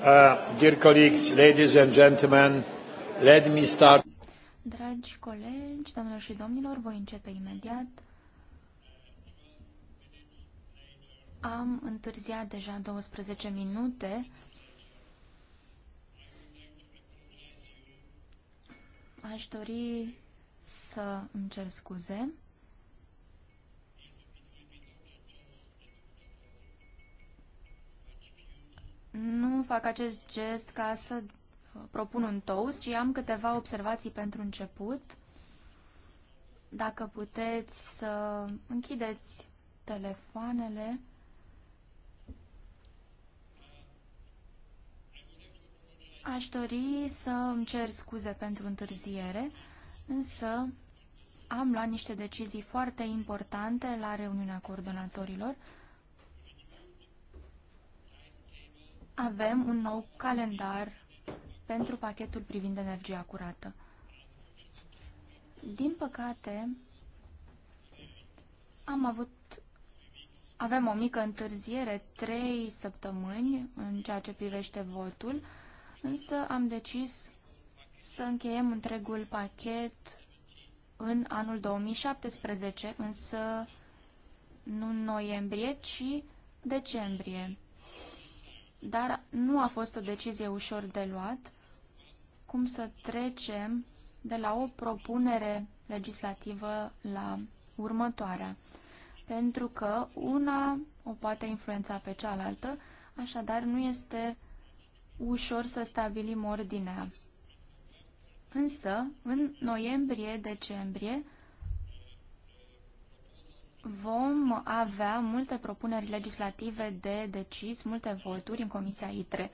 Uh, dear colleagues, ladies and gentlemen, let me start. Dragi colegi, doamnelor și domnilor, voi începe imediat. Am întârziat deja 12 minute. Aș dori să îmi cer scuze. Nu fac acest gest ca să uh, propun un toast, ci am câteva observații pentru început. Dacă puteți să închideți telefoanele. Aș dori să îmi cer scuze pentru întârziere, însă am luat niște decizii foarte importante la reuniunea coordonatorilor avem un nou calendar pentru pachetul privind energia curată. Din păcate, am avut avem o mică întârziere, trei săptămâni, în ceea ce privește votul, însă am decis să încheiem întregul pachet în anul 2017, însă nu în noiembrie, ci decembrie dar nu a fost o decizie ușor de luat cum să trecem de la o propunere legislativă la următoarea, pentru că una o poate influența pe cealaltă, așadar nu este ușor să stabilim ordinea. Însă, în noiembrie-decembrie, vom avea multe propuneri legislative de decis, multe voturi în Comisia ITRE.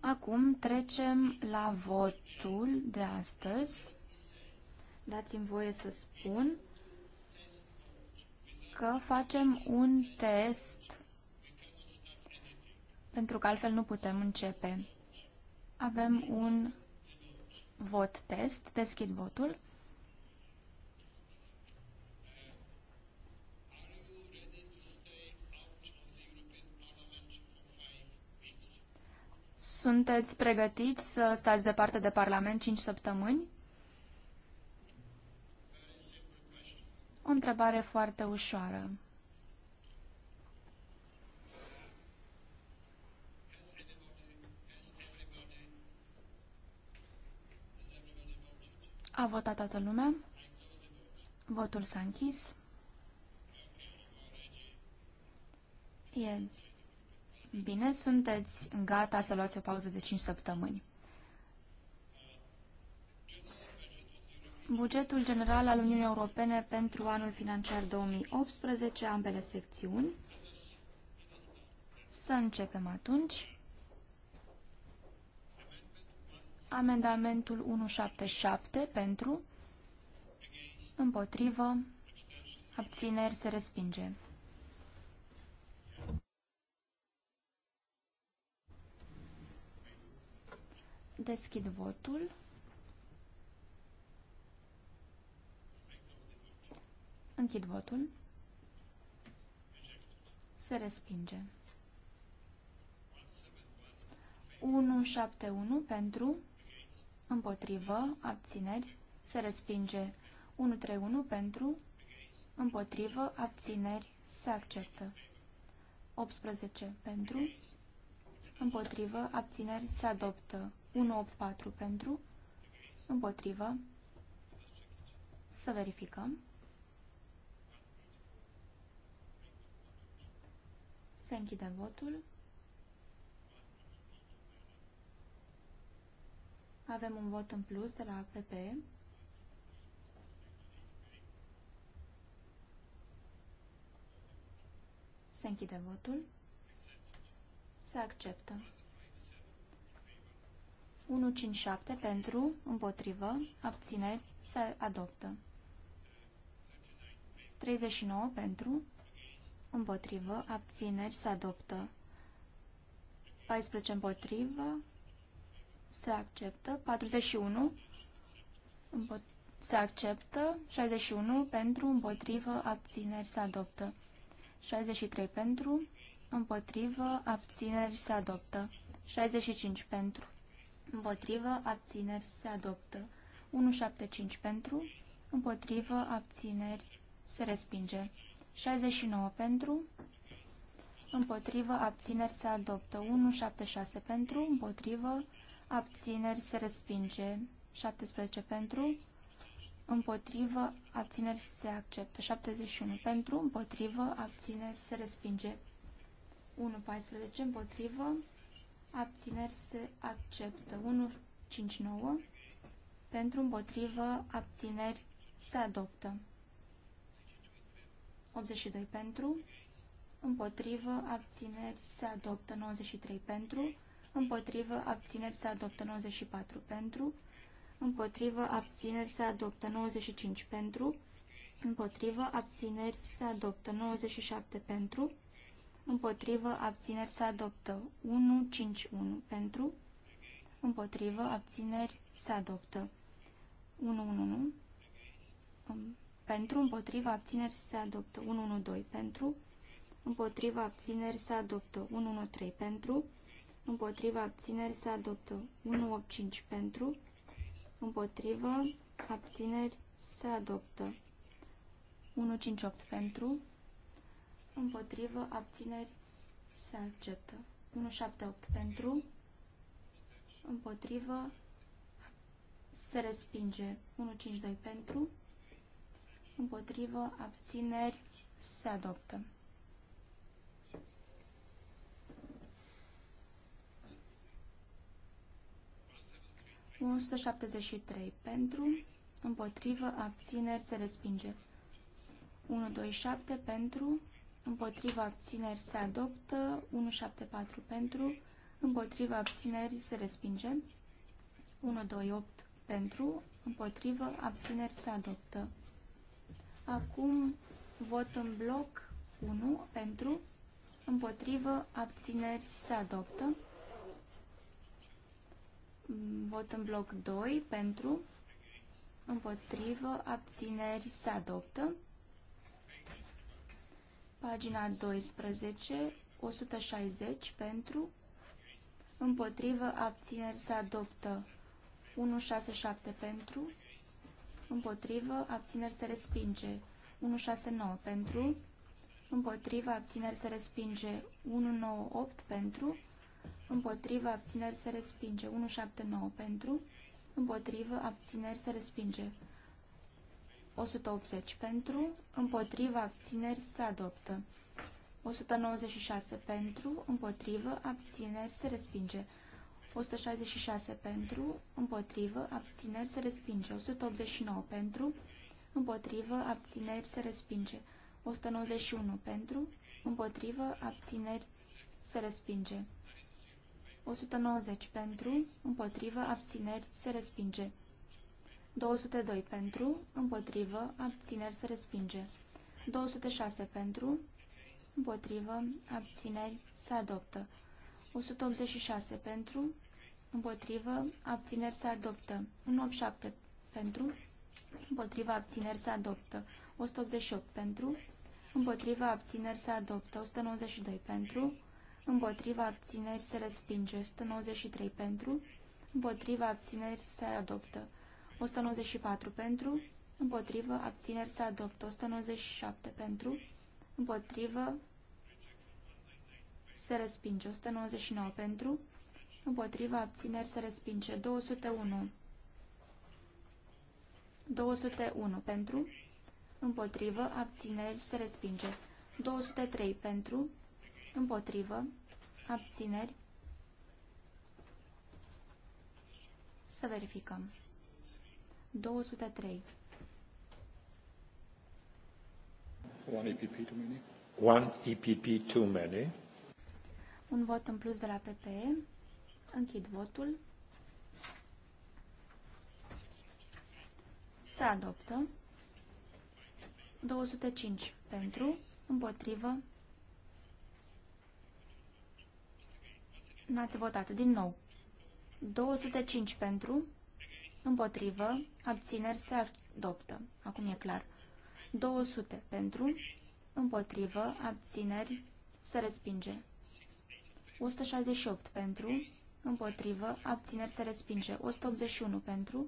Acum trecem la votul de astăzi. Dați-mi voie să spun că facem un test pentru că altfel nu putem începe. Avem un vot test. Deschid votul. Sunteți pregătiți să stați departe de Parlament 5 săptămâni? O întrebare foarte ușoară. A votat toată lumea. Votul s-a închis. E Bine, sunteți gata să luați o pauză de 5 săptămâni. Bugetul general al Uniunii Europene pentru anul financiar 2018, ambele secțiuni. Să începem atunci. Amendamentul 177 pentru, împotrivă, abțineri se respinge. Deschid votul. Închid votul. Se respinge. 171 pentru, împotrivă, abțineri, se respinge. 131 pentru, împotrivă, abțineri, se acceptă. 18 pentru, împotrivă, abțineri, se adoptă. 184 pentru, împotrivă, să verificăm. Să închidem votul. Avem un vot în plus de la PP. Se închide votul. Se acceptă. 157 pentru, împotrivă, abțineri, se adoptă. 39 pentru, împotrivă, abțineri, se adoptă. 14 împotrivă, se acceptă. 41 se acceptă. 61 pentru, împotrivă, abțineri, se adoptă. 63 pentru, împotrivă, abțineri, se adoptă. 65 pentru împotrivă, abțineri, se adoptă. 175 pentru, împotrivă, abțineri, se respinge. 69 pentru, împotrivă, abțineri, se adoptă. 176 pentru, împotrivă, abțineri, se respinge. 17 pentru, împotrivă, abțineri, se acceptă. 71 pentru, împotrivă, abțineri, se respinge. 1.14 împotrivă, abțineri se acceptă. 1-5-9. pentru împotrivă, abțineri se adoptă. 82 pentru, împotrivă, abțineri se adoptă. 93 pentru, împotrivă, abțineri se adoptă. 94 pentru, împotrivă, abțineri se adoptă. 95 pentru, împotrivă, abțineri se adoptă. 97 pentru, împotrivă, abțineri se adoptă. 1, 5, 1 pentru, împotrivă, abțineri se adoptă. 1, 1, 1 pentru, împotrivă, abțineri se adoptă. 1, 1, 2 pentru, Împotrivă, abțineri se adoptă. 1, 1, 3 pentru, Împotrivă, abțineri se adoptă. 1, 8, 5 pentru, împotrivă, abțineri se adoptă. 1, 5, 8 pentru, împotrivă, abțineri, se acceptă. 178 pentru, împotrivă, se respinge. 152 pentru, împotrivă, abțineri, se adoptă. Un 173 pentru, împotrivă, abțineri, se respinge. 127 pentru, împotriva abțineri se adoptă, 174 pentru, împotriva abțineri se respinge, 128 pentru, împotriva abțineri se adoptă. Acum vot în bloc 1 pentru, împotrivă, abțineri se adoptă. Vot în bloc 2 pentru, împotrivă, abțineri se adoptă. Pagina 12, 160 pentru, împotrivă, abțineri se adoptă. 167 pentru, împotrivă, abțineri se respinge. 169 pentru, împotrivă, abțineri se respinge. 198 pentru, împotrivă, abțineri se respinge. 179 pentru, împotrivă, abțineri se respinge. 180 pentru, împotriva abțineri se adoptă. 196 pentru, împotrivă, abțineri se respinge. 166 pentru, împotrivă, abțineri se respinge. 189 pentru, împotrivă, abțineri se respinge. 191 pentru, împotrivă, abțineri se respinge. 190 pentru, împotrivă, abțineri se respinge. 202 pentru, împotrivă, abțineri se respinge. 206 pentru, împotrivă, abțineri se adoptă. 186 pentru, împotrivă, abțineri se adoptă. 187 pentru, împotrivă, abțineri se adoptă. 188 pentru, împotrivă, abțineri se adoptă. 192 pentru, împotrivă, abțineri se respinge, 193 pentru, împotrivă, abțineri se adoptă, 194 pentru, împotrivă, abțineri se adoptă. 197 pentru, împotrivă, se respinge. 199 pentru, împotrivă, abțineri se respinge. 201 201 pentru, împotrivă, abțineri se respinge. 203 pentru, împotrivă, abțineri. Să verificăm. 203. One EPP too many. One EPP too many. Un vot în plus de la PPE. Închid votul. Se adoptă. 205 pentru, împotrivă. N-ați votat din nou. 205 pentru, Împotrivă. Abțineri se adoptă. Acum e clar. 200 pentru. Împotrivă. Abțineri se respinge. 168 pentru. Împotrivă. Abțineri se respinge. 181 pentru.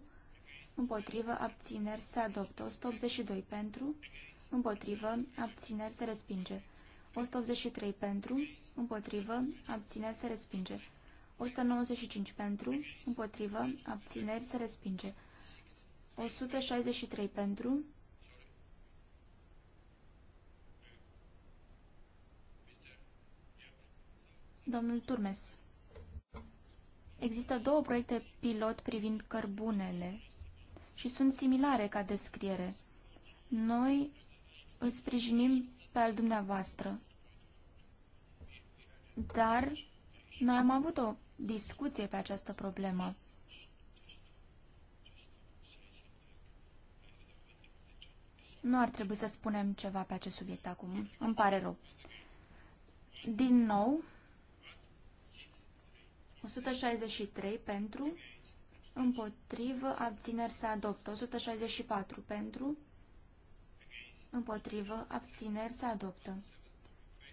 Împotrivă. Abțineri se adoptă. 182 pentru. Împotrivă. Abțineri se respinge. 183 pentru. Împotrivă. Abțineri se respinge. 195 pentru, împotrivă, abțineri, se respinge. 163 pentru, domnul Turmes. Există două proiecte pilot privind cărbunele și sunt similare ca descriere. Noi îl sprijinim pe al dumneavoastră, dar noi am avut o discuție pe această problemă. Nu ar trebui să spunem ceva pe acest subiect acum. Îmi pare rău. Din nou, 163 pentru, împotrivă, abțineri să adoptă. 164 pentru, împotrivă, abțineri să adoptă.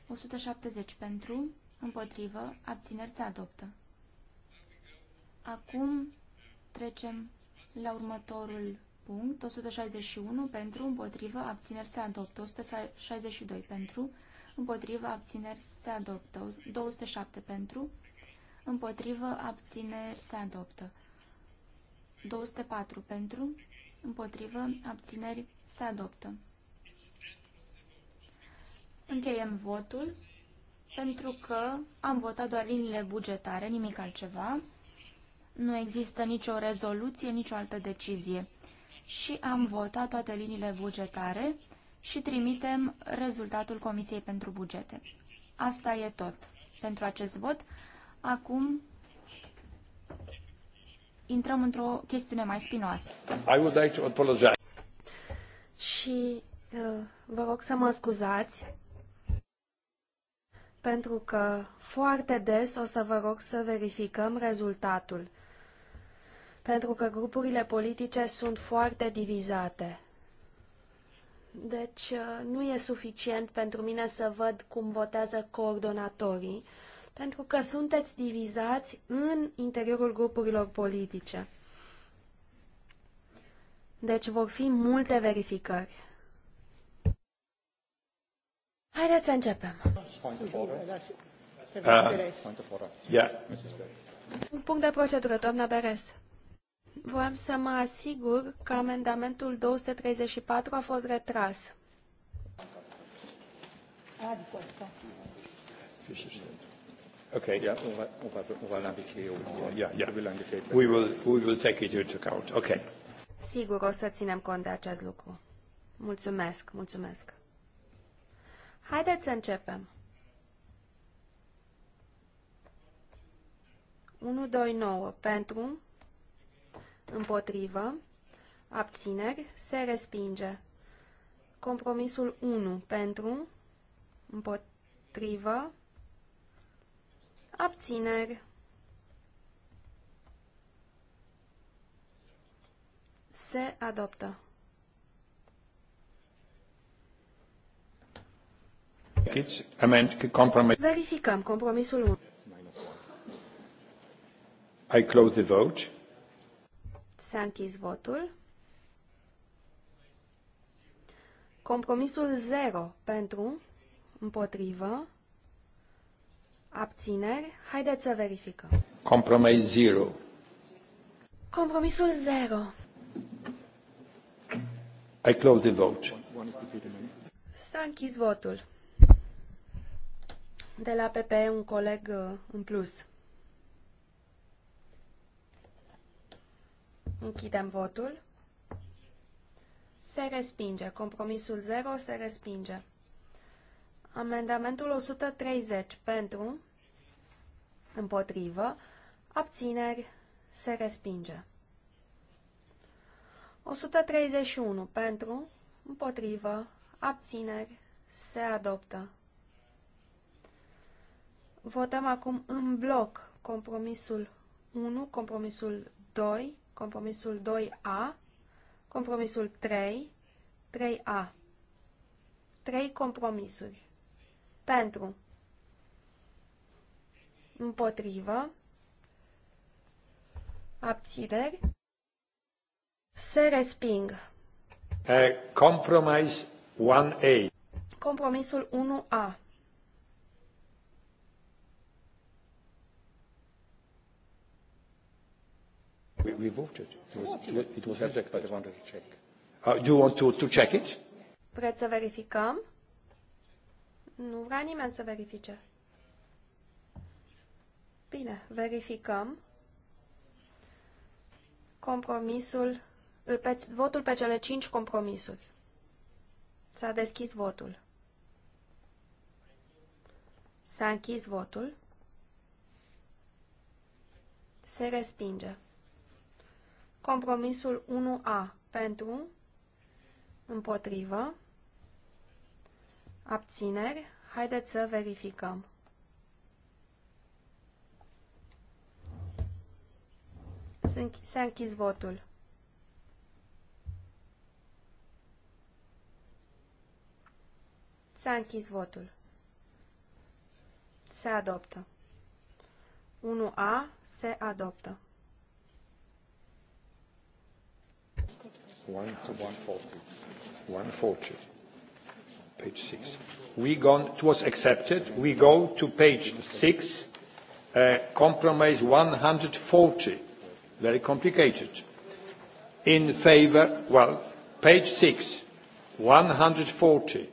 170 pentru, împotrivă, abțineri se adoptă. Acum trecem la următorul punct, 161 pentru, împotrivă, abțineri se adoptă, 162 pentru, împotrivă, abțineri se adoptă, 207 pentru, împotrivă, abțineri se adoptă, 204 pentru, împotrivă, abțineri se adoptă. Încheiem votul pentru că am votat doar liniile bugetare, nimic altceva. Nu există nicio rezoluție, nicio altă decizie. Și am votat toate liniile bugetare și trimitem rezultatul Comisiei pentru Bugete. Asta e tot pentru acest vot. Acum intrăm într-o chestiune mai spinoasă. I would like to apologize. Și uh, vă rog să mă scuzați pentru că foarte des o să vă rog să verificăm rezultatul, pentru că grupurile politice sunt foarte divizate. Deci uh, nu e suficient pentru mine să văd cum votează coordonatorii, pentru că sunteți divizați în interiorul grupurilor politice. Deci vor fi multe verificări. Haideți să începem. Ah, Un punct de procedură, doamna Beres. Vreau să mă asigur că amendamentul 234 a fost retras. Ok. Yeah, We will, we will take it into account. Ok. Sigur, o să ținem cont de acest lucru. Mulțumesc, mulțumesc. Haideți să începem. 1, 2, 9. Pentru, împotrivă, abțineri, se respinge. Compromisul 1. Pentru, împotrivă, abțineri. Se adoptă. Verificăm compromisul I close the vote. S-a închis votul. Compromisul 0 pentru, împotrivă, abțineri. Haideți să verificăm. Compromis 0. Compromisul 0. I close the vote. S-a închis votul de la PPE un coleg uh, în plus. Închidem votul. Se respinge. Compromisul 0 se respinge. Amendamentul 130 pentru, împotrivă, abțineri, se respinge. 131 pentru, împotrivă, abțineri, se adoptă. Votăm acum în bloc compromisul 1, compromisul 2, compromisul 2A, compromisul 3, 3A. Trei compromisuri. Pentru. Împotrivă. Abțineri. Se resping. Uh, compromise 1A. Compromisul 1A. We, we voted. It was, it was rejected. I wanted to check. Uh, you want to, to check it? Vreți să verificăm? Nu vrea nimeni să verifice. Bine, verificăm. Compromisul, pe, votul pe cele cinci compromisuri. S-a deschis votul. S-a închis votul. Se respinge. Compromisul 1A pentru, împotrivă, abțineri. Haideți să verificăm. S-a închis votul. S-a închis votul. Se adoptă. 1A se adoptă. 1 to 140. 140. Page 6. We gone, it was accepted. We go to page 6, uh, compromise 140. Very complicated. In favor, well, page 6, 140.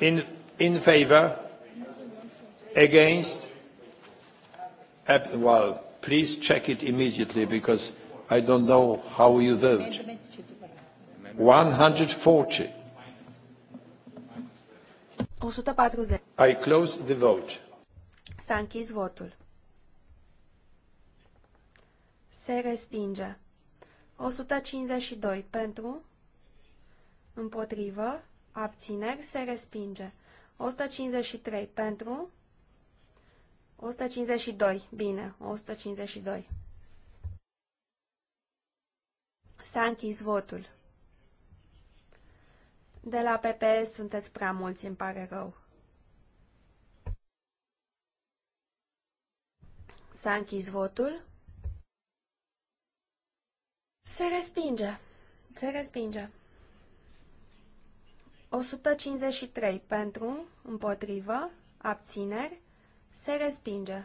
In, in favor, against, well, please check it immediately because I don't know how you vote. 140. 140. I close the vote. S-a închis votul. Se respinge. 152 pentru, împotrivă, abțineri, se respinge. 153 pentru, 152, bine, 152. S-a închis votul. De la PPS sunteți prea mulți, îmi pare rău. S-a închis votul. Se respinge. Se respinge. 153 pentru, împotrivă, abțineri, se respinge.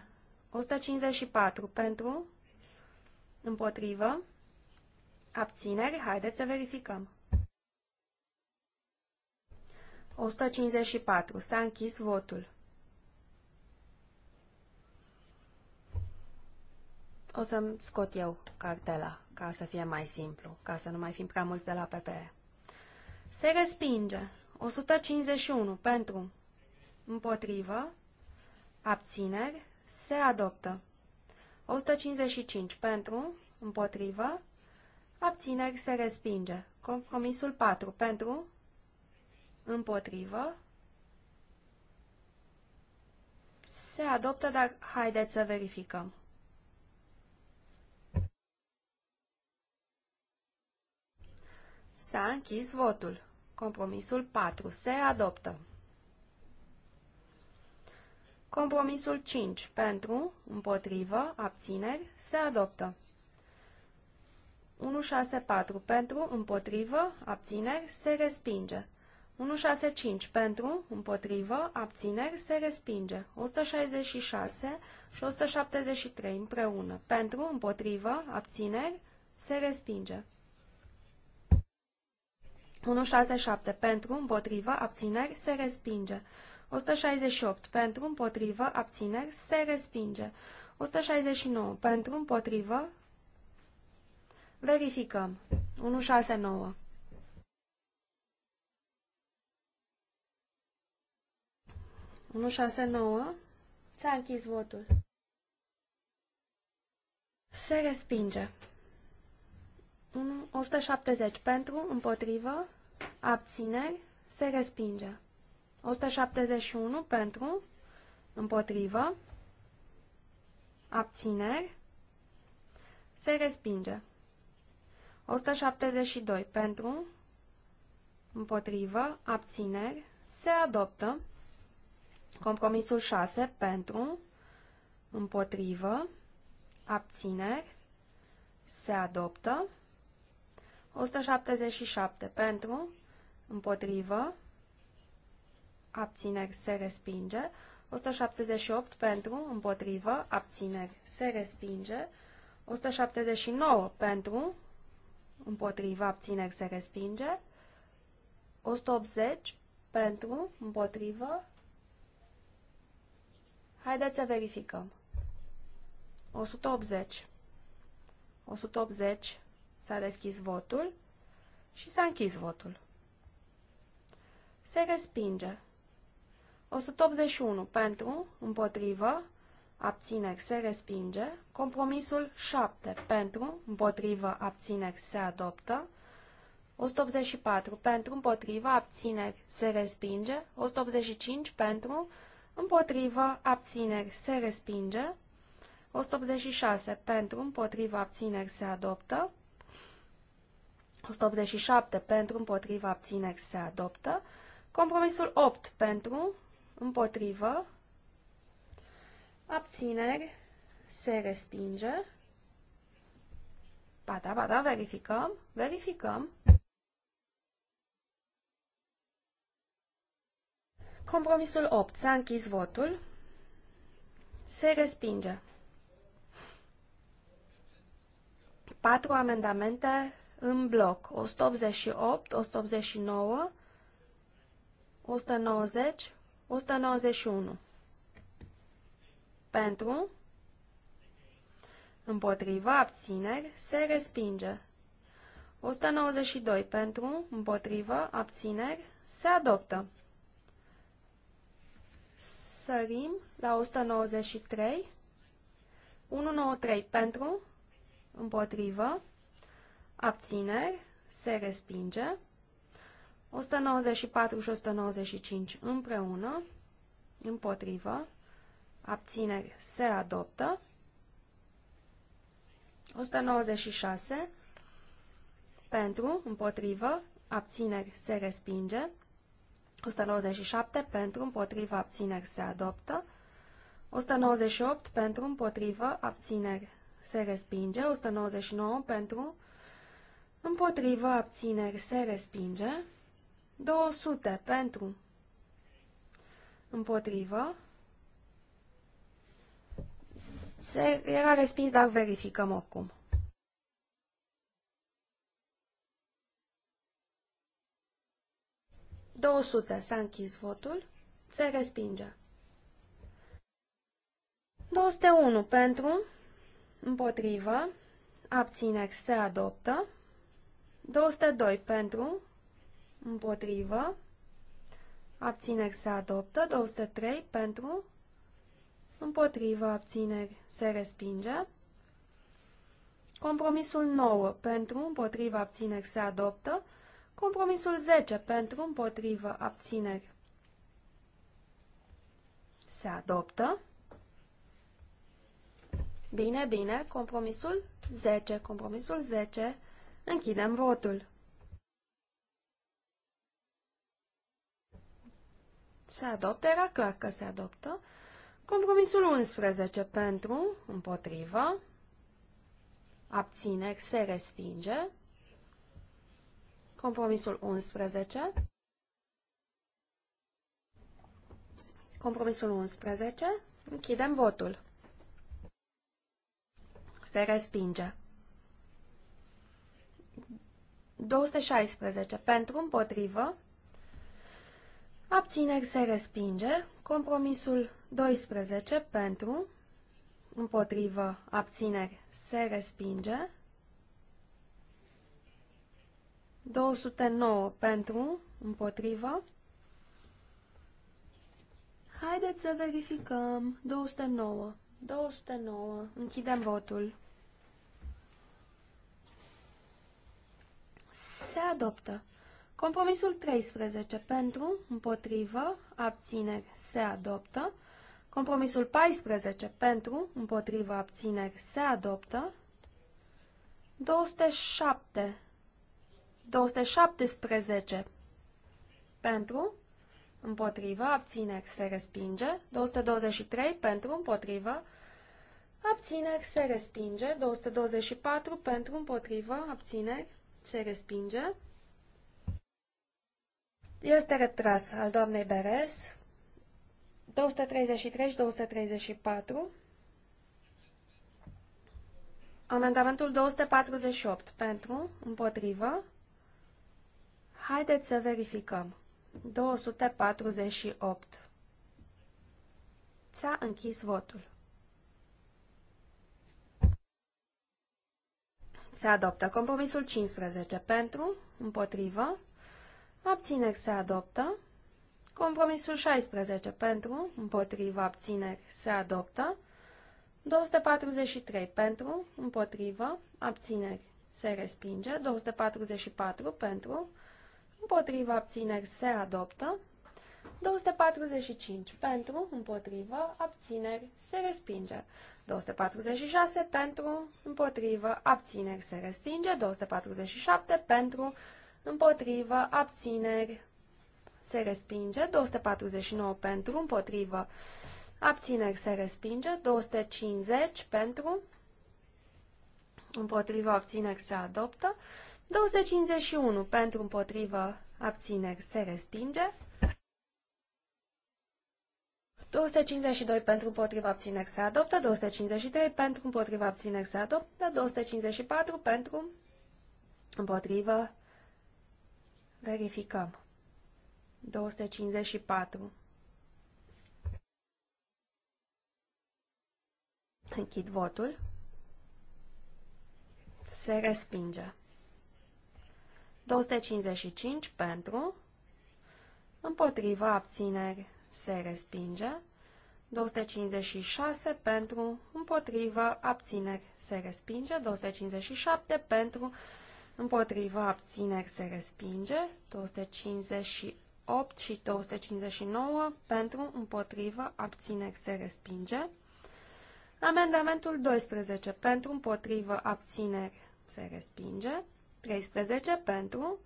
154 pentru, împotrivă, Abțineri? Haideți să verificăm. 154. S-a închis votul. 100. O să-mi scot eu cartela, ca să fie mai simplu, ca să nu mai fim prea mulți de la PPE. Se respinge. 151. Pentru. Împotrivă. Abțineri. Se adoptă. 155. Pentru. Împotrivă. Abțineri se respinge. Compromisul 4. Pentru? Împotrivă? Se adoptă, dar haideți să verificăm. S-a închis votul. Compromisul 4. Se adoptă. Compromisul 5. Pentru, împotrivă, abțineri, se adoptă. 164 pentru, împotrivă, abțineri, se respinge. 165 pentru, împotrivă, abțineri, se respinge. 166 și 173 împreună. Pentru, împotrivă, abțineri, se respinge. 167 pentru, împotrivă, abțineri, se respinge. 168 pentru, împotrivă, abțineri, se respinge. 169 pentru, împotrivă, Verificăm. 169. Unu șase nouă. S-a închis votul. Se respinge. Unu. 170 pentru, împotrivă, abțineri, se respinge. 171 pentru, împotrivă, abțineri, se respinge. 172 pentru, împotrivă, abțineri, se adoptă. Compromisul 6 pentru, împotrivă, abțineri, se adoptă. 177 pentru, împotrivă, abțineri, se respinge. 178 pentru, împotrivă, abțineri, se respinge. 179 pentru, împotriva abțineri se respinge. 180 pentru, împotrivă. Haideți să verificăm. 180. 180 s-a deschis votul și s-a închis votul. Se respinge. 181 pentru, împotrivă, abțineri se respinge. Compromisul 7 pentru, împotrivă, abțineri se adoptă. 184 pentru, împotriva, abțineri se respinge. 185 pentru, împotrivă, abțineri se respinge. 186 pentru, împotriva, abțineri se adoptă. 187 pentru, împotriva, abțineri se adoptă. Compromisul 8 pentru, împotrivă, abțineri, se respinge. Pata, pata, da, da, verificăm, verificăm. Compromisul 8. S-a închis votul. Se respinge. Patru amendamente în bloc. 188, 189, 190, 191. Pentru, împotriva, abțineri, se respinge. 192 pentru, împotrivă, abțineri, se adoptă. Sărim la 193. 193 pentru, împotrivă, abțineri, se respinge. 194 și 195 împreună, împotrivă, abțineri se adoptă. 196 pentru, împotrivă, abțineri se respinge. 197 pentru, împotrivă, abțineri se adoptă. 198 pentru, împotrivă, abțineri se respinge. 199 pentru, împotrivă, abțineri se respinge. 200 pentru, împotrivă, se, era respins, dar verificăm oricum. Douăsute. S-a închis votul. Se respinge. 201 pentru, împotrivă, abțineri se adoptă. 202 pentru, împotrivă, abțineri se adoptă. 203 pentru, împotrivă, abțineri, se respinge. Compromisul 9 pentru, împotrivă, abțineri, se adoptă. Compromisul 10 pentru, împotrivă, abțineri, se adoptă. Bine, bine, compromisul 10, compromisul 10, închidem votul. Se adoptă, era clar că se adoptă. Compromisul 11 pentru, împotrivă, abțineri, se respinge. Compromisul 11. Compromisul 11. Închidem votul. Se respinge. 216 pentru, împotrivă, abțineri, se respinge. Compromisul 12 pentru, împotrivă, abțineri, se respinge. 209 pentru, împotrivă. Haideți să verificăm. 209. 209. Închidem votul. Se adoptă. Compromisul 13 pentru, împotrivă, abțineri se adoptă. Compromisul 14 pentru, împotrivă, abțineri se adoptă. 207 217 pentru, împotrivă, abțineri se respinge. 223 pentru, împotrivă, abțineri se respinge. 224 pentru, împotrivă, abțineri se respinge. Este retras al doamnei Beres. 233 234. Amendamentul 248 pentru, împotrivă. Haideți să verificăm. 248. S-a închis votul. Se adoptă compromisul 15 pentru, împotrivă, Abțineri se adoptă. Compromisul 16 pentru, împotriva abțineri se adoptă. 243 pentru, împotrivă, abțineri se respinge. 244 pentru, împotriva abțineri se adoptă. 245 pentru, împotrivă, abțineri se respinge. 246 pentru, împotrivă, abțineri se respinge. 247 pentru, împotrivă, abțineri, se respinge, 249 pentru, împotrivă, abțineri, se respinge, 250 pentru, împotrivă, abțineri, se adoptă, 251 pentru, împotrivă, abțineri, se respinge, 252 pentru împotriva abțineri se adoptă, 253 pentru împotriva abțineri se adoptă, 254 pentru împotriva Verificăm. 254. Închid votul. Se respinge. 255 pentru, împotriva abțineri se respinge, 256 pentru, Împotriva abțineri se respinge, 257 pentru, împotriva abțineri se respinge, 258 și 259 pentru împotriva abțineri se respinge, amendamentul 12 pentru împotriva abțineri se respinge, 13 pentru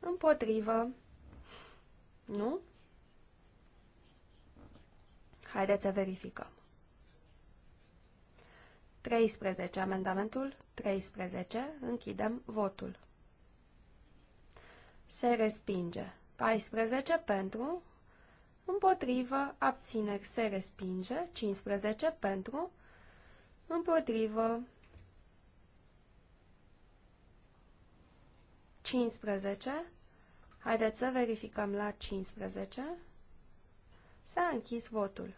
împotrivă, nu? Haideți să verificăm. 13. Amendamentul 13. Închidem votul. Se respinge. 14 pentru, împotrivă, abțineri, se respinge. 15 pentru, împotrivă, 15. Haideți să verificăm la 15. S-a închis votul.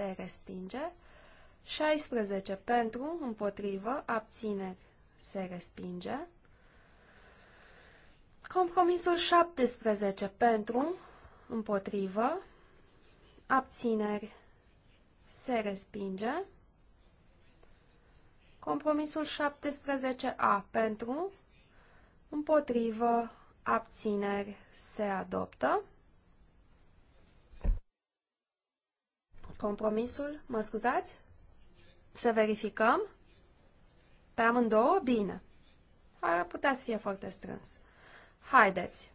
se respinge. 16 pentru, împotrivă, abțineri, se respinge. Compromisul 17 pentru, împotrivă, abțineri, se respinge. Compromisul 17A pentru, împotrivă, abțineri, se adoptă. Compromisul, mă scuzați? Să verificăm? Pe amândouă? Bine. Ar putea să fie foarte strâns. Haideți!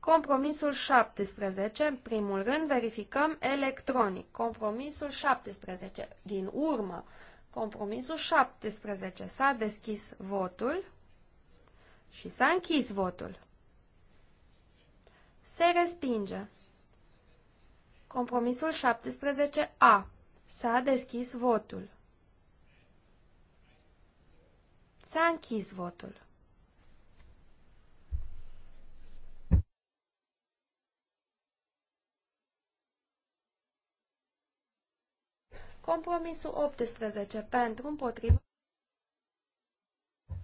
Compromisul 17, în primul rând, verificăm electronic. Compromisul 17, din urmă. Compromisul 17, s-a deschis votul și s-a închis votul. Se respinge. Compromisul 17A. S-a deschis votul. S-a închis votul. Compromisul 18 pentru împotriva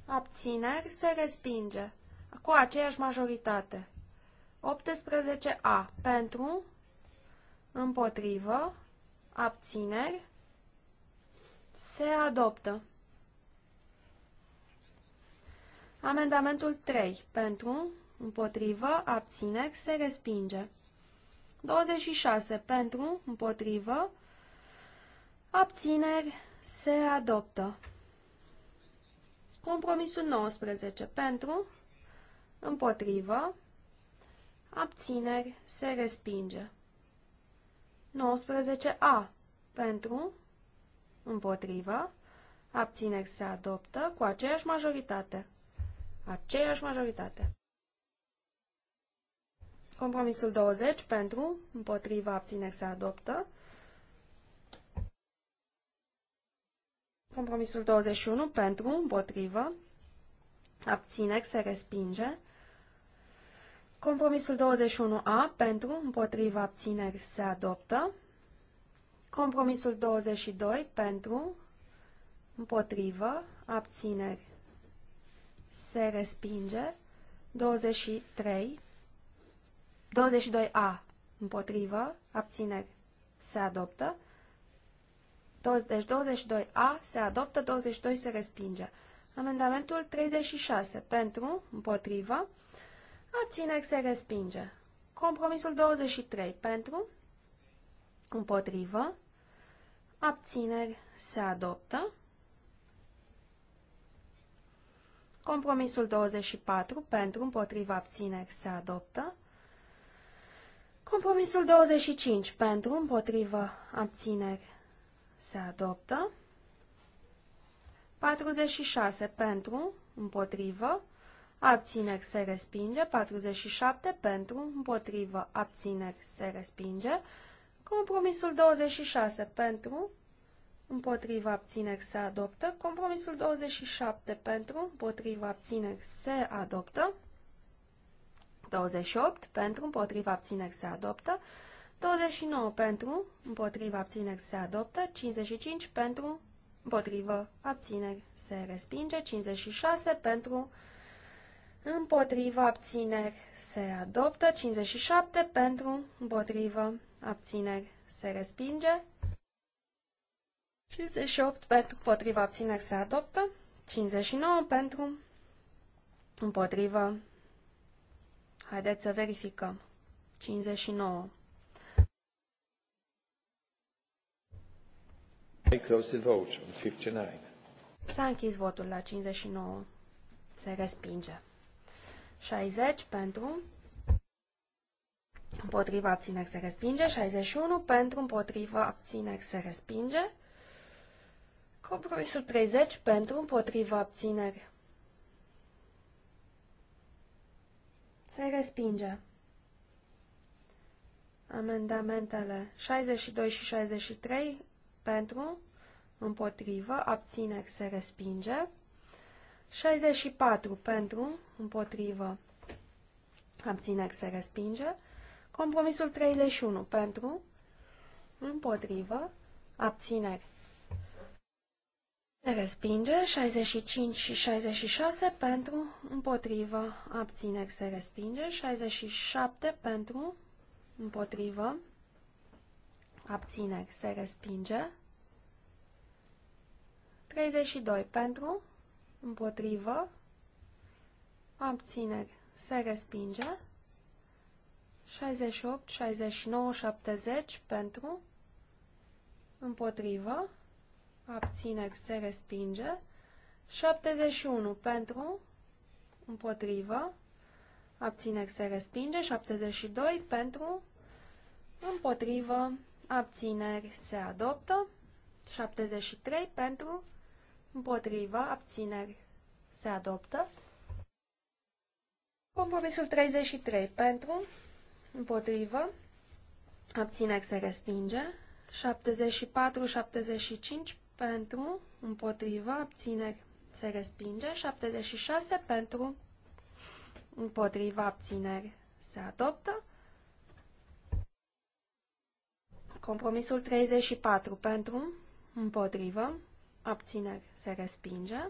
abțineri se respinge cu aceeași majoritate. 18A pentru împotrivă, abțineri, se adoptă. Amendamentul 3. Pentru, împotrivă, abțineri, se respinge. 26. Pentru, împotrivă, abțineri, se adoptă. Compromisul 19. Pentru, împotrivă, abțineri, se respinge. 19A pentru, împotrivă, abțineri se adoptă cu aceeași majoritate. Aceeași majoritate. Compromisul 20 pentru, împotrivă, abțineri se adoptă. Compromisul 21 pentru, împotrivă, abțineri se respinge. Compromisul 21A pentru, împotriva abțineri se adoptă. Compromisul 22 pentru, împotrivă, abțineri se respinge. 23, 22A împotrivă, abțineri se adoptă. Deci 22A se adoptă, 22 se respinge. Amendamentul 36 pentru, împotrivă, Abțineri se respinge. Compromisul 23 pentru, împotrivă, abțineri se adoptă. Compromisul 24 pentru, împotrivă, abțineri se adoptă. Compromisul 25 pentru, împotrivă, abțineri se adoptă. 46 pentru, împotrivă, abțineri se respinge, 47 pentru, împotrivă, abțineri se respinge, compromisul 26 pentru, împotrivă, abțineri se adoptă, compromisul 27 pentru, împotrivă, abțineri se adoptă, 28 pentru, împotrivă, abțineri se adoptă, 29 pentru, împotrivă, abțineri se adoptă, 55 pentru, împotrivă, abțineri se respinge, 56 pentru, împotriva abțineri se adoptă. 57 pentru. Împotrivă abțineri se respinge. 58 pentru. împotriva abțineri se adoptă. 59 pentru. Împotrivă. Haideți să verificăm. 59. S-a închis votul la 59. Se respinge. 60 pentru, împotriva abțineri se respinge, 61 pentru, împotriva abțineri se respinge, compromisul 30 pentru, împotriva abțineri se respinge. Amendamentele 62 și 63 pentru, împotrivă, abțineri se respinge. 64 pentru, împotrivă, abțineri se respinge. Compromisul 31 pentru, împotrivă, abțineri se respinge. 65 și 66 pentru, împotrivă, abțineri se respinge. 67 pentru, împotrivă, abțineri se respinge. 32 pentru, împotrivă, abțineri, se respinge, 68, 69, 70 pentru, împotrivă, abțineri, se respinge, 71 pentru, împotrivă, abțineri, se respinge, 72 pentru, împotrivă, abțineri, se adoptă, 73 pentru, Împotrivă. Abțineri. Se adoptă. Compromisul 33. Pentru. Împotrivă. Abțineri se respinge. 74-75 pentru. Împotrivă. Abțineri se respinge. 76 pentru. Împotrivă. Abțineri se adoptă. Compromisul 34 pentru. Împotrivă abțineri se respinge.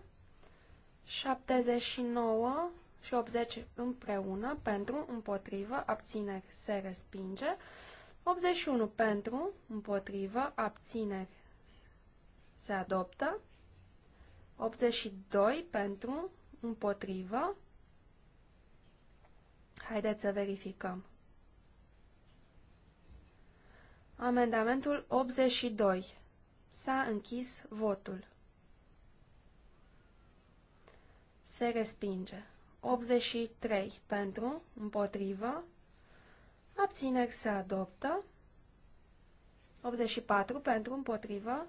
79 și 80 împreună, pentru, împotrivă, abțineri se respinge. 81 pentru, împotrivă, abțineri se adoptă. 82 pentru, împotrivă. Haideți să verificăm. Amendamentul 82. S-a închis votul. Se respinge. 83 pentru, împotrivă, abțineri se adoptă, 84 pentru, împotrivă,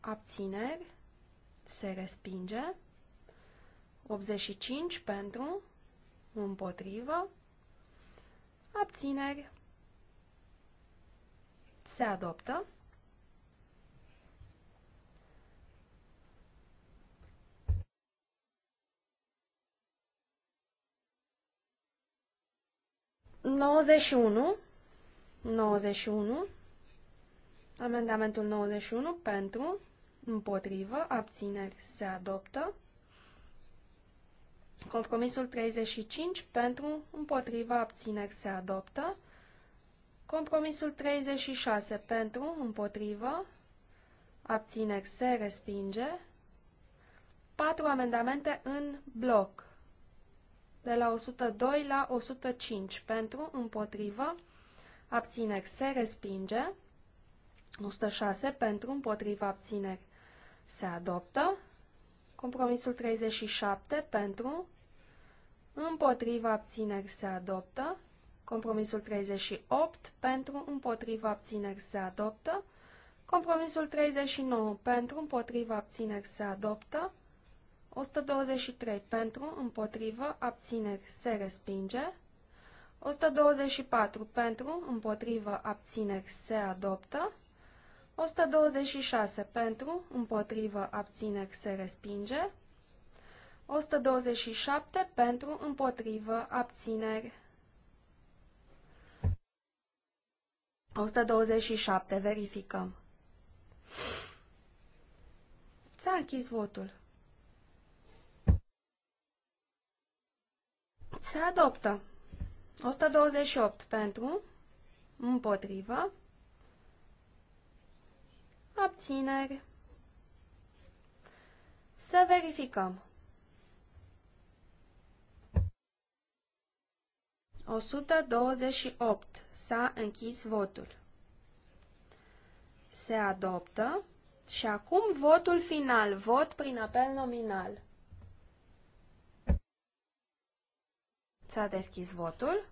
abțineri se respinge, 85 pentru, împotrivă, abțineri se adoptă, 91. 91. Amendamentul 91 pentru, împotrivă, abțineri se adoptă. Compromisul 35 pentru, împotrivă, abțineri se adoptă. Compromisul 36 pentru, împotrivă, abțineri se respinge. Patru amendamente în bloc de la 102 la 105 pentru, împotrivă, abțineri se respinge, 106 pentru, împotrivă, abțineri se adoptă, compromisul 37 pentru, împotrivă, abțineri se adoptă, compromisul 38 pentru, împotrivă, abțineri se adoptă, compromisul 39 pentru, împotrivă, abțineri se adoptă, 123 pentru, împotrivă, abțineri, se respinge. 124 pentru, împotrivă, abțineri, se adoptă. 126 pentru, împotrivă, abțineri, se respinge. 127 pentru, împotrivă, abțineri. 127, verificăm. ți a închis votul. Se adoptă. 128 pentru, împotrivă, abțineri. Să verificăm. 128. S-a închis votul. Se adoptă. Și acum votul final, vot prin apel nominal. S-a deschis votul.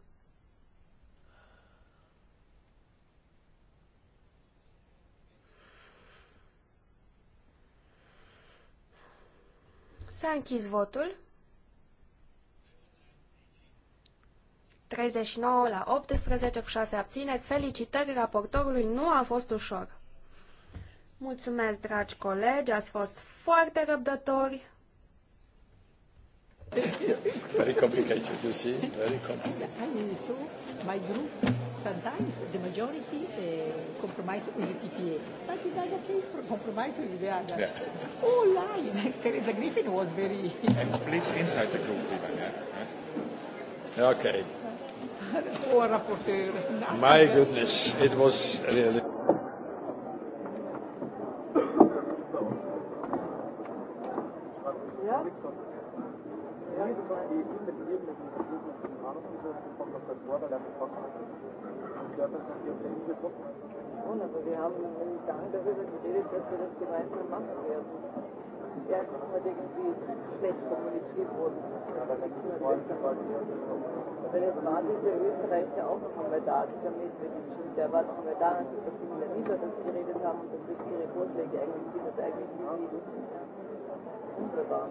S-a închis votul. 39 la 18 cu 6 abțineri. Felicitări raportorului, nu a fost ușor. Mulțumesc, dragi colegi, ați fost foarte răbdători very complicated, you see, very complicated. I saw my group sometimes the majority uh, compromise with the PPA, but in other case compromise with the other. Yeah. Oh, line. Teresa Griffin was very. and split inside the group, even, yeah. yeah. Okay. Poor rapporteur. My goodness, it was really. Ahnung, wieso es kommt auf das Tor, weil er mich packt. Und ich glaube, das hat ihr Leben getroffen. Schon, aber wir haben lange darüber geredet, dass wir das gemeinsam machen werden. Das ist erstens irgendwie schlecht kommuniziert worden. Aber jetzt war dieser Österreicher auch noch einmal da, dieser Medveditsch, und der war noch einmal da, als wir das der Liebe das geredet haben, und dass sich ihre Vorschläge eigentlich sind, das eigentlich nicht wunderbar.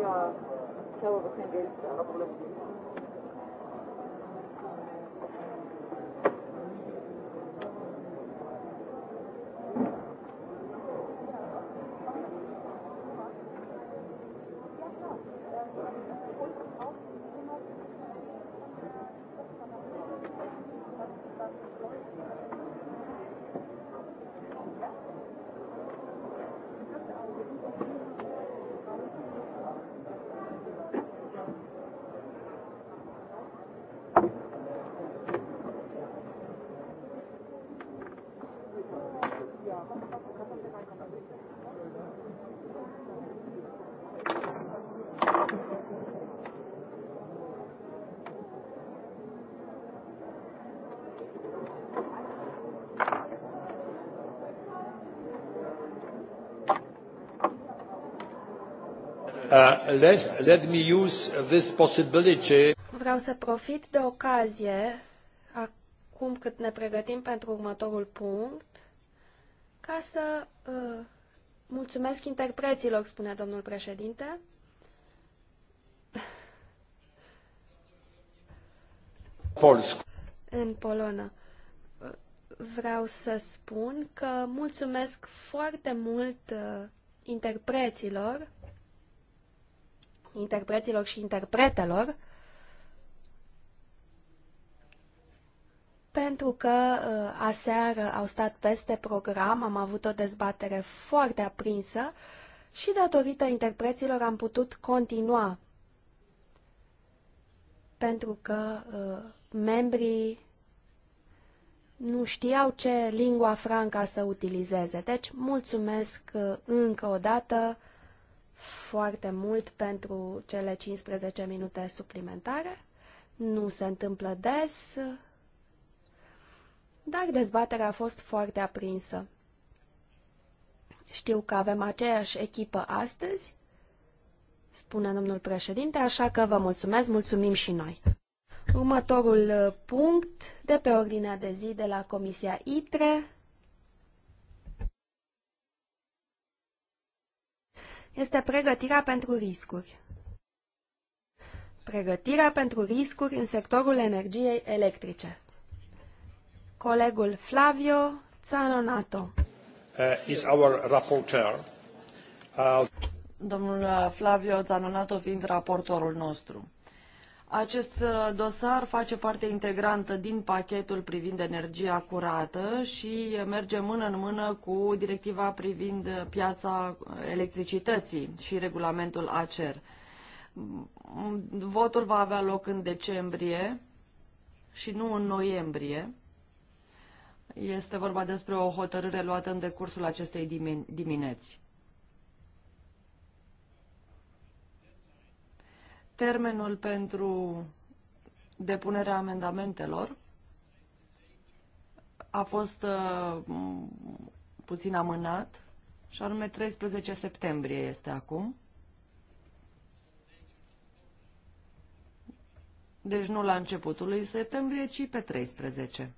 Ja, ich glaube, wir können Geld. Ja, Uh, let, let me use this possibility. Vreau să profit de ocazie, acum cât ne pregătim pentru următorul punct, ca să uh, mulțumesc interpreților, spune domnul președinte. Polsk. În polonă. Vreau să spun că mulțumesc foarte mult uh, interpreților interpreților și interpretelor, pentru că uh, aseară au stat peste program, am avut o dezbatere foarte aprinsă și datorită interpreților am putut continua. Pentru că uh, membrii nu știau ce lingua franca să utilizeze. Deci, mulțumesc uh, încă o dată foarte mult pentru cele 15 minute suplimentare. Nu se întâmplă des, dar dezbaterea a fost foarte aprinsă. Știu că avem aceeași echipă astăzi, spune domnul președinte, așa că vă mulțumesc, mulțumim și noi. Următorul punct de pe ordinea de zi de la Comisia ITRE este pregătirea pentru riscuri. Pregătirea pentru riscuri în sectorul energiei electrice. Colegul Flavio Zanonato. Uh, our rapporteur. Uh... Domnul Flavio Zanonato fiind raportorul nostru. Acest uh, dosar face parte integrantă din pachetul privind energia curată și merge mână în mână cu directiva privind piața electricității și regulamentul ACER. Votul va avea loc în decembrie și nu în noiembrie. Este vorba despre o hotărâre luată în decursul acestei dimineți. termenul pentru depunerea amendamentelor a fost uh, puțin amânat și anume 13 septembrie este acum. Deci nu la începutul lui septembrie, ci pe 13.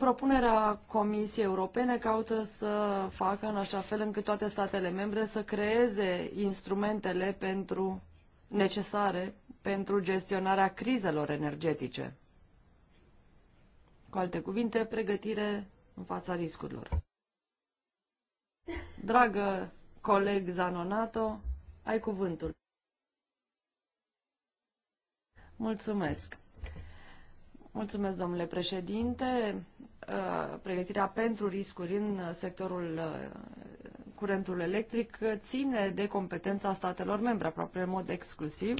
Propunerea Comisiei Europene caută să facă în așa fel încât toate statele membre să creeze instrumentele pentru necesare pentru gestionarea crizelor energetice. Cu alte cuvinte, pregătire în fața riscurilor. Dragă coleg Zanonato, ai cuvântul. Mulțumesc. Mulțumesc, domnule președinte. Uh, pregătirea pentru riscuri în sectorul uh, curentul electric ține de competența statelor membre, aproape în mod exclusiv,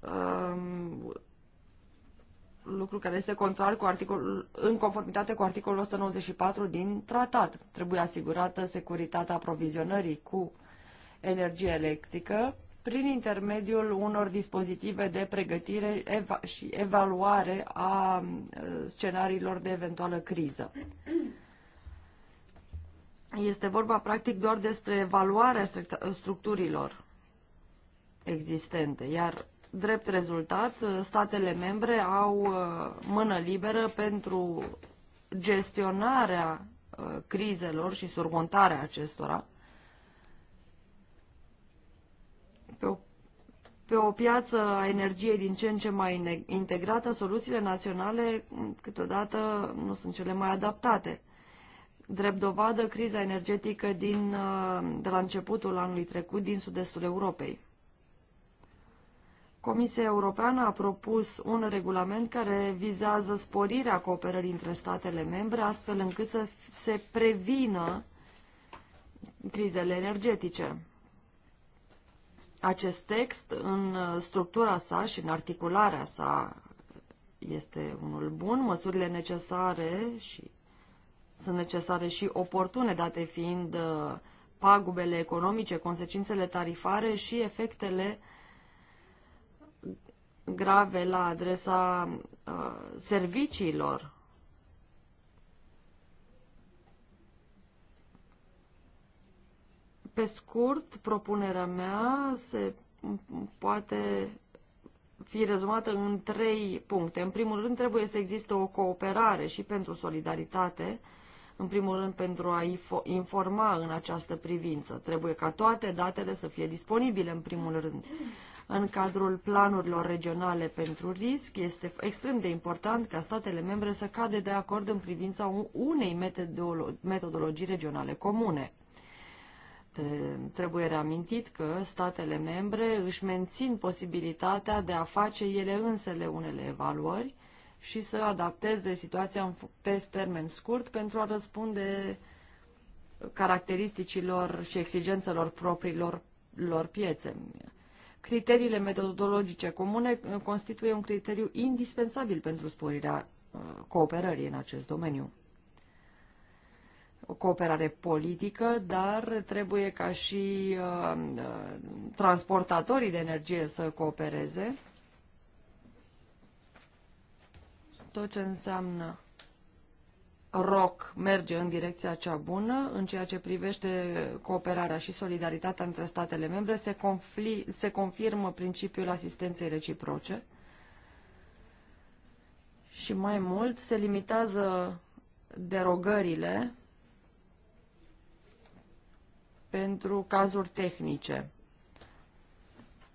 um, lucru care este contrar cu articolul, în conformitate cu articolul 194 din tratat. Trebuie asigurată securitatea aprovizionării cu energie electrică prin intermediul unor dispozitive de pregătire eva și evaluare a uh, scenariilor de eventuală criză. Este vorba practic doar despre evaluarea uh, structurilor existente, iar drept rezultat uh, statele membre au mână liberă pentru gestionarea crizelor și surmontarea acestora, pe o, pe o piață a energiei din ce în ce mai integrată, soluțiile naționale mm, câteodată nu sunt cele mai adaptate. Drept dovadă, criza energetică din, uh, de la începutul anului trecut din sud-estul Europei. Comisia Europeană a propus un regulament care vizează sporirea cooperării între statele membre, astfel încât să se prevină crizele energetice. Acest text, în uh, structura sa și în articularea sa, este unul bun. Măsurile necesare și sunt necesare și oportune, date fiind uh, pagubele economice, consecințele tarifare și efectele grave la adresa uh, serviciilor Pe scurt, propunerea mea se poate fi rezumată în trei puncte. În primul rând, trebuie să existe o cooperare și pentru solidaritate, în primul rând pentru a informa în această privință. Trebuie ca toate datele să fie disponibile, în primul rând. În cadrul planurilor regionale pentru risc, este extrem de important ca statele membre să cadă de acord în privința unei metodologii regionale comune. Trebuie reamintit că statele membre își mențin posibilitatea de a face ele însele unele evaluări și să adapteze situația pe termen scurt pentru a răspunde caracteristicilor și exigențelor propriilor lor piețe. Criteriile metodologice comune uh, constituie un criteriu indispensabil pentru sporirea uh, cooperării în acest domeniu cooperare politică, dar trebuie ca și uh, transportatorii de energie să coopereze. Tot ce înseamnă ROC merge în direcția cea bună, în ceea ce privește cooperarea și solidaritatea între statele membre, se, confli, se confirmă principiul asistenței reciproce și mai mult se limitează derogările pentru cazuri tehnice.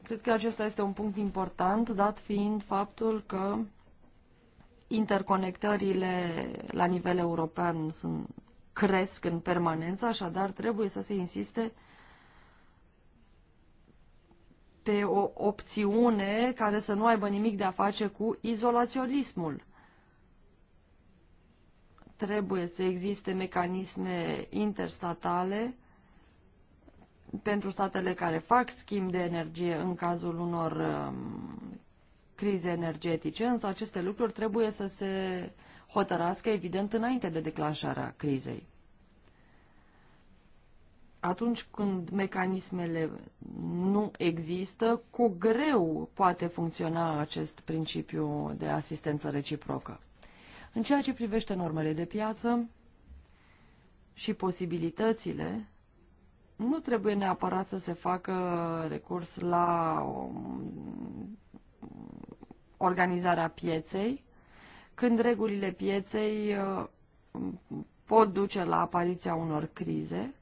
Cred că acesta este un punct important, dat fiind faptul că interconectările la nivel european sunt, cresc în permanență, așadar trebuie să se insiste pe o opțiune care să nu aibă nimic de a face cu izolaționismul. Trebuie să existe mecanisme interstatale pentru statele care fac schimb de energie în cazul unor um, crize energetice, însă aceste lucruri trebuie să se hotărască, evident, înainte de declanșarea crizei. Atunci când mecanismele nu există, cu greu poate funcționa acest principiu de asistență reciprocă. În ceea ce privește normele de piață și posibilitățile nu trebuie neapărat să se facă recurs la um, organizarea pieței, când regulile pieței uh, pot duce la apariția unor crize.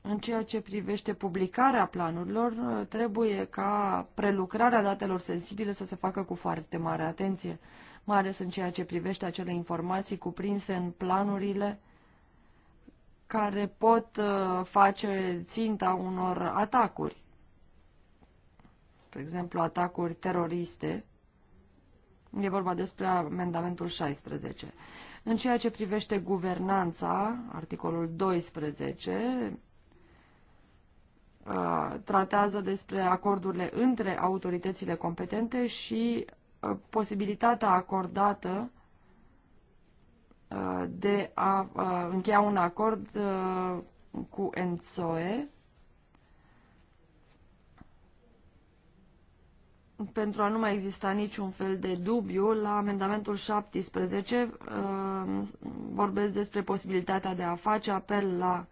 În ceea ce privește publicarea planurilor, uh, trebuie ca prelucrarea datelor sensibile să se facă cu foarte mare atenție, mai ales în ceea ce privește acele informații cuprinse în planurile care pot uh, face ținta unor atacuri. De exemplu, atacuri teroriste. E vorba despre amendamentul 16. În ceea ce privește guvernanța, articolul 12, uh, tratează despre acordurile între autoritățile competente și uh, posibilitatea acordată Uh, de a uh, încheia un acord uh, cu ENSOE pentru a nu mai exista niciun fel de dubiu, la amendamentul 17 vorbesc despre posibilitatea de a face apel la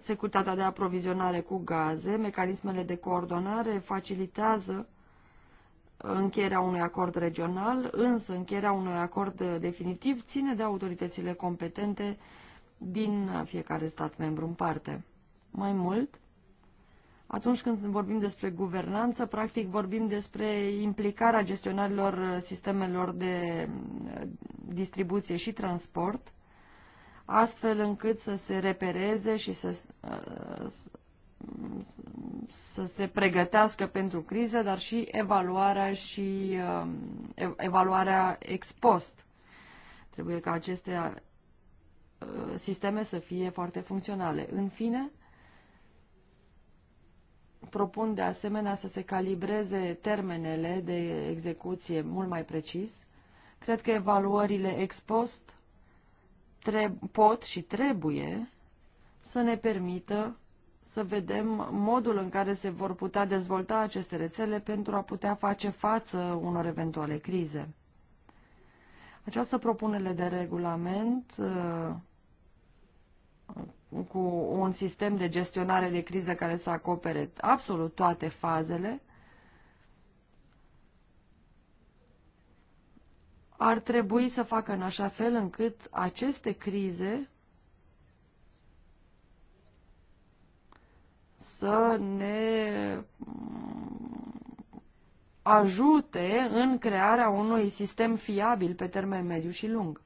securitatea de aprovizionare cu gaze, mecanismele de coordonare facilitează încheierea unui acord regional, însă încheierea unui acord definitiv ține de autoritățile competente din fiecare stat membru în parte. Mai mult, atunci când vorbim despre guvernanță, practic vorbim despre implicarea gestionarilor sistemelor de distribuție și transport, astfel încât să se repereze și să să se pregătească pentru criză, dar și evaluarea și um, evaluarea ex post. Trebuie ca aceste uh, sisteme să fie foarte funcționale. În fine, propun de asemenea să se calibreze termenele de execuție mult mai precis. Cred că evaluările ex post pot și trebuie să ne permită să vedem modul în care se vor putea dezvolta aceste rețele pentru a putea face față unor eventuale crize. Această propunere de regulament uh, cu un sistem de gestionare de criză care să acopere absolut toate fazele, ar trebui să facă în așa fel încât aceste crize să ne mm, ajute în crearea unui sistem fiabil pe termen mediu și lung.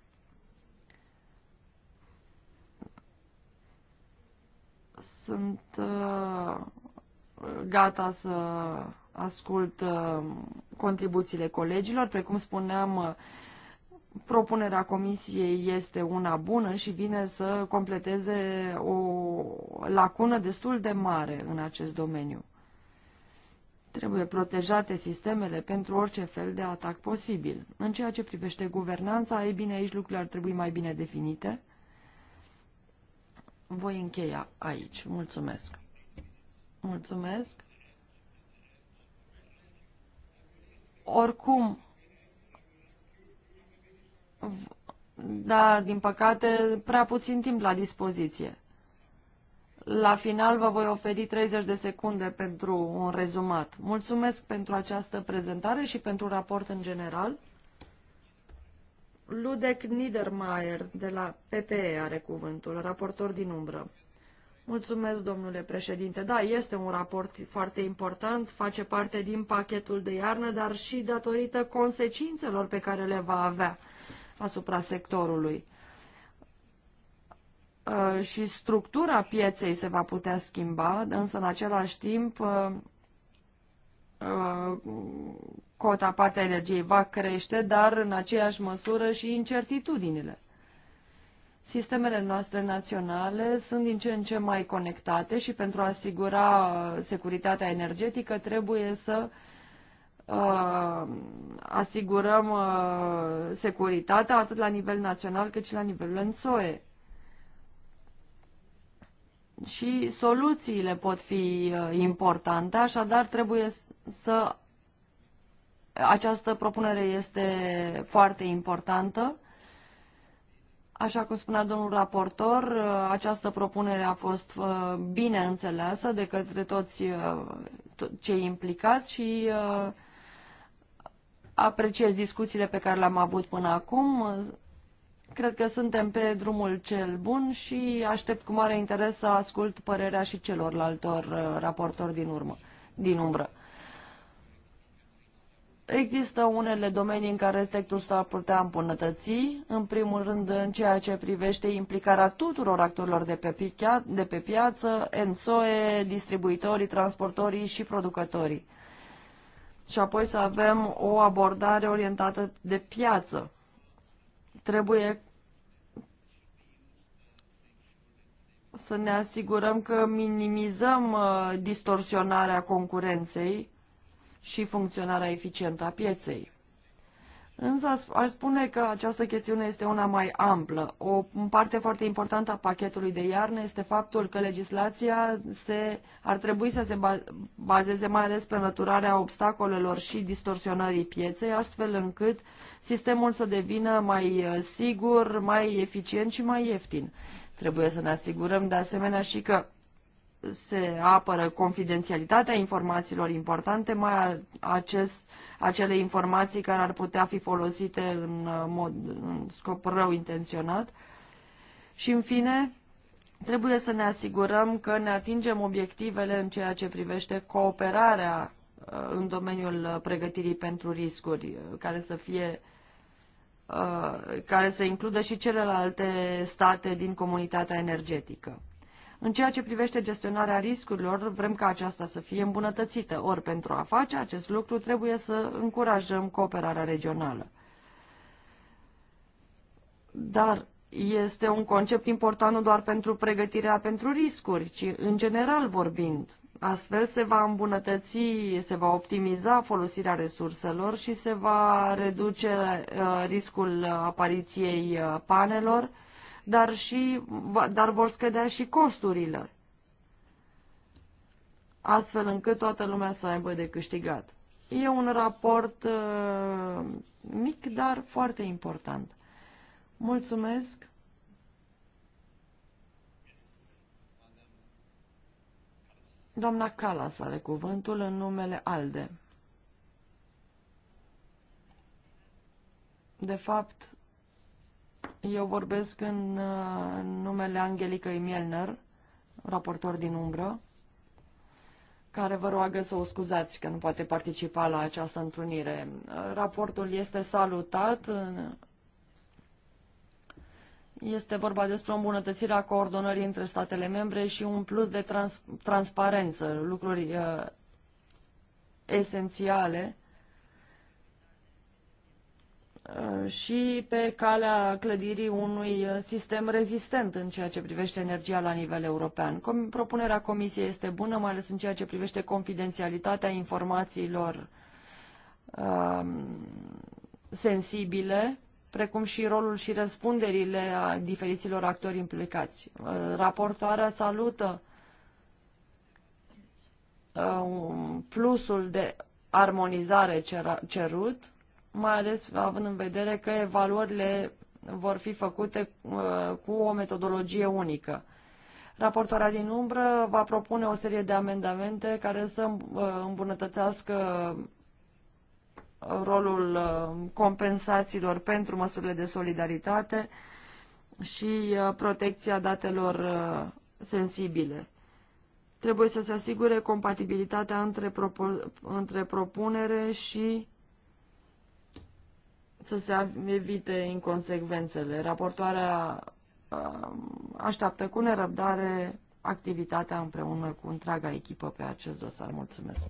Sunt uh, gata să ascult uh, contribuțiile colegilor, precum spuneam, propunerea comisiei este una bună și vine să completeze o lacună destul de mare în acest domeniu. Trebuie protejate sistemele pentru orice fel de atac posibil. În ceea ce privește guvernanța, ei bine, aici lucrurile ar trebui mai bine definite. Voi încheia aici. Mulțumesc. Mulțumesc. Oricum, da, din păcate, prea puțin timp la dispoziție. La final vă voi oferi 30 de secunde pentru un rezumat. Mulțumesc pentru această prezentare și pentru raport în general. Ludek Niedermayer de la PPE are cuvântul, raportor din umbră. Mulțumesc, domnule președinte. Da, este un raport foarte important, face parte din pachetul de iarnă, dar și datorită consecințelor pe care le va avea asupra sectorului. Uh, și structura pieței se va putea schimba, însă în același timp uh, uh, cota partea energiei va crește, dar în aceeași măsură și incertitudinile. Sistemele noastre naționale sunt din ce în ce mai conectate și pentru a asigura securitatea energetică trebuie să uh, Uh, asigurăm uh, securitatea atât la nivel național cât și la nivelul înțoe. Și soluțiile pot fi uh, importante, așadar trebuie să... Această propunere este foarte importantă. Așa cum spunea domnul raportor, uh, această propunere a fost uh, bine înțeleasă de către toți cei implicați și uh, Apreciez discuțiile pe care le-am avut până acum. Cred că suntem pe drumul cel bun și aștept cu mare interes să ascult părerea și celorlaltor uh, raportori din urmă, din umbră. Există unele domenii în care textul s-ar putea îmbunătăți, în primul rând în ceea ce privește implicarea tuturor actorilor de pe, pia- de pe piață, ENSOE, distribuitorii, transportorii și producătorii și apoi să avem o abordare orientată de piață. Trebuie să ne asigurăm că minimizăm uh, distorsionarea concurenței și funcționarea eficientă a pieței. Însă aș spune că această chestiune este una mai amplă. O parte foarte importantă a pachetului de iarnă este faptul că legislația se, ar trebui să se bazeze mai ales pe măturarea obstacolelor și distorsionării pieței, astfel încât sistemul să devină mai uh, sigur, mai eficient și mai ieftin. Trebuie să ne asigurăm de asemenea și că se apără confidențialitatea informațiilor importante, mai acest, acele informații care ar putea fi folosite în, uh, mod, în scop rău intenționat. Și, în fine, trebuie să ne asigurăm că ne atingem obiectivele în ceea ce privește cooperarea uh, în domeniul uh, pregătirii pentru riscuri, care să fie care să includă și celelalte state din comunitatea energetică. În ceea ce privește gestionarea riscurilor, vrem ca aceasta să fie îmbunătățită, ori pentru a face acest lucru trebuie să încurajăm cooperarea regională. Dar este un concept important nu doar pentru pregătirea pentru riscuri, ci în general vorbind. Astfel se va îmbunătăți, se va optimiza folosirea resurselor și se va reduce uh, riscul uh, apariției uh, panelor, dar, și, dar vor scădea și costurile, astfel încât toată lumea să aibă de câștigat. E un raport uh, mic, dar foarte important. Mulțumesc! Doamna Calas are cuvântul în numele ALDE. De fapt, eu vorbesc uh, în numele Angelicăi Mielner, raportor din umbră, care vă roagă să o scuzați că nu poate participa la această întrunire. Uh, raportul este salutat. Este vorba despre o a coordonării între statele membre și un plus de trans transparență, lucruri uh, esențiale Uh, și pe calea clădirii unui uh, sistem rezistent în ceea ce privește energia la nivel european. propunerea Comisiei este bună, mai ales în ceea ce privește confidențialitatea informațiilor um, sensibile, precum și rolul și răspunderile a diferiților actori implicați. Uh, raportoarea salută plusul de armonizare cerut, mai ales având în vedere că evaluările vor fi făcute uh, cu o metodologie unică. Raportoarea din umbră va propune o serie de amendamente care să uh, îmbunătățească uh, rolul compensațiilor pentru măsurile de solidaritate și protecția datelor sensibile. Trebuie să se asigure compatibilitatea între, propo- între propunere și să se evite inconsecvențele. Raportoarea um, așteaptă cu nerăbdare activitatea împreună cu întreaga echipă pe acest dosar. Mulțumesc!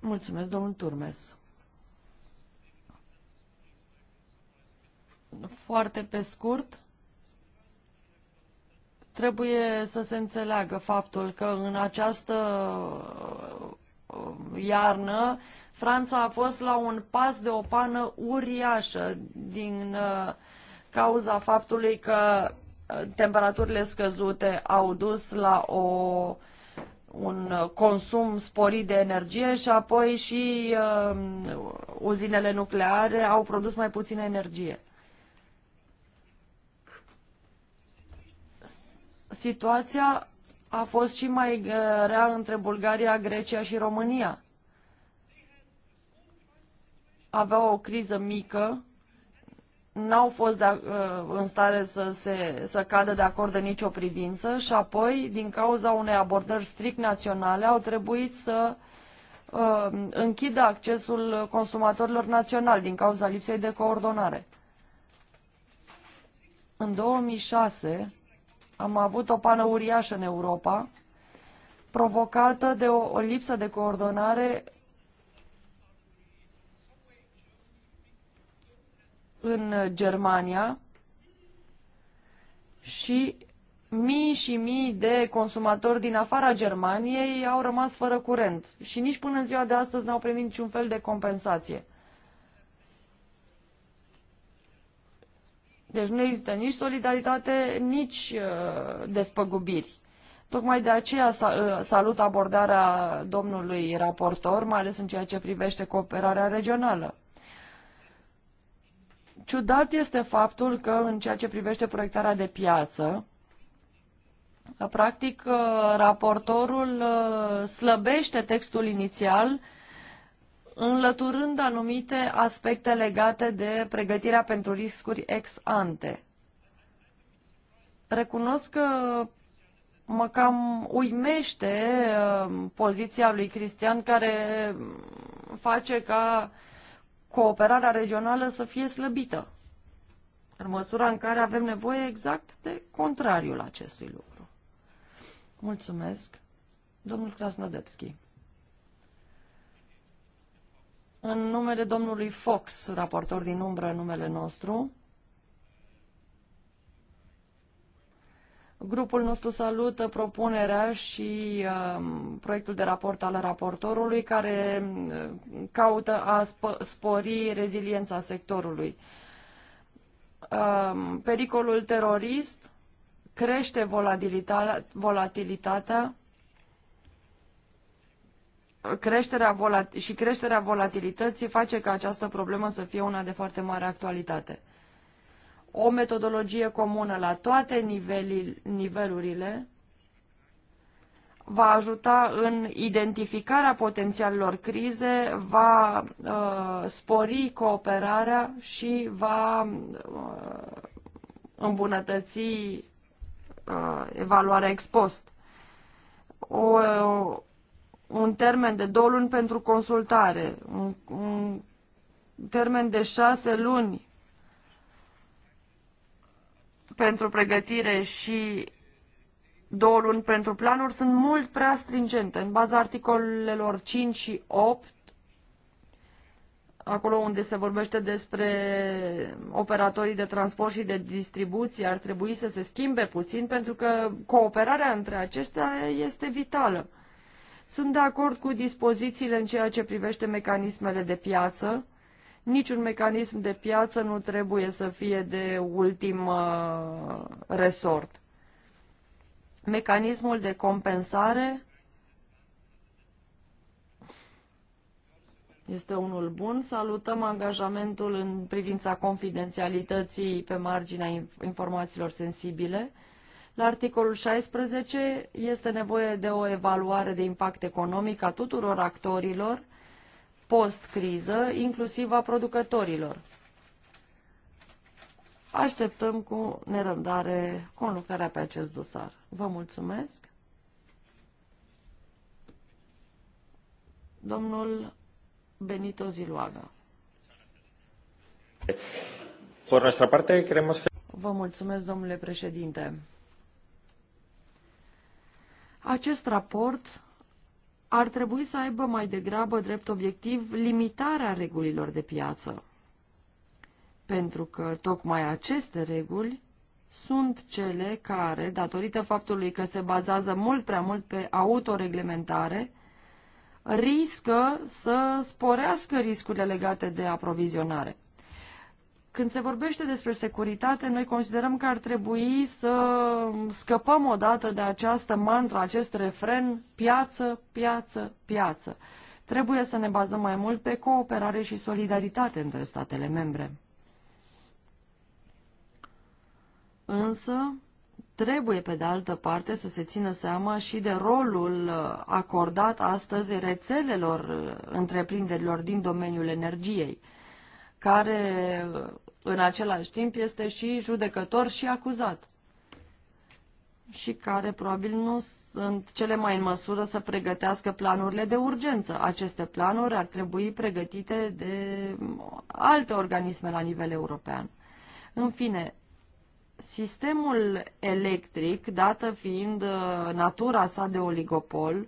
Mulțumesc, domnul Turmes. Foarte pe scurt, trebuie să se înțeleagă faptul că în această Uh, iarnă, Franța a fost la un pas de o pană uriașă din uh, cauza faptului că uh, temperaturile scăzute au dus la o, un consum sporit de energie și apoi și uh, uzinele nucleare au produs mai puțină energie. Situația a fost și mai uh, rea între Bulgaria, Grecia și România. Aveau o criză mică, n-au fost de, uh, în stare să, se, să cadă de acord în nicio privință și apoi, din cauza unei abordări strict naționale, au trebuit să uh, închidă accesul consumatorilor naționali din cauza lipsei de coordonare. În 2006, am avut o pană uriașă în Europa, provocată de o, o lipsă de coordonare în Germania și mii și mii de consumatori din afara Germaniei au rămas fără curent și nici până în ziua de astăzi n-au primit niciun fel de compensație. Deci nu există nici solidaritate, nici uh, despăgubiri. Tocmai de aceea uh, salut abordarea domnului raportor, mai ales în ceea ce privește cooperarea regională. Ciudat este faptul că în ceea ce privește proiectarea de piață, practic uh, raportorul slăbește textul inițial înlăturând anumite aspecte legate de pregătirea pentru riscuri ex ante. Recunosc că mă cam uimește uh, poziția lui Cristian care face ca cooperarea regională să fie slăbită, în măsura în care avem nevoie exact de contrariul acestui lucru. Mulțumesc, domnul Krasnodebski. În numele domnului Fox, raportor din umbră în numele nostru, Grupul nostru salută propunerea și um, proiectul de raport al raportorului care uh, caută a sp spori reziliența sectorului. Um, pericolul terorist crește volatilitatea creșterea volat- și creșterea volatilității face ca această problemă să fie una de foarte mare actualitate. O metodologie comună la toate nivelii, nivelurile va ajuta în identificarea potențialilor crize, va uh, spori cooperarea și va uh, îmbunătăți uh, evaluarea expost. O, un termen de două luni pentru consultare, un, un termen de șase luni pentru pregătire și două luni pentru planuri sunt mult prea stringente. În baza articolelor 5 și 8, acolo unde se vorbește despre operatorii de transport și de distribuție, ar trebui să se schimbe puțin pentru că cooperarea între acestea este vitală. Sunt de acord cu dispozițiile în ceea ce privește mecanismele de piață. Niciun mecanism de piață nu trebuie să fie de ultim uh, resort. Mecanismul de compensare este unul bun. Salutăm angajamentul în privința confidențialității pe marginea informațiilor sensibile. La articolul 16 este nevoie de o evaluare de impact economic a tuturor actorilor post-criză, inclusiv a producătorilor. Așteptăm cu nerăbdare conlucrarea pe acest dosar. Vă mulțumesc. Domnul Benito Ziluaga. Por nuestra parte, queremos... Vă mulțumesc, domnule președinte. Acest raport ar trebui să aibă mai degrabă drept obiectiv limitarea regulilor de piață, pentru că tocmai aceste reguli sunt cele care, datorită faptului că se bazează mult prea mult pe autoreglementare, riscă să sporească riscurile legate de aprovizionare. Când se vorbește despre securitate, noi considerăm că ar trebui să scăpăm odată de această mantra, acest refren, piață, piață, piață. Trebuie să ne bazăm mai mult pe cooperare și solidaritate între statele membre. Însă, trebuie pe de altă parte să se țină seama și de rolul acordat astăzi rețelelor întreprinderilor din domeniul energiei – care în același timp este și judecător și acuzat și care probabil nu sunt cele mai în măsură să pregătească planurile de urgență. Aceste planuri ar trebui pregătite de alte organisme la nivel european. În fine, sistemul electric, dată fiind uh, natura sa de oligopol,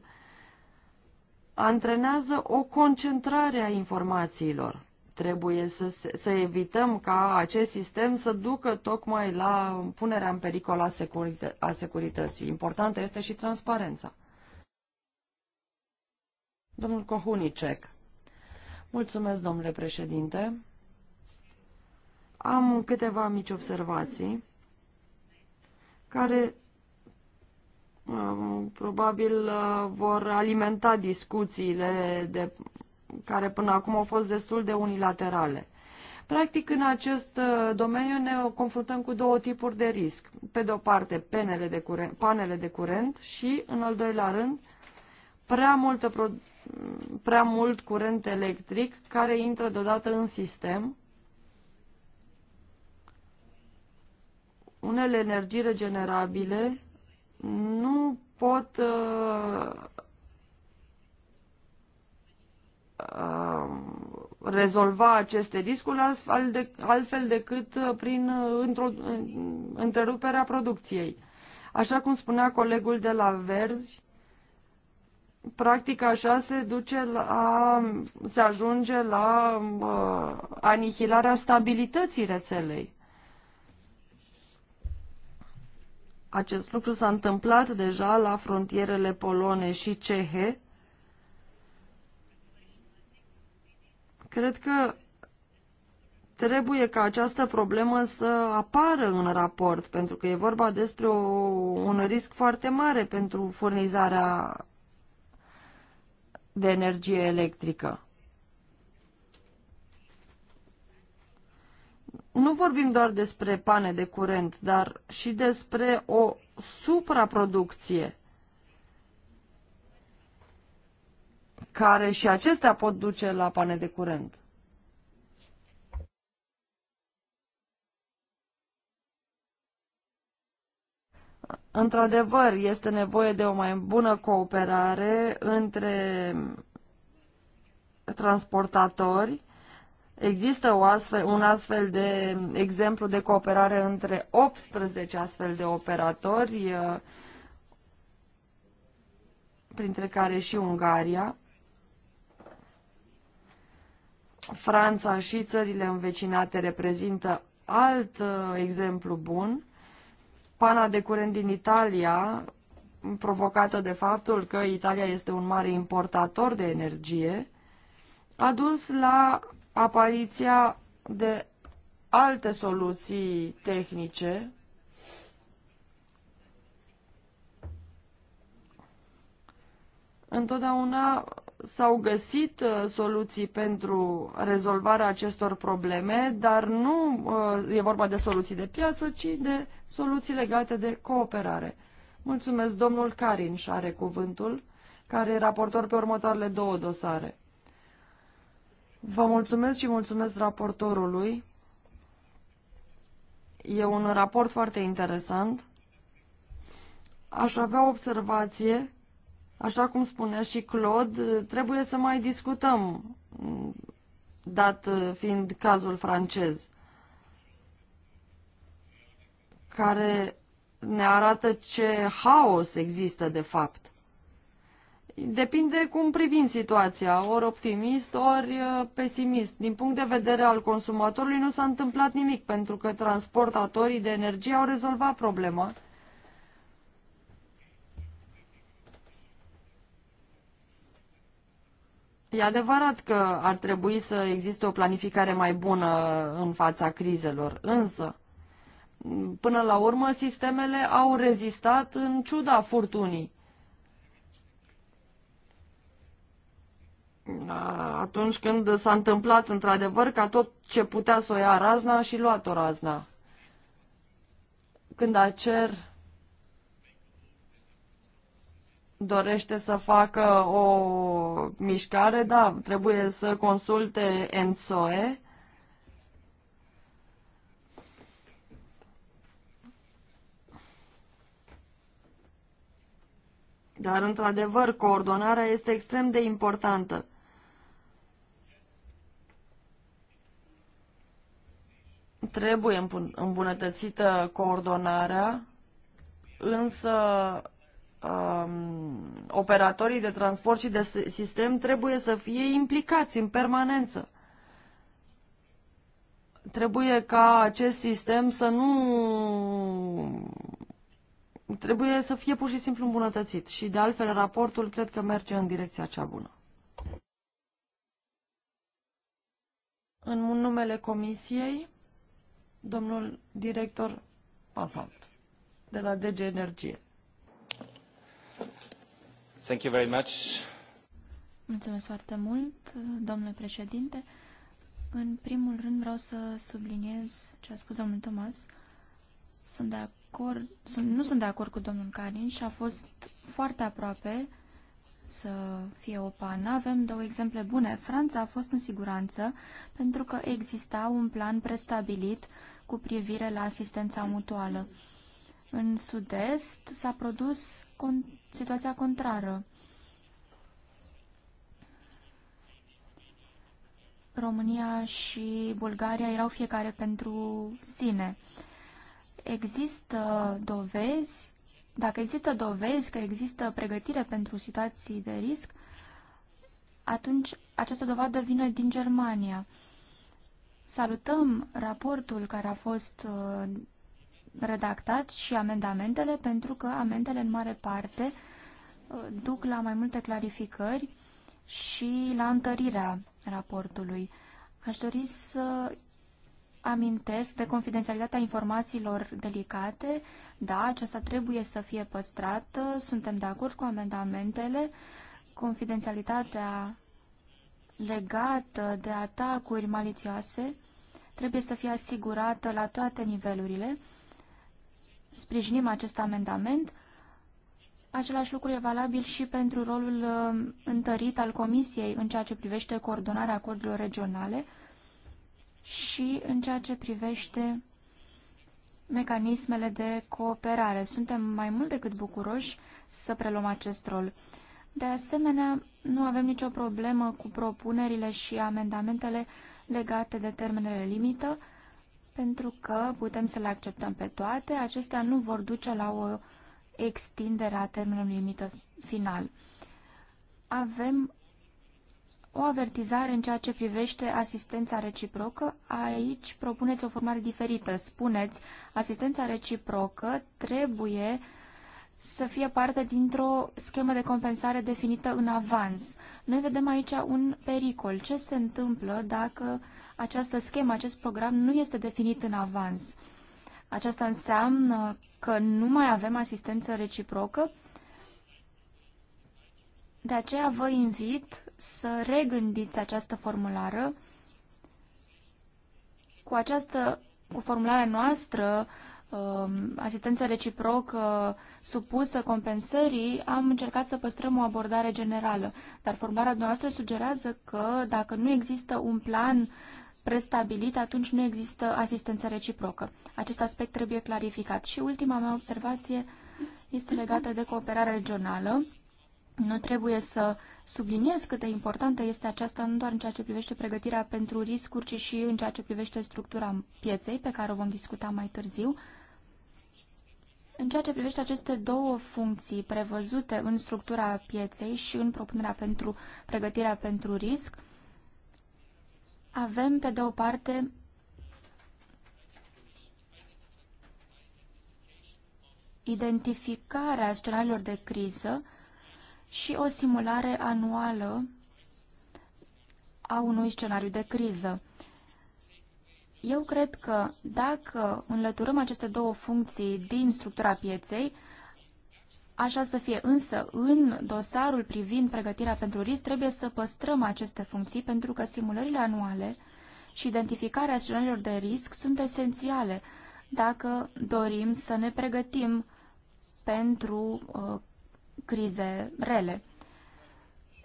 antrenează o concentrare a informațiilor. Trebuie să, să evităm ca acest sistem să ducă tocmai la punerea în pericol a, securită, a securității. Importantă este și transparența. Domnul Cohunicek. Mulțumesc, domnule președinte. Am câteva mici observații care um, probabil uh, vor alimenta discuțiile de care până acum au fost destul de unilaterale. Practic, în acest uh, domeniu ne confruntăm cu două tipuri de risc. Pe de o parte, penele de curent, panele de curent și, în al doilea rând, prea, multă prea mult curent electric care intră deodată în sistem. Unele energii regenerabile nu pot uh, rezolva aceste riscuri altfel decât uh, prin uh, întreruperea producției. Așa cum spunea colegul de la Verzi, practic așa se duce la, se ajunge la uh, anihilarea stabilității rețelei. Acest lucru s-a întâmplat deja la frontierele polone și cehe, Cred că trebuie ca această problemă să apară în raport, pentru că e vorba despre o, un risc foarte mare pentru furnizarea de energie electrică. Nu vorbim doar despre pane de curent, dar și despre o supraproducție care și acestea pot duce la pane de curent. Într-adevăr, este nevoie de o mai bună cooperare între transportatori. Există o astfel, un astfel de exemplu de cooperare între 18 astfel de operatori, eh, printre care și Ungaria. Franța și țările învecinate reprezintă alt uh, exemplu bun. Pana de curent din Italia, provocată de faptul că Italia este un mare importator de energie, a dus la apariția de alte soluții tehnice întotdeauna s-au găsit uh, soluții pentru rezolvarea acestor probleme, dar nu uh, e vorba de soluții de piață, ci de soluții legate de cooperare. Mulțumesc, domnul Carin și are cuvântul, care e raportor pe următoarele două dosare. Vă mulțumesc și mulțumesc raportorului. E un raport foarte interesant. Aș avea observație Așa cum spunea și Claude, trebuie să mai discutăm, dat fiind cazul francez, care ne arată ce haos există de fapt. Depinde cum privim situația, ori optimist, ori uh, pesimist. Din punct de vedere al consumatorului nu s-a întâmplat nimic, pentru că transportatorii de energie au rezolvat problema E adevărat că ar trebui să existe o planificare mai bună în fața crizelor, însă, până la urmă, sistemele au rezistat în ciuda furtunii. Atunci când s-a întâmplat, într-adevăr, ca tot ce putea să o ia razna și luat-o razna. Când a cer dorește să facă o mișcare, da, trebuie să consulte ENSOE. Dar, într-adevăr, coordonarea este extrem de importantă. Trebuie îmbunătățită coordonarea, însă um, operatorii de transport și de sistem trebuie să fie implicați în permanență. Trebuie ca acest sistem să nu... Trebuie să fie pur și simplu îmbunătățit și de altfel raportul cred că merge în direcția cea bună. În numele comisiei, domnul director Panhalt, de la DG Energie. Thank you very much. Mulțumesc foarte mult, domnule președinte. În primul rând vreau să subliniez ce a spus domnul Tomas. Sunt de acord, sunt, nu sunt de acord cu domnul Carin și a fost foarte aproape să fie o pană. Avem două exemple bune. Franța a fost în siguranță pentru că exista un plan prestabilit cu privire la asistența mutuală. În sud-est s-a produs con- situația contrară. România și Bulgaria erau fiecare pentru sine. Există dovezi, dacă există dovezi că există pregătire pentru situații de risc, atunci această dovadă vine din Germania. Salutăm raportul care a fost uh, redactat și amendamentele, pentru că amendele în mare parte uh, duc la mai multe clarificări și la întărirea raportului. Aș dori să amintesc de confidențialitatea informațiilor delicate. Da, aceasta trebuie să fie păstrată. Suntem de acord cu amendamentele. Confidențialitatea legată de atacuri malițioase trebuie să fie asigurată la toate nivelurile sprijinim acest amendament. Același lucru e valabil și pentru rolul uh, întărit al Comisiei în ceea ce privește coordonarea acordurilor regionale și în ceea ce privește mecanismele de cooperare. Suntem mai mult decât bucuroși să preluăm acest rol. De asemenea, nu avem nicio problemă cu propunerile și amendamentele legate de termenele limită, pentru că putem să le acceptăm pe toate. Acestea nu vor duce la o extindere a termenului limită final. Avem o avertizare în ceea ce privește asistența reciprocă. Aici propuneți o formare diferită. Spuneți, asistența reciprocă trebuie să fie parte dintr-o schemă de compensare definită în avans. Noi vedem aici un pericol. Ce se întâmplă dacă această schemă, acest program nu este definit în avans. Aceasta înseamnă că nu mai avem asistență reciprocă. De aceea vă invit să regândiți această formulară. Cu această, cu formularea noastră, um, asistență reciprocă supusă compensării, am încercat să păstrăm o abordare generală. Dar formularea noastră sugerează că dacă nu există un plan prestabilit, atunci nu există asistență reciprocă. Acest aspect trebuie clarificat. Și ultima mea observație este legată de cooperarea regională. Nu trebuie să subliniez cât de importantă este aceasta nu doar în ceea ce privește pregătirea pentru riscuri, ci și în ceea ce privește structura pieței, pe care o vom discuta mai târziu. În ceea ce privește aceste două funcții prevăzute în structura pieței și în propunerea pentru pregătirea pentru risc, avem, pe de o parte, identificarea scenariilor de criză și o simulare anuală a unui scenariu de criză. Eu cred că dacă înlăturăm aceste două funcții din structura pieței, Așa să fie însă în dosarul privind pregătirea pentru risc trebuie să păstrăm aceste funcții pentru că simulările anuale și identificarea scenariilor de risc sunt esențiale dacă dorim să ne pregătim pentru uh, crize rele.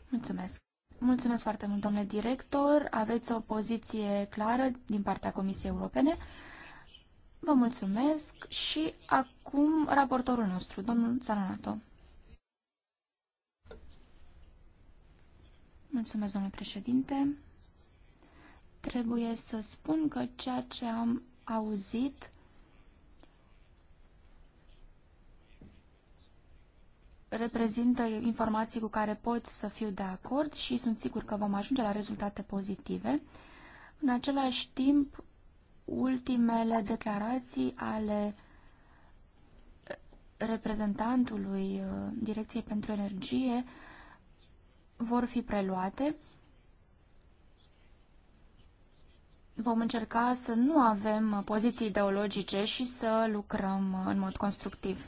Mulțumesc! Mulțumesc foarte mult, domnule director. Aveți o poziție clară din partea Comisiei Europene. Vă mulțumesc și acum raportorul nostru, domnul Zananato. Mulțumesc, domnule președinte. Trebuie să spun că ceea ce am auzit reprezintă informații cu care pot să fiu de acord și sunt sigur că vom ajunge la rezultate pozitive. În același timp, ultimele declarații ale eh, reprezentantului eh, Direcției pentru Energie vor fi preluate. Vom încerca să nu avem poziții ideologice și să lucrăm eh, în mod constructiv.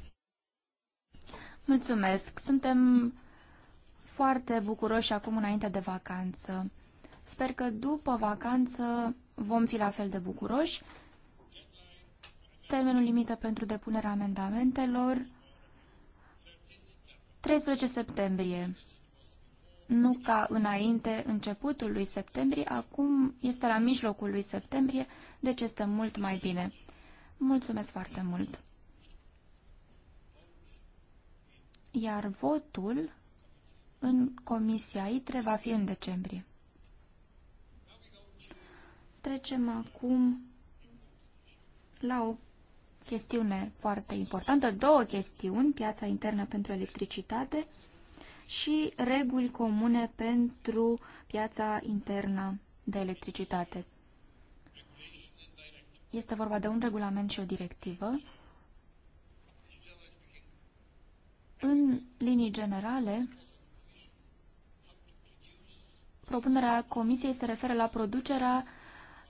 Mulțumesc! Suntem foarte bucuroși acum înainte de vacanță. Sper că după vacanță vom fi la fel de bucuroși. Termenul limită pentru depunerea amendamentelor 13 septembrie. Nu ca înainte începutul lui septembrie, acum este la mijlocul lui septembrie, deci este mult mai bine. Mulțumesc foarte mult! Iar votul în Comisia ITRE va fi în decembrie. Trecem acum la o chestiune foarte importantă, două chestiuni, piața internă pentru electricitate și reguli comune pentru piața internă de electricitate. Este vorba de un regulament și o directivă. În linii generale, propunerea Comisiei se referă la producerea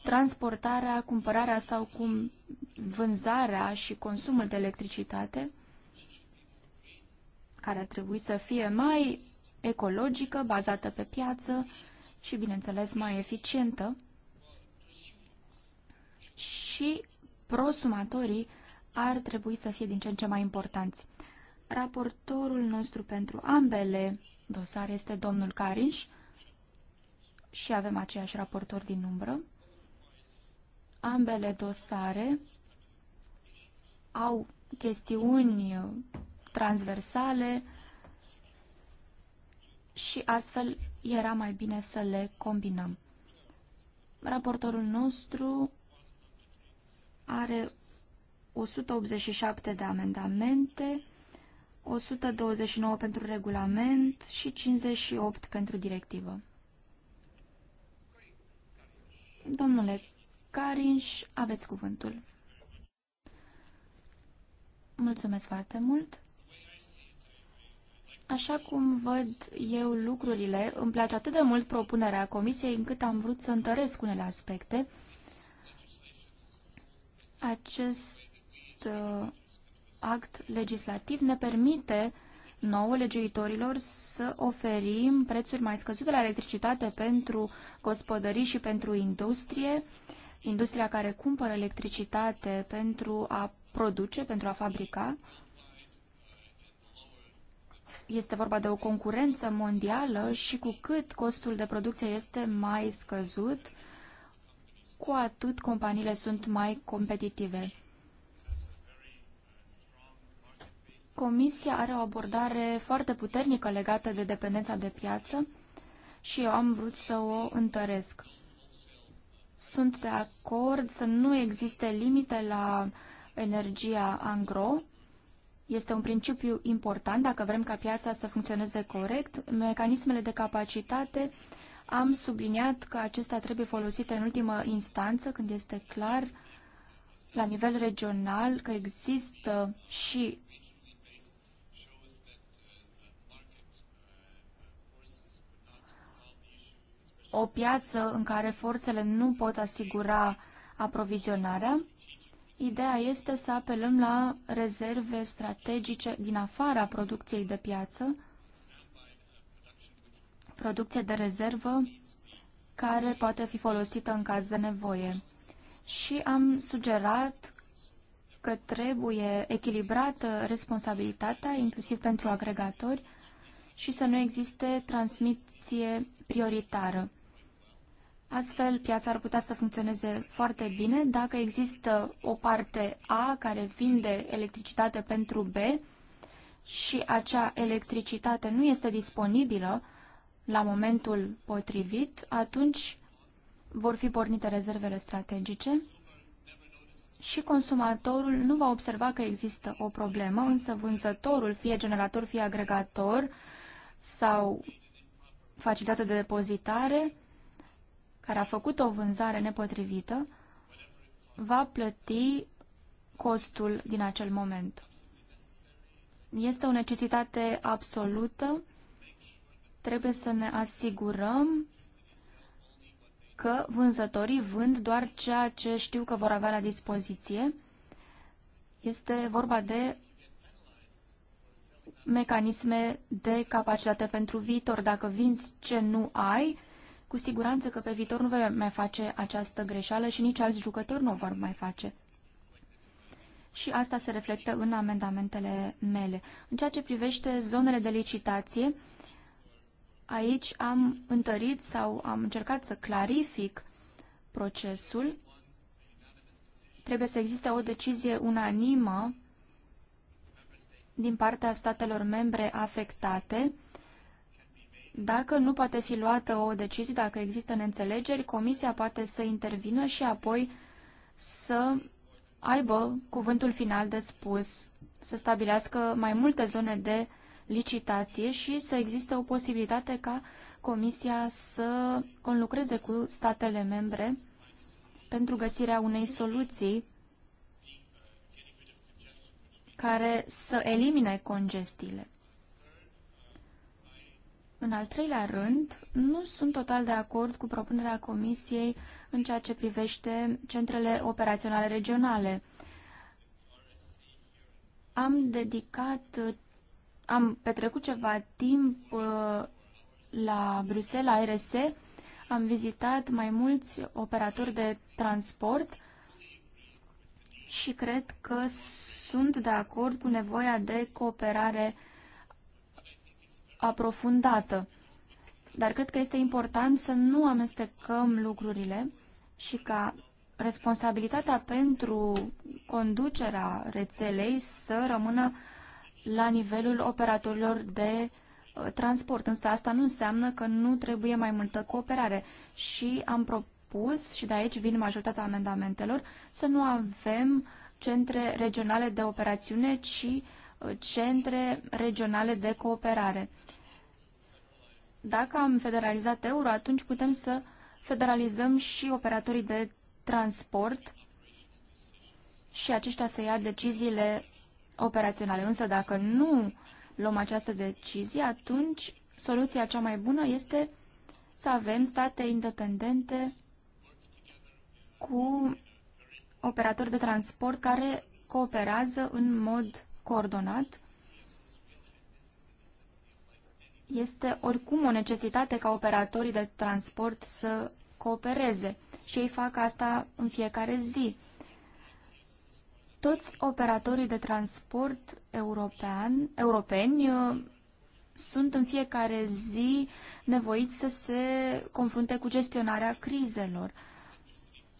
transportarea, cumpărarea sau cum vânzarea și consumul de electricitate, care ar trebui să fie mai ecologică, bazată pe piață și, bineînțeles, mai eficientă. Și prosumatorii ar trebui să fie din ce în ce mai importanți. Raportorul nostru pentru ambele dosare este domnul Carinș și avem aceeași raportor din umbră. Ambele dosare au chestiuni transversale și astfel era mai bine să le combinăm. Raportorul nostru are 187 de amendamente, 129 pentru regulament și 58 pentru directivă. Domnule Carinș, aveți cuvântul. Mulțumesc foarte mult. Așa cum văd eu lucrurile, îmi place atât de mult propunerea Comisiei încât am vrut să întăresc unele aspecte. Acest uh, act legislativ ne permite nouă legiuitorilor să oferim prețuri mai scăzute la electricitate pentru gospodării și pentru industrie, industria care cumpără electricitate pentru a produce, pentru a fabrica. Este vorba de o concurență mondială și cu cât costul de producție este mai scăzut, cu atât companiile sunt mai competitive. Comisia are o abordare foarte puternică legată de dependența de piață și eu am vrut să o întăresc. Sunt de acord să nu existe limite la energia angro. Este un principiu important dacă vrem ca piața să funcționeze corect. Mecanismele de capacitate am subliniat că acestea trebuie folosite în ultimă instanță, când este clar la nivel regional că există și o piață în care forțele nu pot asigura aprovizionarea, ideea este să apelăm la rezerve strategice din afara producției de piață, producție de rezervă care poate fi folosită în caz de nevoie. Și am sugerat că trebuie echilibrată responsabilitatea, inclusiv pentru agregatori, și să nu existe transmisie prioritară. Astfel, piața ar putea să funcționeze foarte bine dacă există o parte A care vinde electricitate pentru B și acea electricitate nu este disponibilă la momentul potrivit, atunci vor fi pornite rezervele strategice și consumatorul nu va observa că există o problemă, însă vânzătorul, fie generator, fie agregator sau facilitate de depozitare, care a făcut o vânzare nepotrivită va plăti costul din acel moment. Este o necesitate absolută. Trebuie să ne asigurăm că vânzătorii vând doar ceea ce știu că vor avea la dispoziție. Este vorba de mecanisme de capacitate pentru viitor. Dacă vinzi ce nu ai, cu siguranță că pe viitor nu vei mai face această greșeală și nici alți jucători nu o vor mai face. Și asta se reflectă în amendamentele mele. În ceea ce privește zonele de licitație, aici am întărit sau am încercat să clarific procesul. Trebuie să existe o decizie unanimă din partea statelor membre afectate dacă nu poate fi luată o decizie, dacă există neînțelegeri, comisia poate să intervină și apoi să aibă cuvântul final de spus, să stabilească mai multe zone de licitație și să existe o posibilitate ca Comisia să conlucreze cu statele membre pentru găsirea unei soluții care să elimine congestiile. În al treilea rând, nu sunt total de acord cu propunerea Comisiei în ceea ce privește centrele operaționale regionale. Am dedicat, am petrecut ceva timp uh, la Bruxelles, la RS, am vizitat mai mulți operatori de transport și cred că sunt de acord cu nevoia de cooperare aprofundată. Dar cred că este important să nu amestecăm lucrurile și ca responsabilitatea pentru conducerea rețelei să rămână la nivelul operatorilor de uh, transport. Însă asta nu înseamnă că nu trebuie mai multă cooperare și am propus, și de aici vin majoritatea amendamentelor, să nu avem centre regionale de operațiune, ci centre regionale de cooperare. Dacă am federalizat euro, atunci putem să federalizăm și operatorii de transport și aceștia să ia deciziile operaționale. Însă dacă nu luăm această decizie, atunci soluția cea mai bună este să avem state independente cu operatori de transport care cooperează în mod coordonat este oricum o necesitate ca operatorii de transport să coopereze și ei fac asta în fiecare zi. Toți operatorii de transport european, europeni uh, sunt în fiecare zi nevoiți să se confrunte cu gestionarea crizelor,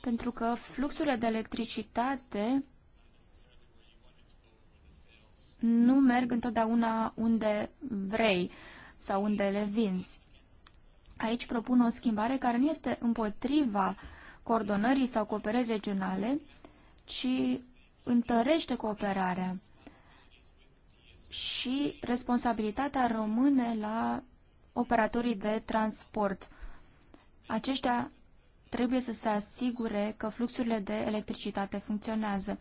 pentru că fluxurile de electricitate nu merg întotdeauna unde vrei sau unde le vinzi. Aici propun o schimbare care nu este împotriva coordonării sau cooperării regionale, ci întărește cooperarea și responsabilitatea rămâne la operatorii de transport. Aceștia trebuie să se asigure că fluxurile de electricitate funcționează.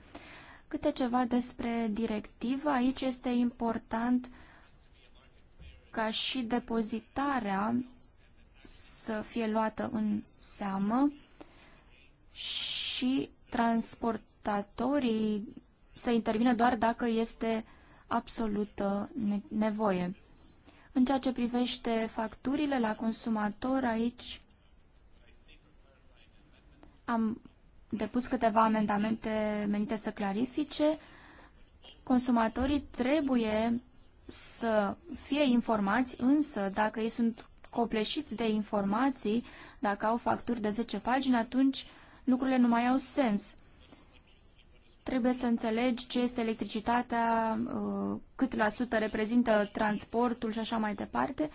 Câte ceva despre directivă. Aici este important ca și depozitarea să fie luată în seamă și transportatorii să intervină doar dacă este absolută nevoie. În ceea ce privește facturile la consumator, aici am depus câteva amendamente menite să clarifice. Consumatorii trebuie să fie informați, însă dacă ei sunt copleșiți de informații, dacă au facturi de 10 pagini, atunci lucrurile nu mai au sens. Trebuie să înțelegi ce este electricitatea, uh, cât la sută reprezintă transportul și așa mai departe,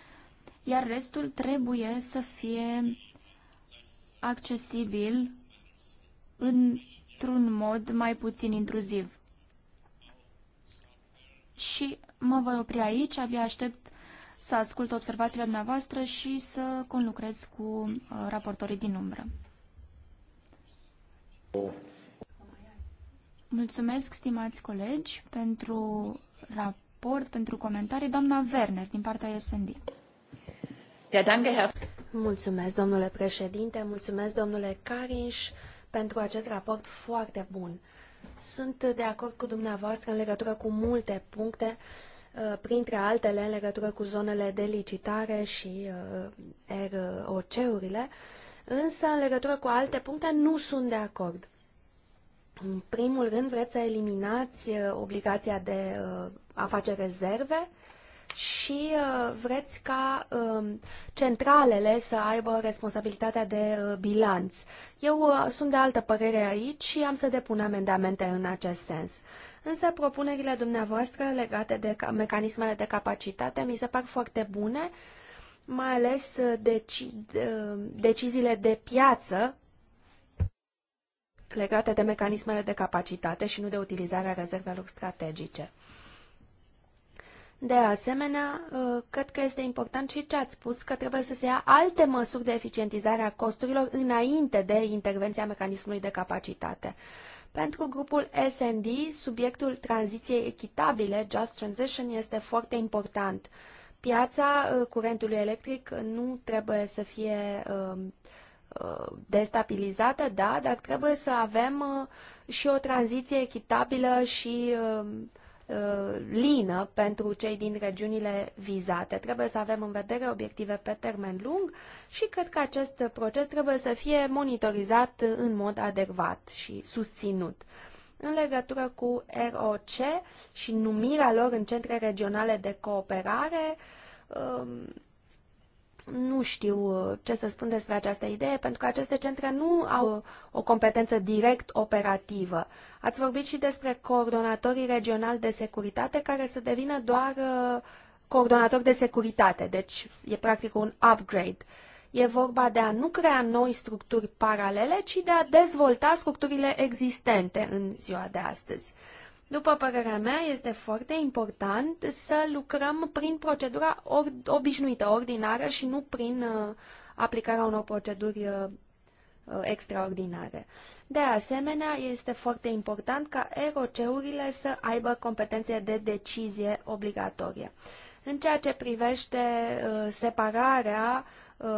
iar restul trebuie să fie accesibil într-un mod mai puțin intruziv. Și mă voi opri aici, abia aștept să ascult observațiile dumneavoastră și să conlucrez cu uh, raportorii din umbră. Mulțumesc, stimați colegi, pentru raport, pentru comentarii. Doamna Werner, din partea SND. Mulțumesc, domnule președinte, mulțumesc, domnule Carinș pentru acest raport foarte bun. Sunt de acord cu dumneavoastră în legătură cu multe puncte, uh, printre altele în legătură cu zonele de licitare și uh, ROC-urile, însă în legătură cu alte puncte nu sunt de acord. În primul rând, vreți să eliminați uh, obligația de a face rezerve și uh, vreți ca um, centralele să aibă responsabilitatea de uh, bilanț. Eu uh, sunt de altă părere aici și am să depun amendamente în acest sens. Însă propunerile dumneavoastră legate de mecanismele de capacitate mi se par foarte bune, mai ales deci, deciziile de piață legate de mecanismele de capacitate și nu de utilizarea rezervelor strategice. De asemenea, ă, cred că este important și ce ați spus, că trebuie să se ia alte măsuri de eficientizare a costurilor înainte de intervenția mecanismului de capacitate. Pentru grupul S&D, subiectul tranziției echitabile, Just Transition, este foarte important. Piața ă, curentului electric nu trebuie să fie ă, destabilizată, da, dar trebuie să avem și o tranziție echitabilă și Uh, lină pentru cei din regiunile vizate. Trebuie să avem în vedere obiective pe termen lung și cred că acest proces trebuie să fie monitorizat în mod adecvat și susținut. În legătură cu ROC și numirea lor în centre regionale de cooperare, um, nu știu uh, ce să spun despre această idee, pentru că aceste centre nu au uh, o competență direct operativă. Ați vorbit și despre coordonatorii regionali de securitate care să devină doar uh, coordonatori de securitate, deci e practic un upgrade. E vorba de a nu crea noi structuri paralele, ci de a dezvolta structurile existente în ziua de astăzi. După părerea mea, este foarte important să lucrăm prin procedura or- obișnuită, ordinară și nu prin uh, aplicarea unor proceduri uh, uh extraordinare. De asemenea, este foarte important ca ROC-urile să aibă competențe de decizie obligatorie. În ceea ce privește uh, separarea uh,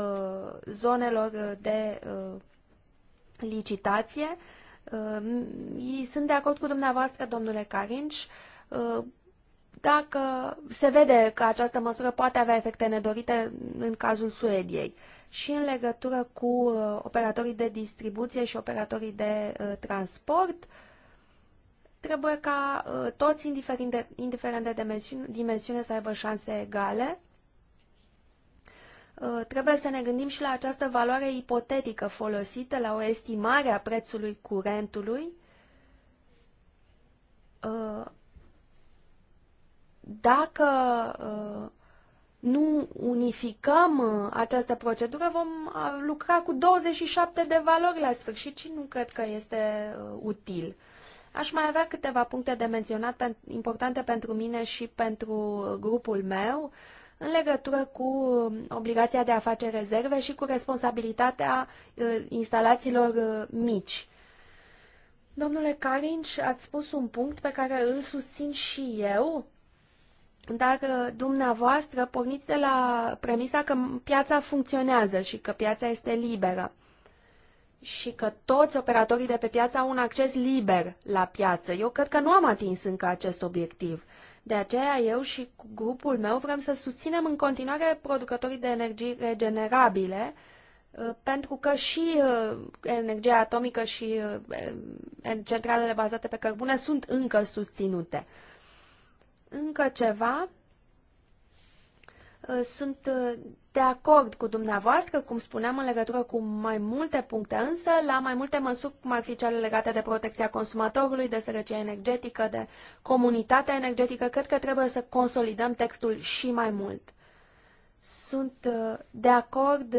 zonelor de uh, licitație, uh, Ehm, sunt de acord cu dumneavoastră, domnule Carinci. Ehm, dacă se vede că această măsură poate avea efecte nedorite în cazul Suediei și în legătură cu uh, operatorii de distribuție și operatorii de uh, transport, trebuie ca uh, toți, indiferent de, indiferent de dimensiune, dimensiune, să aibă șanse egale Uh, trebuie să ne gândim și la această valoare ipotetică folosită la o estimare a prețului curentului. Uh, dacă uh, nu unificăm această procedură, vom lucra cu 27 de valori la sfârșit și nu cred că este util. Aș mai avea câteva puncte de menționat importante pentru mine și pentru grupul meu. Uh, în legătură cu obligația de a face rezerve și cu responsabilitatea uh, instalațiilor uh, mici. Domnule Carinci, ați spus un punct pe care îl susțin și eu, dar uh, dumneavoastră porniți de la premisa că piața funcționează și că piața este liberă și că toți operatorii de pe piață au un acces liber la piață. Eu cred că nu am atins încă acest obiectiv. De aceea eu și grupul meu vrem să susținem în continuare producătorii de energii regenerabile, uh, pentru că și uh, energia atomică și uh, centralele bazate pe cărbune sunt încă susținute. Încă ceva, Uh, sunt uh, de acord cu dumneavoastră, cum spuneam, în legătură cu mai multe puncte, însă la mai multe măsuri, cum ar fi cele legate de protecția consumatorului, de sărăcie energetică, de comunitatea energetică, cred că trebuie să consolidăm textul și mai mult. Sunt uh, de acord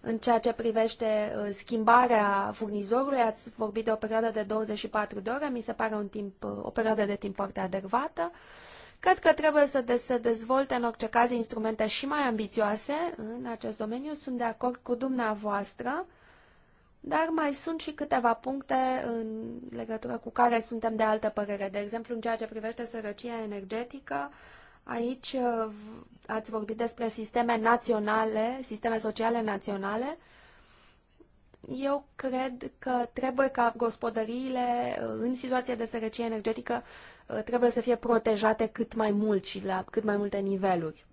în ceea ce privește schimbarea furnizorului, ați vorbit de o perioadă de 24 de ore, mi se pare un timp, o perioadă de timp foarte adecvată. Cred că trebuie să se dezvolte în orice caz instrumente și mai ambițioase în acest domeniu. Sunt de acord cu dumneavoastră, dar mai sunt și câteva puncte în legătură cu care suntem de altă părere. De exemplu, în ceea ce privește sărăcia energetică, aici uh, ați vorbit despre sisteme naționale, sisteme sociale naționale, eu cred că trebuie ca gospodăriile uh, în situație de sărăcie energetică Uh, trebuie să fie protejate cât mai mult și la cât mai multe niveluri.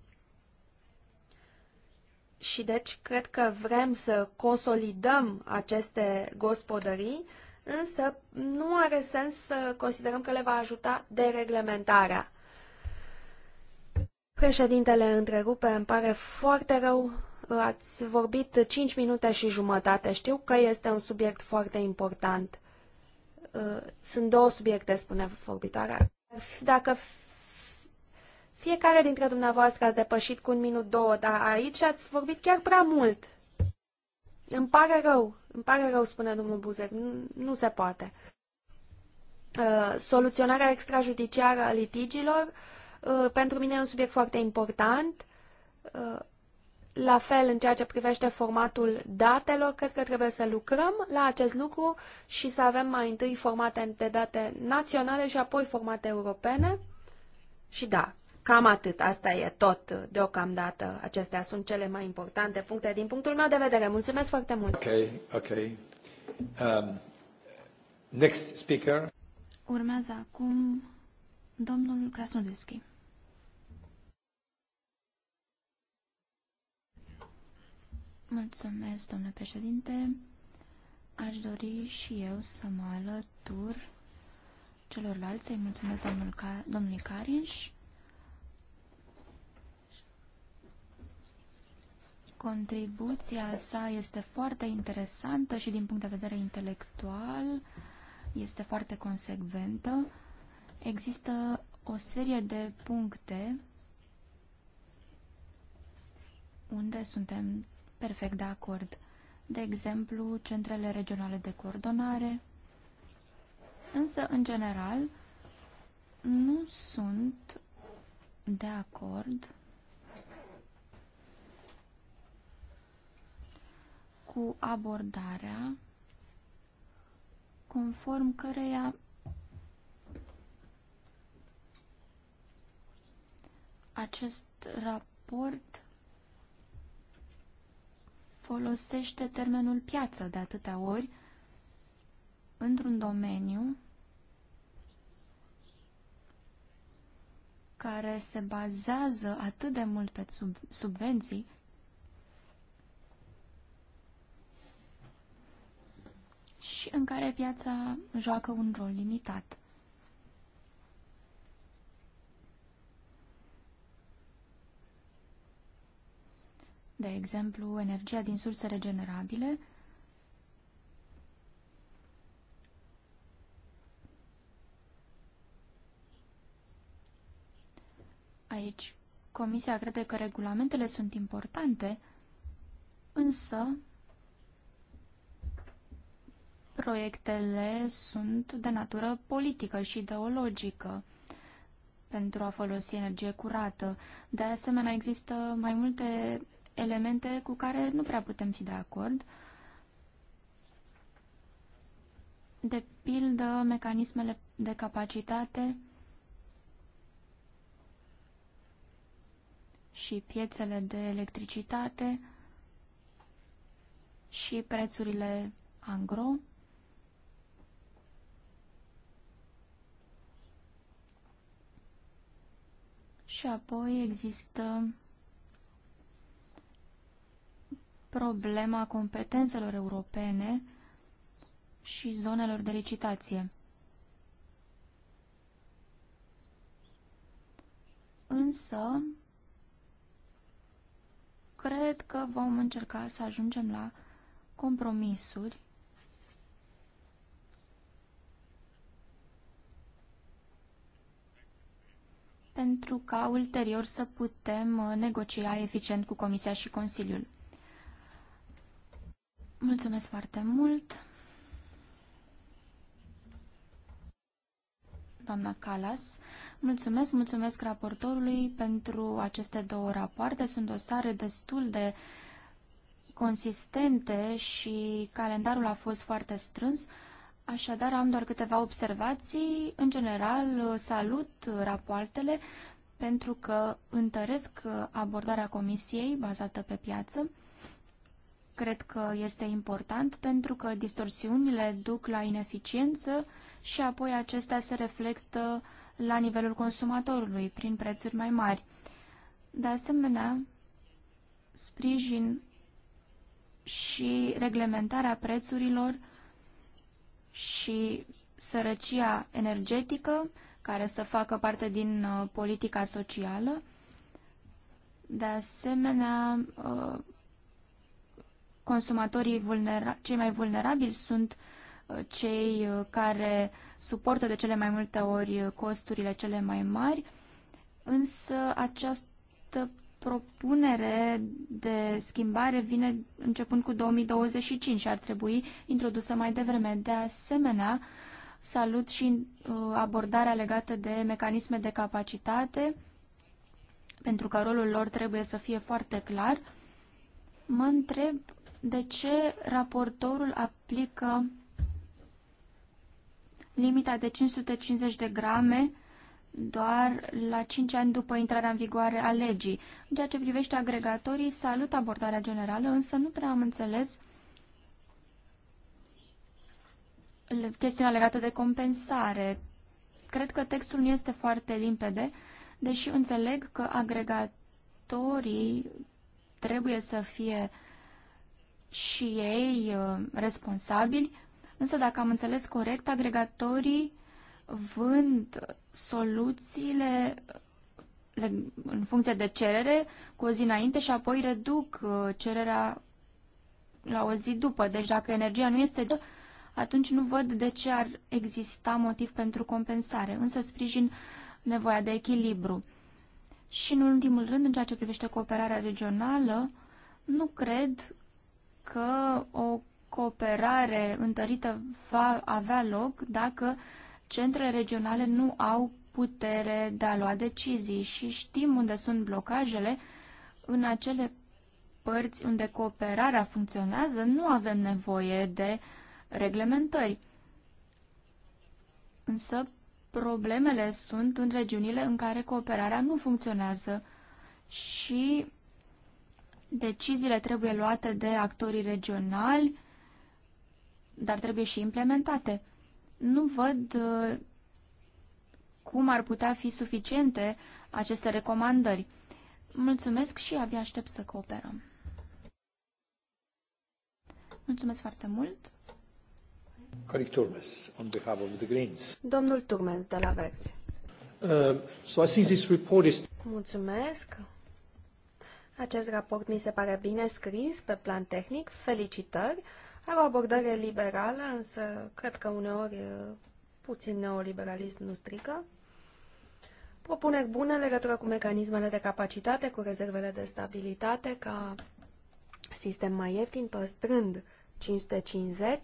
Și deci cred că vrem să consolidăm aceste gospodării, însă nu are sens să considerăm că le va ajuta dereglementarea. Președintele întrerupe, îmi pare foarte rău, ați vorbit 5 minute și jumătate. Știu că este un subiect foarte important. Uh, sunt două subiecte, spune vorbitoarea. Dacă fiecare dintre dumneavoastră ați depășit cu un minut, două, dar aici ați vorbit chiar prea mult. Îmi pare rău, îmi pare rău, spune domnul Buzet. nu, nu se poate. Uh, soluționarea extrajudiciară a litigilor, uh, pentru mine e un subiect foarte important. La fel, în ceea ce privește formatul datelor, cred că trebuie să lucrăm la acest lucru și să avem mai întâi formate de date naționale și apoi formate europene. Și da, cam atât. Asta e tot deocamdată. Acestea sunt cele mai importante puncte din punctul meu de vedere. Mulțumesc foarte mult. Ok, ok. Um, next speaker. Urmează acum domnul Krasnodevski. Mulțumesc, domnule președinte. Aș dori și eu să mă alătur celorlalți. Îi mulțumesc domnul Ca domnului Carinș. Contribuția sa este foarte interesantă și din punct de vedere intelectual este foarte consecventă. Există o serie de puncte unde suntem perfect de acord. De exemplu, centrele regionale de coordonare. Însă, în general, nu sunt de acord cu abordarea conform căreia acest raport folosește termenul piață de atâtea ori într-un domeniu care se bazează atât de mult pe sub subvenții, și în care piața joacă un rol limitat. de exemplu, energia din surse regenerabile, Aici, Comisia crede că regulamentele sunt importante, însă proiectele sunt de natură politică și ideologică pentru a folosi energie curată. De asemenea, există mai multe elemente cu care nu prea putem fi de acord. De pildă, mecanismele de capacitate și piețele de electricitate și prețurile angro. Și apoi există problema competențelor europene și zonelor de licitație. Însă, cred că vom încerca să ajungem la compromisuri pentru ca ulterior să putem uh, negocia eficient cu Comisia și Consiliul. Mulțumesc foarte mult. Doamna Calas, mulțumesc, mulțumesc raportorului pentru aceste două rapoarte. Sunt dosare destul de consistente și calendarul a fost foarte strâns. Așadar, am doar câteva observații. În general, salut rapoartele pentru că întăresc abordarea comisiei bazată pe piață Cred că este important pentru că distorsiunile duc la ineficiență și apoi acestea se reflectă la nivelul consumatorului prin prețuri mai mari. De asemenea, sprijin și reglementarea prețurilor și sărăcia energetică, care să facă parte din uh, politica socială. De asemenea, uh, consumatorii vulnera- cei mai vulnerabili sunt uh, cei uh, care suportă de cele mai multe ori uh, costurile cele mai mari, însă această propunere de schimbare vine începând cu 2025 și ar trebui introdusă mai devreme. De asemenea, salut și abordarea legată de mecanisme de capacitate, pentru că rolul lor trebuie să fie foarte clar mă întreb de ce raportorul aplică limita de 550 de grame doar la 5 ani după intrarea în vigoare a legii. În ceea ce privește agregatorii, salut abordarea generală, însă nu prea am înțeles chestiunea legată de compensare. Cred că textul nu este foarte limpede, deși înțeleg că agregatorii trebuie să fie și ei uh, responsabili, însă dacă am înțeles corect, agregatorii vând soluțiile uh, în funcție de cerere cu o zi înainte și apoi reduc uh, cererea la o zi după. Deci dacă energia nu este atunci nu văd de ce ar exista motiv pentru compensare, însă sprijin nevoia de echilibru. Și, în ultimul rând, în ceea ce privește cooperarea regională, nu cred că o cooperare întărită va avea loc dacă centrele regionale nu au putere de a lua decizii și știm unde sunt blocajele. În acele părți unde cooperarea funcționează, nu avem nevoie de reglementări. Însă, problemele sunt în regiunile în care cooperarea nu funcționează și deciziile trebuie luate de actorii regionali, dar trebuie și implementate. Nu văd uh, cum ar putea fi suficiente aceste recomandări. Mulțumesc și abia aștept să cooperăm. Mulțumesc foarte mult! Colic Turmes, on behalf of the Greens. Domnul Turmes, de la Verzi. Uh, so I think this report is... Mulțumesc. Acest raport mi se pare bine scris pe plan tehnic. Felicitări. Are o abordare liberală, însă cred că uneori uh, puțin neoliberalism nu strică. Propuneri bune legătură cu mecanismele de capacitate, cu rezervele de stabilitate, ca sistem mai ieftin, păstrând 550,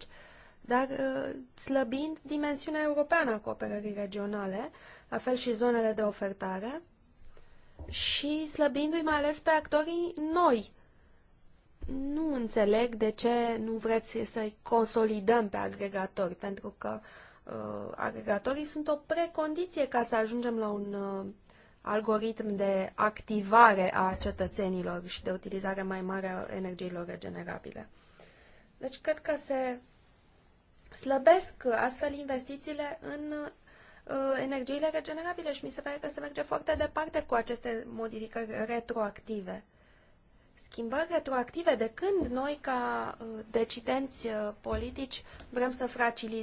dar uh, slăbind dimensiunea europeană a cooperării regionale, la fel și zonele de ofertare, și slăbindu-i mai ales pe actorii noi. Nu înțeleg de ce nu vreți să-i consolidăm pe agregatori, pentru că uh, agregatorii sunt o precondiție ca să ajungem la un uh, algoritm de activare a cetățenilor și de utilizare mai mare a energiilor regenerabile. Deci cred că se slăbesc astfel investițiile în uh, energiile regenerabile și mi se pare că se merge foarte departe cu aceste modificări retroactive. Schimbări retroactive de când noi, ca uh, decidenți uh, politici, vrem să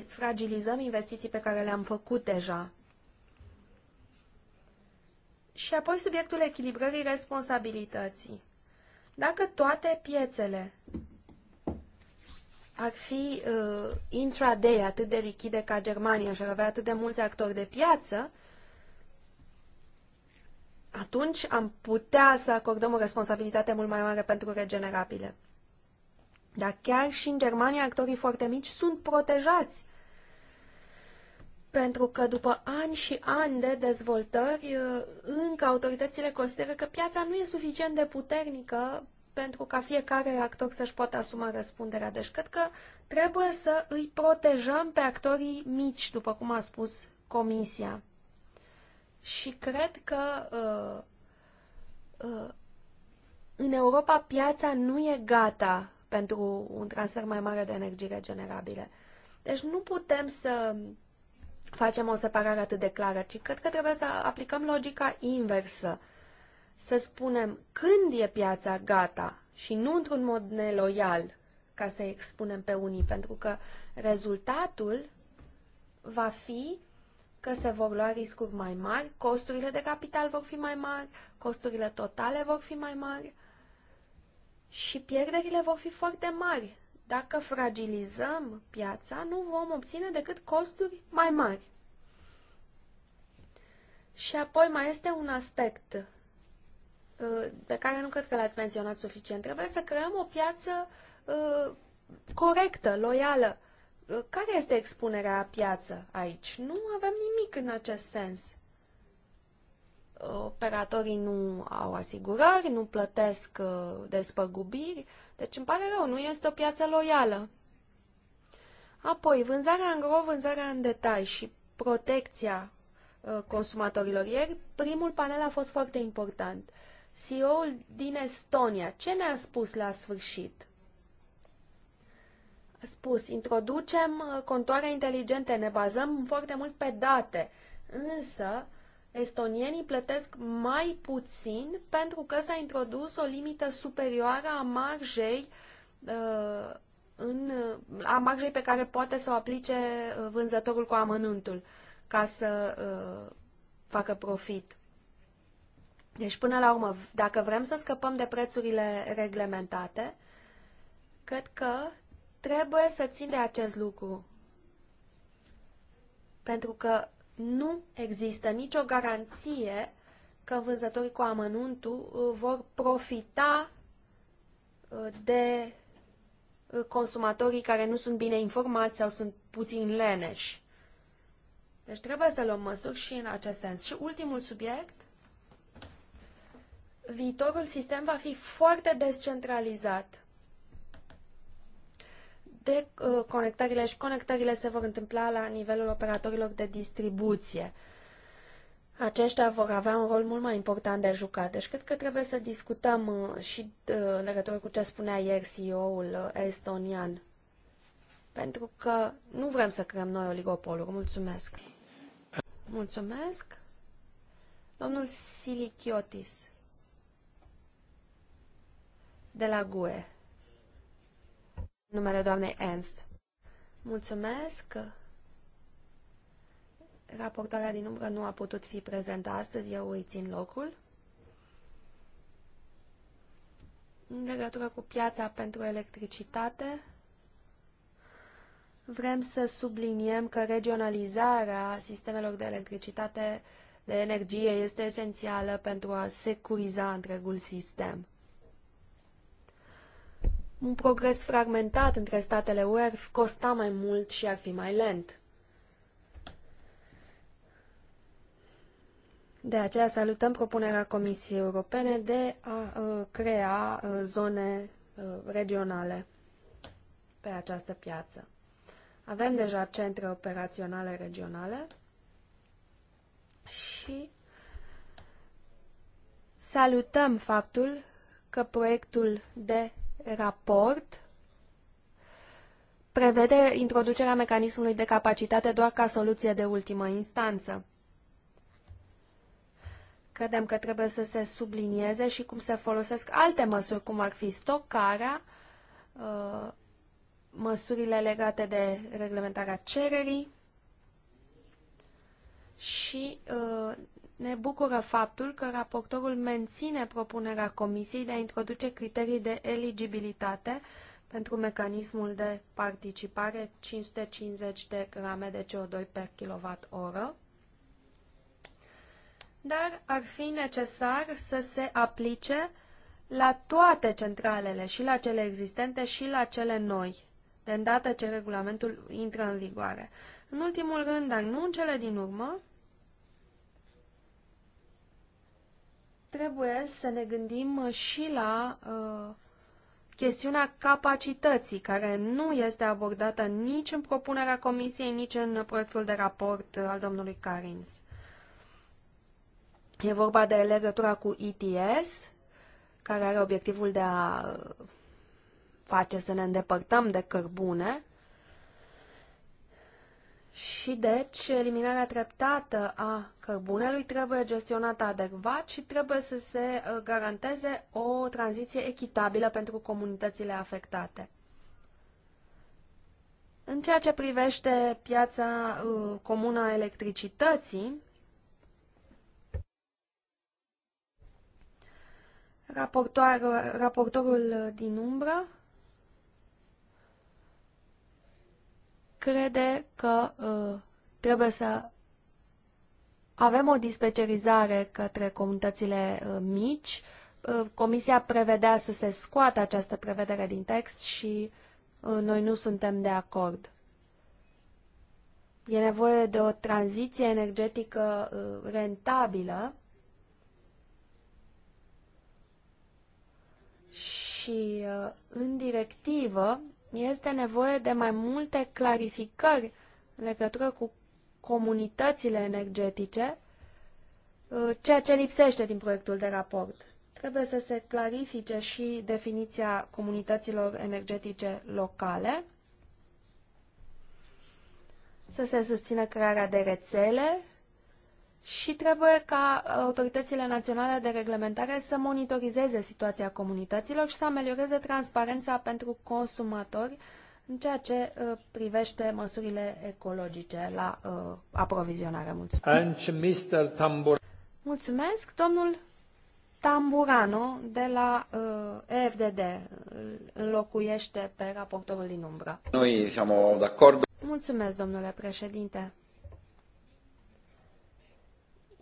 fragilizăm investiții pe care le-am făcut deja. Și apoi subiectul echilibrării responsabilității. Dacă toate piețele ar fi uh, intraday atât de lichide ca Germania și ar avea atât de mulți actori de piață, atunci am putea să acordăm o responsabilitate mult mai mare pentru regenerabile. Dar chiar și în Germania actorii foarte mici sunt protejați. Pentru că după ani și ani de dezvoltări, uh, încă autoritățile consideră că piața nu e suficient de puternică pentru ca fiecare actor să-și poată asuma răspunderea. Deci cred că trebuie să îi protejăm pe actorii mici, după cum a spus Comisia. Și cred că uh, uh, în Europa piața nu e gata pentru un transfer mai mare de energii regenerabile. Deci nu putem să facem o separare atât de clară, ci cred că trebuie să aplicăm logica inversă. Uh, să spunem când e piața gata și nu într-un mod neloial ca să expunem pe unii, pentru că rezultatul va fi că se vor lua riscuri mai mari, costurile de capital vor fi mai mari, costurile totale vor fi mai mari și pierderile vor fi foarte mari. Dacă fragilizăm piața, nu vom obține decât costuri mai mari. Și apoi mai este un aspect pe care nu cred că l-ați menționat suficient. Trebuie să creăm o piață uh, corectă, loială. Uh, care este expunerea a piață aici? Nu avem nimic în acest sens. Operatorii nu au asigurări, nu plătesc uh, despăgubiri, deci îmi pare rău, nu este o piață loială. Apoi, vânzarea în gro, vânzarea în detai și protecția consumatorilor. Ieri, primul panel a fost foarte important. CEO-ul din Estonia, ce ne-a spus la sfârșit? A spus, introducem uh, contoare inteligente, ne bazăm foarte mult pe date, însă estonienii plătesc mai puțin pentru că s-a introdus o limită superioară a marjei uh, în, uh, a marjei pe care poate să o aplice uh, vânzătorul cu amănuntul ca să uh, facă profit. Deci, până la urmă, dacă vrem să scăpăm de prețurile reglementate, cred că trebuie să țin de acest lucru. Pentru că nu există nicio garanție că vânzătorii cu amănuntul uh, vor profita uh, de uh, consumatorii care nu sunt bine informați sau sunt puțin leneși. Deci trebuie să luăm măsuri și în acest sens. Și ultimul subiect viitorul sistem va fi foarte descentralizat. De uh, conectările și conectările se vor întâmpla la nivelul operatorilor de distribuție. Aceștia vor avea un rol mult mai important de jucat. Deci cred că trebuie să discutăm uh, și uh, în legătură cu ce spunea ieri CEO-ul uh, estonian. Pentru că nu vrem să creăm noi oligopoluri. Mulțumesc! Mulțumesc! Domnul Silichiotis de la GUE. Numele doamnei Ernst. Mulțumesc. Raportoarea din umbră nu a putut fi prezentă astăzi, eu îi țin locul. În legătură cu piața pentru electricitate, vrem să subliniem că regionalizarea sistemelor de electricitate de energie este esențială pentru a securiza întregul sistem. Un progres fragmentat între statele UE ar costa mai mult și ar fi mai lent. De aceea salutăm propunerea Comisiei Europene de a uh, crea uh, zone uh, regionale pe această piață. Avem deja centre operaționale regionale și salutăm faptul că proiectul de raport prevede introducerea mecanismului de capacitate doar ca soluție de ultimă instanță. Credem că trebuie să se sublinieze și cum se folosesc alte măsuri, cum ar fi stocarea, uh, măsurile legate de reglementarea cererii și uh, ne bucură faptul că raportorul menține propunerea Comisiei de a introduce criterii de eligibilitate pentru mecanismul de participare 550 de grame de CO2 per kWh, dar ar fi necesar să se aplice la toate centralele, și la cele existente și la cele noi, de îndată ce regulamentul intră în vigoare. În ultimul rând, dar nu în cele din urmă, trebuie să ne gândim și la uh, chestiunea capacității, care nu este abordată nici în propunerea comisiei, nici în proiectul de raport uh, al domnului Carins. E vorba de legătura cu ETS, care are obiectivul de a uh, face să ne îndepărtăm de cărbune, și deci eliminarea treptată a cărbunelui trebuie gestionată adecvat și trebuie să se uh, garanteze o tranziție echitabilă pentru comunitățile afectate. În ceea ce privește piața uh, comună a electricității, raportorul din umbră crede că uh, trebuie să avem o dispecerizare către comunitățile uh, mici. Uh, comisia prevedea să se scoată această prevedere din text și noi nu suntem de acord. E nevoie de o tranziție energetică rentabilă și în directivă este nevoie de mai multe clarificări în legătură cu comunitățile energetice, uh, ceea ce lipsește din proiectul de raport. Trebuie să se clarifice și definiția comunităților energetice locale, să se susțină crearea de rețele și trebuie ca autoritățile naționale de reglementare să monitorizeze situația comunităților și să amelioreze transparența pentru consumatori în ceea ce uh, privește măsurile ecologice la uh, aprovizionare. Mulțumesc. Mulțumesc, domnul Tamburano de la uh, EFDD înlocuiește pe raportorul din umbră. Noi suntem de Mulțumesc, domnule președinte.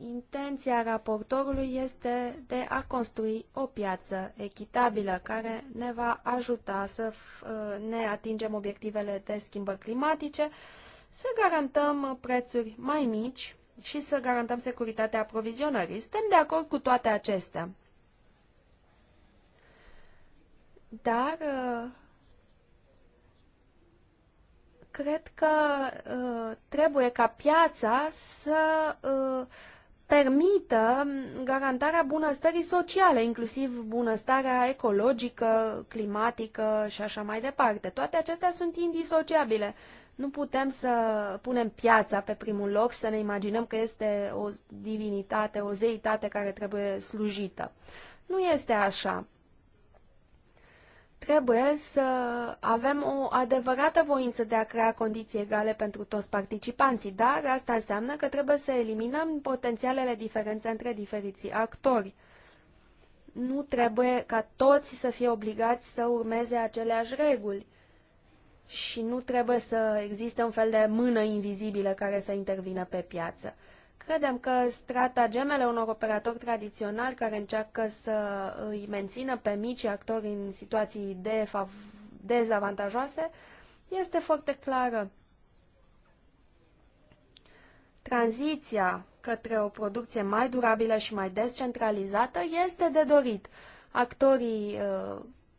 Intenția raportorului este de a construi o piață echitabilă care ne va ajuta să uh, ne atingem obiectivele de schimbări climatice, să garantăm prețuri mai mici și să garantăm securitatea aprovizionării. Suntem de acord cu toate acestea. Dar uh, cred că uh, trebuie ca piața să permită garantarea bunăstării sociale, inclusiv bunăstarea ecologică, climatică și așa mai departe. Toate acestea sunt indisociabile. Nu putem să punem piața pe primul loc și să ne imaginăm că este o divinitate, o zeitate care trebuie slujită. Nu este așa. Trebuie să avem o adevărată voință de a crea condiții egale pentru toți participanții, dar asta înseamnă că trebuie să eliminăm potențialele diferențe între diferiții actori. Nu trebuie ca toți să fie obligați să urmeze aceleași reguli și nu trebuie să existe un fel de mână invizibilă care să intervină pe piață. Credem că stratagemele unor operatori tradiționali care încearcă să îi mențină pe mici actori în situații dezavantajoase este foarte clară. Tranziția către o producție mai durabilă și mai descentralizată este de dorit. Actorii uh,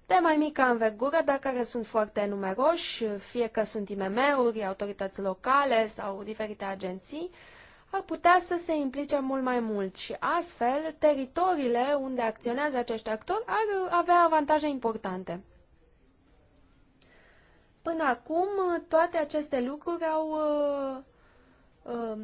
de mai mică învergură, dar care sunt foarte numeroși, fie că sunt IMM-uri, autorități locale sau diferite agenții, uh, ar putea să se implice mult mai mult și astfel teritoriile unde acționează acești actori ar avea avantaje importante. Până acum, toate aceste lucruri au uh, uh,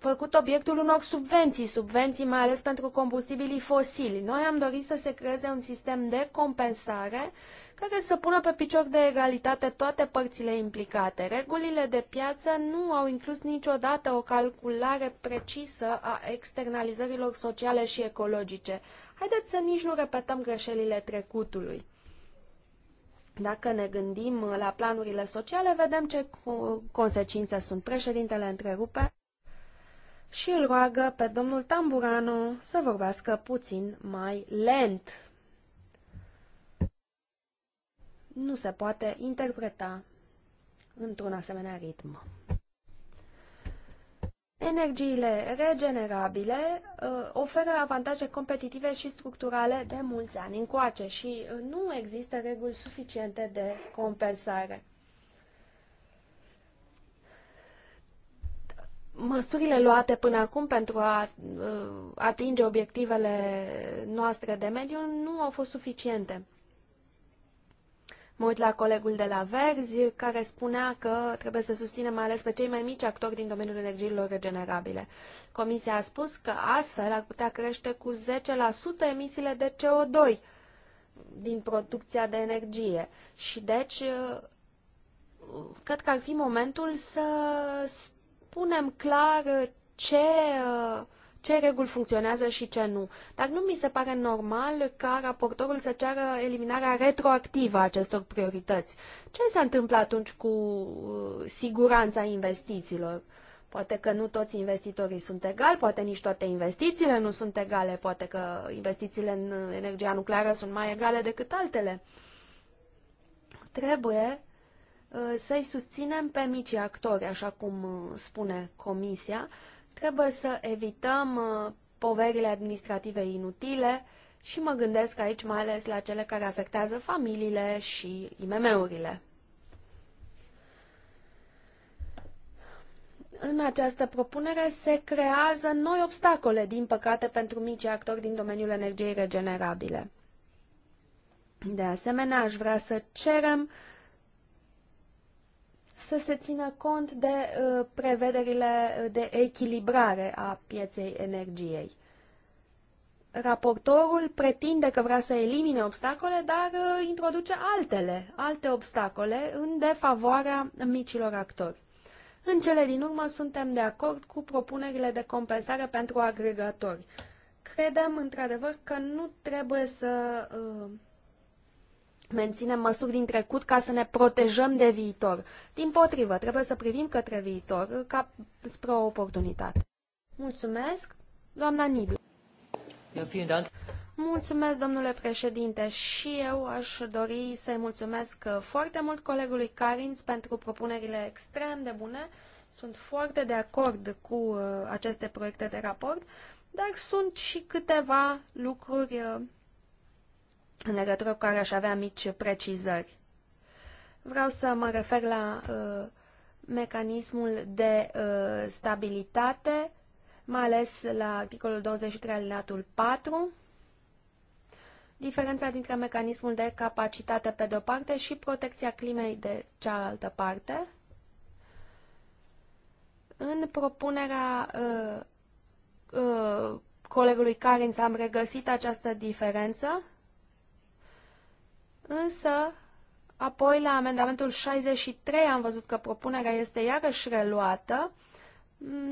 făcut obiectul unor subvenții, subvenții mai ales pentru combustibilii fosili. Noi am dorit să se creeze un sistem de compensare care să pună pe picior de egalitate toate părțile implicate. Regulile de piață nu au inclus niciodată o calculare precisă a externalizărilor sociale și ecologice. Haideți să nici nu repetăm greșelile trecutului. Dacă ne gândim la planurile sociale, vedem ce consecințe sunt. Președintele întrerupe și îl roagă pe domnul Tamburano să vorbească puțin mai lent. Nu se poate interpreta într-un asemenea ritm. Energiile regenerabile uh, oferă avantaje competitive și structurale de mulți ani încoace și uh, nu există reguli suficiente de compensare. măsurile luate până acum pentru a uh, atinge obiectivele noastre de mediu nu au fost suficiente. Mă uit la colegul de la Verzi, care spunea că trebuie să susținem mai ales pe cei mai mici actori din domeniul energiilor regenerabile. Comisia a spus că astfel ar putea crește cu 10% emisiile de CO2 din producția de energie. Și deci, uh, cred că ar fi momentul să punem clar uh, ce, uh, ce reguli funcționează și ce nu. Dar nu mi se pare normal ca raportorul să ceară eliminarea retroactivă a acestor priorități. Ce se întâmplă atunci cu uh, siguranța investițiilor? Poate că nu toți investitorii sunt egali, poate nici toate investițiile nu sunt egale, poate că investițiile în energia nucleară sunt mai egale decât altele. Trebuie Uh, să-i susținem pe micii actori, așa cum uh, spune Comisia. Trebuie să evităm uh, poverile administrative inutile și mă gândesc aici mai ales la cele care afectează familiile și IMM-urile. În această propunere se creează noi obstacole, din păcate, pentru micii actori din domeniul energiei regenerabile. De asemenea, aș vrea să cerem uh, să se țină cont de uh, prevederile de echilibrare a pieței energiei. Raportorul pretinde că vrea să elimine obstacole, dar uh, introduce altele, alte obstacole în defavoarea micilor actori. În cele din urmă suntem de acord cu propunerile de compensare pentru agregatori. Credem, într-adevăr, că nu trebuie să uh, menținem măsuri din trecut ca să ne protejăm de viitor. Din potrivă, trebuie să privim către viitor ca spre o oportunitate. Mulțumesc, doamna Niblu. Mulțumesc, domnule președinte, și eu aș dori să-i mulțumesc foarte mult colegului Carins pentru propunerile extrem de bune. Sunt foarte de acord cu uh, aceste proiecte de raport, dar sunt și câteva lucruri uh, în legătură cu care aș avea mici precizări. Vreau să mă refer la uh, mecanismul de uh, stabilitate, mai ales la articolul 23 alineatul 4, diferența dintre mecanismul de capacitate pe de-o parte și protecția climei de cealaltă parte. În propunerea uh, uh, colegului s am regăsit această diferență Însă, apoi la amendamentul 63 am văzut că propunerea este iarăși reluată.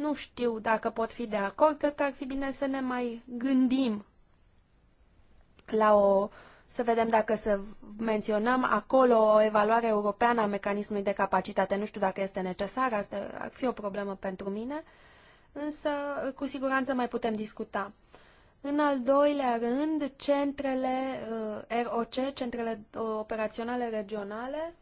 Nu știu dacă pot fi de acord, cred că ar fi bine să ne mai gândim la o să vedem dacă să menționăm acolo o evaluare europeană a mecanismului de capacitate. Nu știu dacă este necesar, asta ar fi o problemă pentru mine, însă cu siguranță mai putem discuta. În al doilea rând, centrele uh, ROC, centrele uh, operaționale regionale,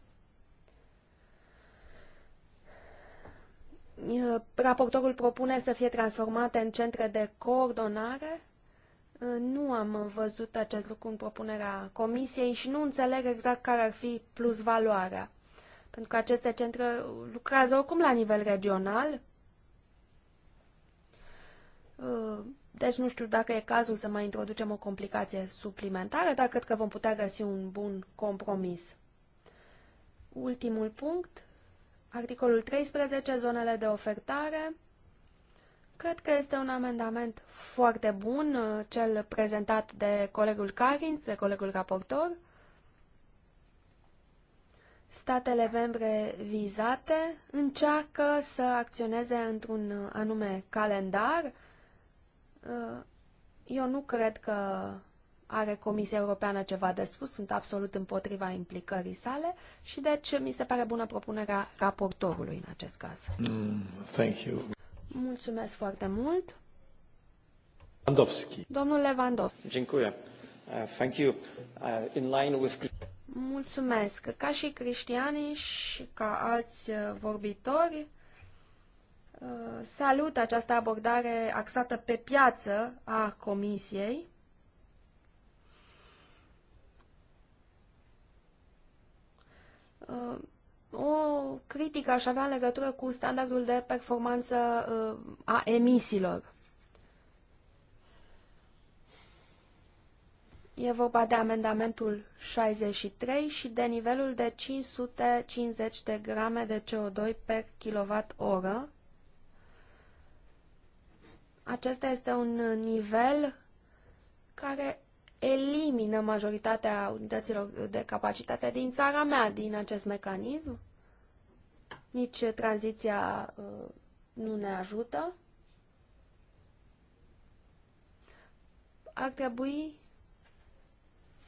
uh, Raportorul propune să fie transformate în centre de coordonare. Nu am văzut acest lucru în propunerea comisiei și nu înțeleg exact care ar fi plus valoarea. Pentru că aceste centre lucrează oricum la nivel regional. Deci nu știu dacă e cazul să mai introducem o complicație suplimentară, dar cred că vom putea găsi un bun compromis. Ultimul punct, articolul 13, zonele de ofertare. Cred că este un amendament foarte bun, cel prezentat de colegul Carins, de colegul raportor. Statele membre vizate încearcă să acționeze într-un anume calendar, Uh, eu nu cred că are Comisia Europeană ceva de spus, sunt absolut împotriva implicării sale și deci mi se pare bună propunerea raportorului în acest caz. Mm, thank you. Mulțumesc foarte mult. Andowski. Domnul Lewandowski. Uh, thank you. Uh, in line with... Mulțumesc. Ca și cristianii și ca alți uh, vorbitori, salut această abordare axată pe piață a Comisiei. O critică aș avea în legătură cu standardul de performanță uh, a emisiilor. E vorba de amendamentul 63 și de nivelul de 550 de grame de CO2 per kilowatt oră acesta este un nivel care elimină majoritatea unităților de capacitate din țara mea din acest mecanism. Nici tranziția uh, nu ne ajută. Ar trebui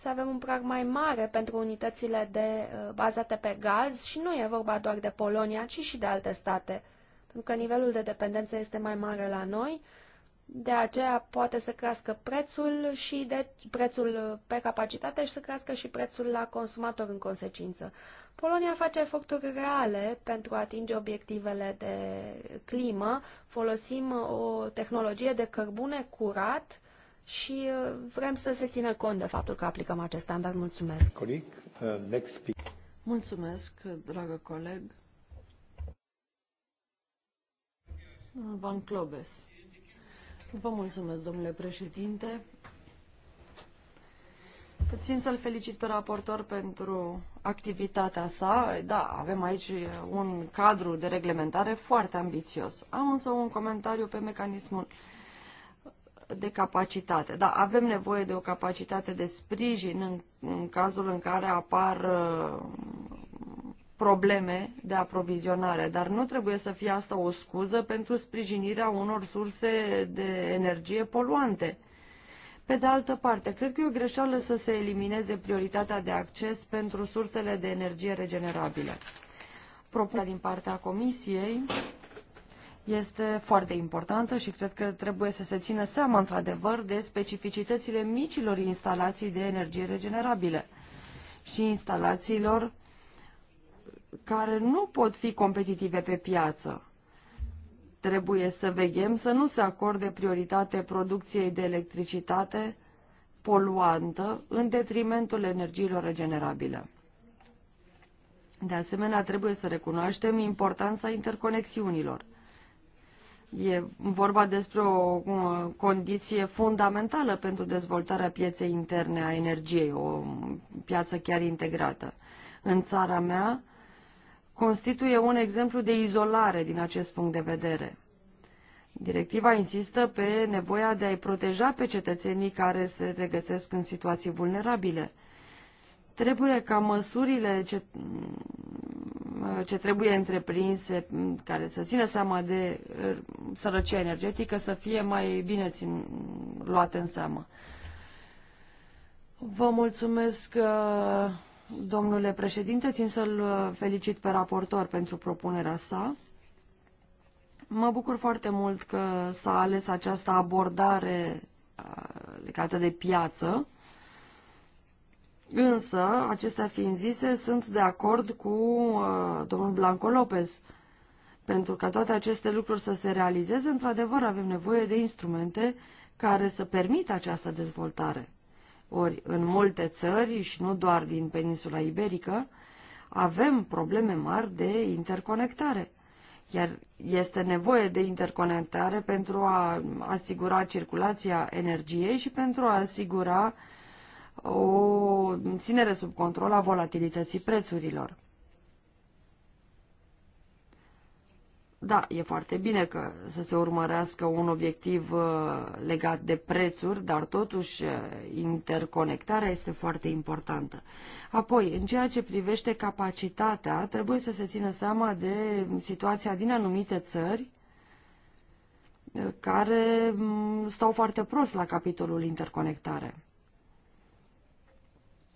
să avem un prag mai mare pentru unitățile de, uh, bazate pe gaz și nu e vorba doar de Polonia, ci și de alte state, pentru că nivelul de dependență este mai mare la noi de aceea poate să crească prețul și de, prețul pe capacitate și să crească și prețul la consumator în consecință. Polonia face eforturi reale pentru a atinge obiectivele de climă. Folosim uh, o tehnologie de cărbune curat și uh, vrem să se țină cont de faptul că aplicăm acest standard. Mulțumesc. Colic, uh, next Mulțumesc, dragă coleg. Van Clobes. Vă mulțumesc, domnule președinte. Țin să-l felicit pe raportor pentru activitatea sa. Da, avem aici un cadru de reglementare foarte ambițios. Am însă un comentariu pe mecanismul de capacitate. Da, avem nevoie de o capacitate de sprijin în, în cazul în care apar uh, probleme de aprovizionare, dar nu trebuie să fie asta o scuză pentru sprijinirea unor surse de energie poluante. Pe de altă parte, cred că e o greșeală să se elimineze prioritatea de acces pentru sursele de energie regenerabile. Propunerea din partea Comisiei este foarte importantă și cred că trebuie să se țină seama, într-adevăr, de specificitățile micilor instalații de energie regenerabile și instalațiilor care nu pot fi competitive pe piață. Trebuie să veghem să nu se acorde prioritate producției de electricitate poluantă în detrimentul energiilor regenerabile. De asemenea, trebuie să recunoaștem importanța interconexiunilor. E vorba despre o condiție fundamentală pentru dezvoltarea pieței interne a energiei, o piață chiar integrată. În țara mea, constituie un exemplu de izolare din acest punct de vedere. Directiva insistă pe nevoia de a-i proteja pe cetățenii care se regăsesc în situații vulnerabile. Trebuie ca măsurile ce, ce trebuie întreprinse, care să țină seama de uh, sărăcia energetică, să fie mai bine țin, luate în seamă. Vă mulțumesc uh, Domnule președinte, țin să-l uh, felicit pe raportor pentru propunerea sa. Mă bucur foarte mult că s-a ales această abordare uh, legată de piață, însă, acestea fiind zise, sunt de acord cu uh, domnul Blanco Lopez. Pentru ca toate aceste lucruri să se realizeze, într-adevăr avem nevoie de instrumente care să permită această dezvoltare. Ori în multe țări, și nu doar din peninsula iberică, avem probleme mari de interconectare. Iar este nevoie de interconectare pentru a asigura circulația energiei și pentru a asigura o ținere sub control a volatilității prețurilor. Da, e foarte bine că să se urmărească un obiectiv uh, legat de prețuri, dar totuși uh, interconectarea este foarte importantă. Apoi, în ceea ce privește capacitatea, trebuie să se țină seama de situația din anumite țări uh, care mm, stau foarte prost la capitolul interconectare.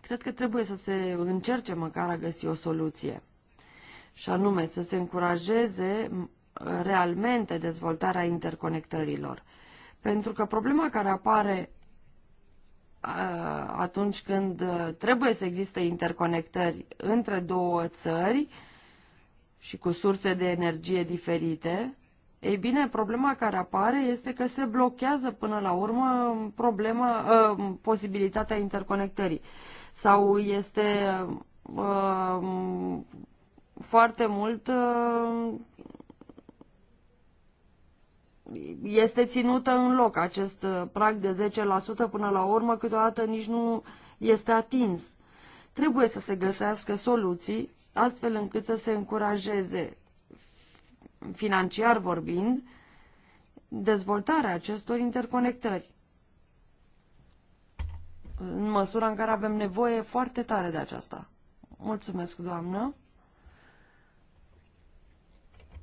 Cred că trebuie să se încerce măcar a găsi o soluție și anume să se încurajeze realmente dezvoltarea interconectărilor. Pentru că problema care apare atunci când uh, trebuie să existe interconectări între două țări și cu surse de energie diferite, ei bine, problema care apare este că se blochează până la urmă problema, uh, posibilitatea interconectării. Sau este uh, foarte mult uh, este ținută în loc acest uh, prag de 10% până la urmă, câteodată nici nu este atins. Trebuie să se găsească soluții astfel încât să se încurajeze financiar vorbind dezvoltarea acestor interconectări în măsura în care avem nevoie foarte tare de aceasta. Mulțumesc, doamnă.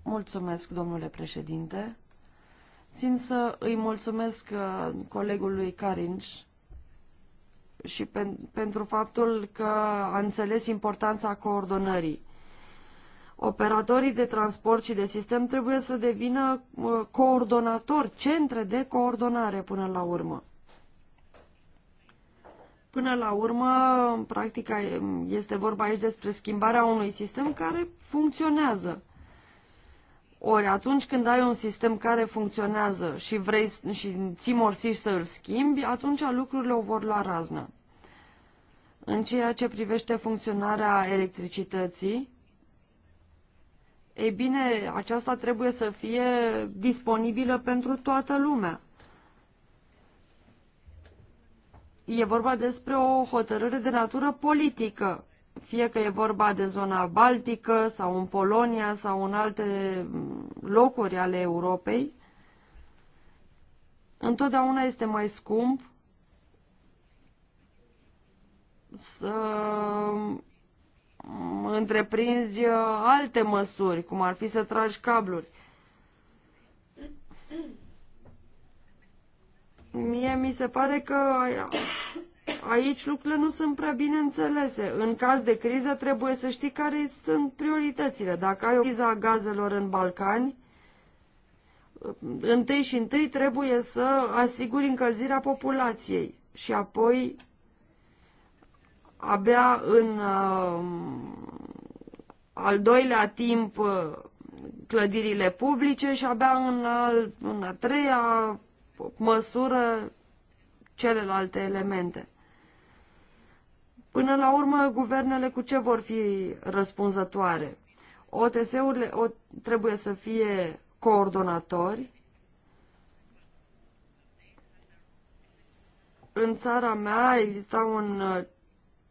Mulțumesc, domnule președinte. Țin să îi mulțumesc uh, colegului Carinci și pen, pentru faptul că a înțeles importanța coordonării. Operatorii de transport și de sistem trebuie să devină uh, coordonatori, centre de coordonare până la urmă. Până la urmă, practica este vorba aici despre schimbarea unui sistem care funcționează. Ori atunci când ai un sistem care funcționează și vrei și ți morțiși să îl schimbi, atunci lucrurile o vor lua raznă. În ceea ce privește funcționarea electricității, ei bine, aceasta trebuie să fie disponibilă pentru toată lumea. E vorba despre o hotărâre de natură politică fie că e vorba de zona Baltică sau în Polonia sau în alte locuri ale Europei, întotdeauna este mai scump să întreprinzi alte măsuri, cum ar fi să tragi cabluri. Mie mi se pare că Aici lucrurile nu sunt prea bine înțelese. În caz de criză trebuie să știi care sunt prioritățile. Dacă ai o criză a gazelor în Balcani, întâi și întâi trebuie să asiguri încălzirea populației și apoi abia în uh, al doilea timp uh, clădirile publice și abia în, al, în a treia măsură celelalte elemente. Până la urmă, guvernele cu ce vor fi răspunzătoare? OTS-urile trebuie să fie coordonatori. În țara mea exista un uh,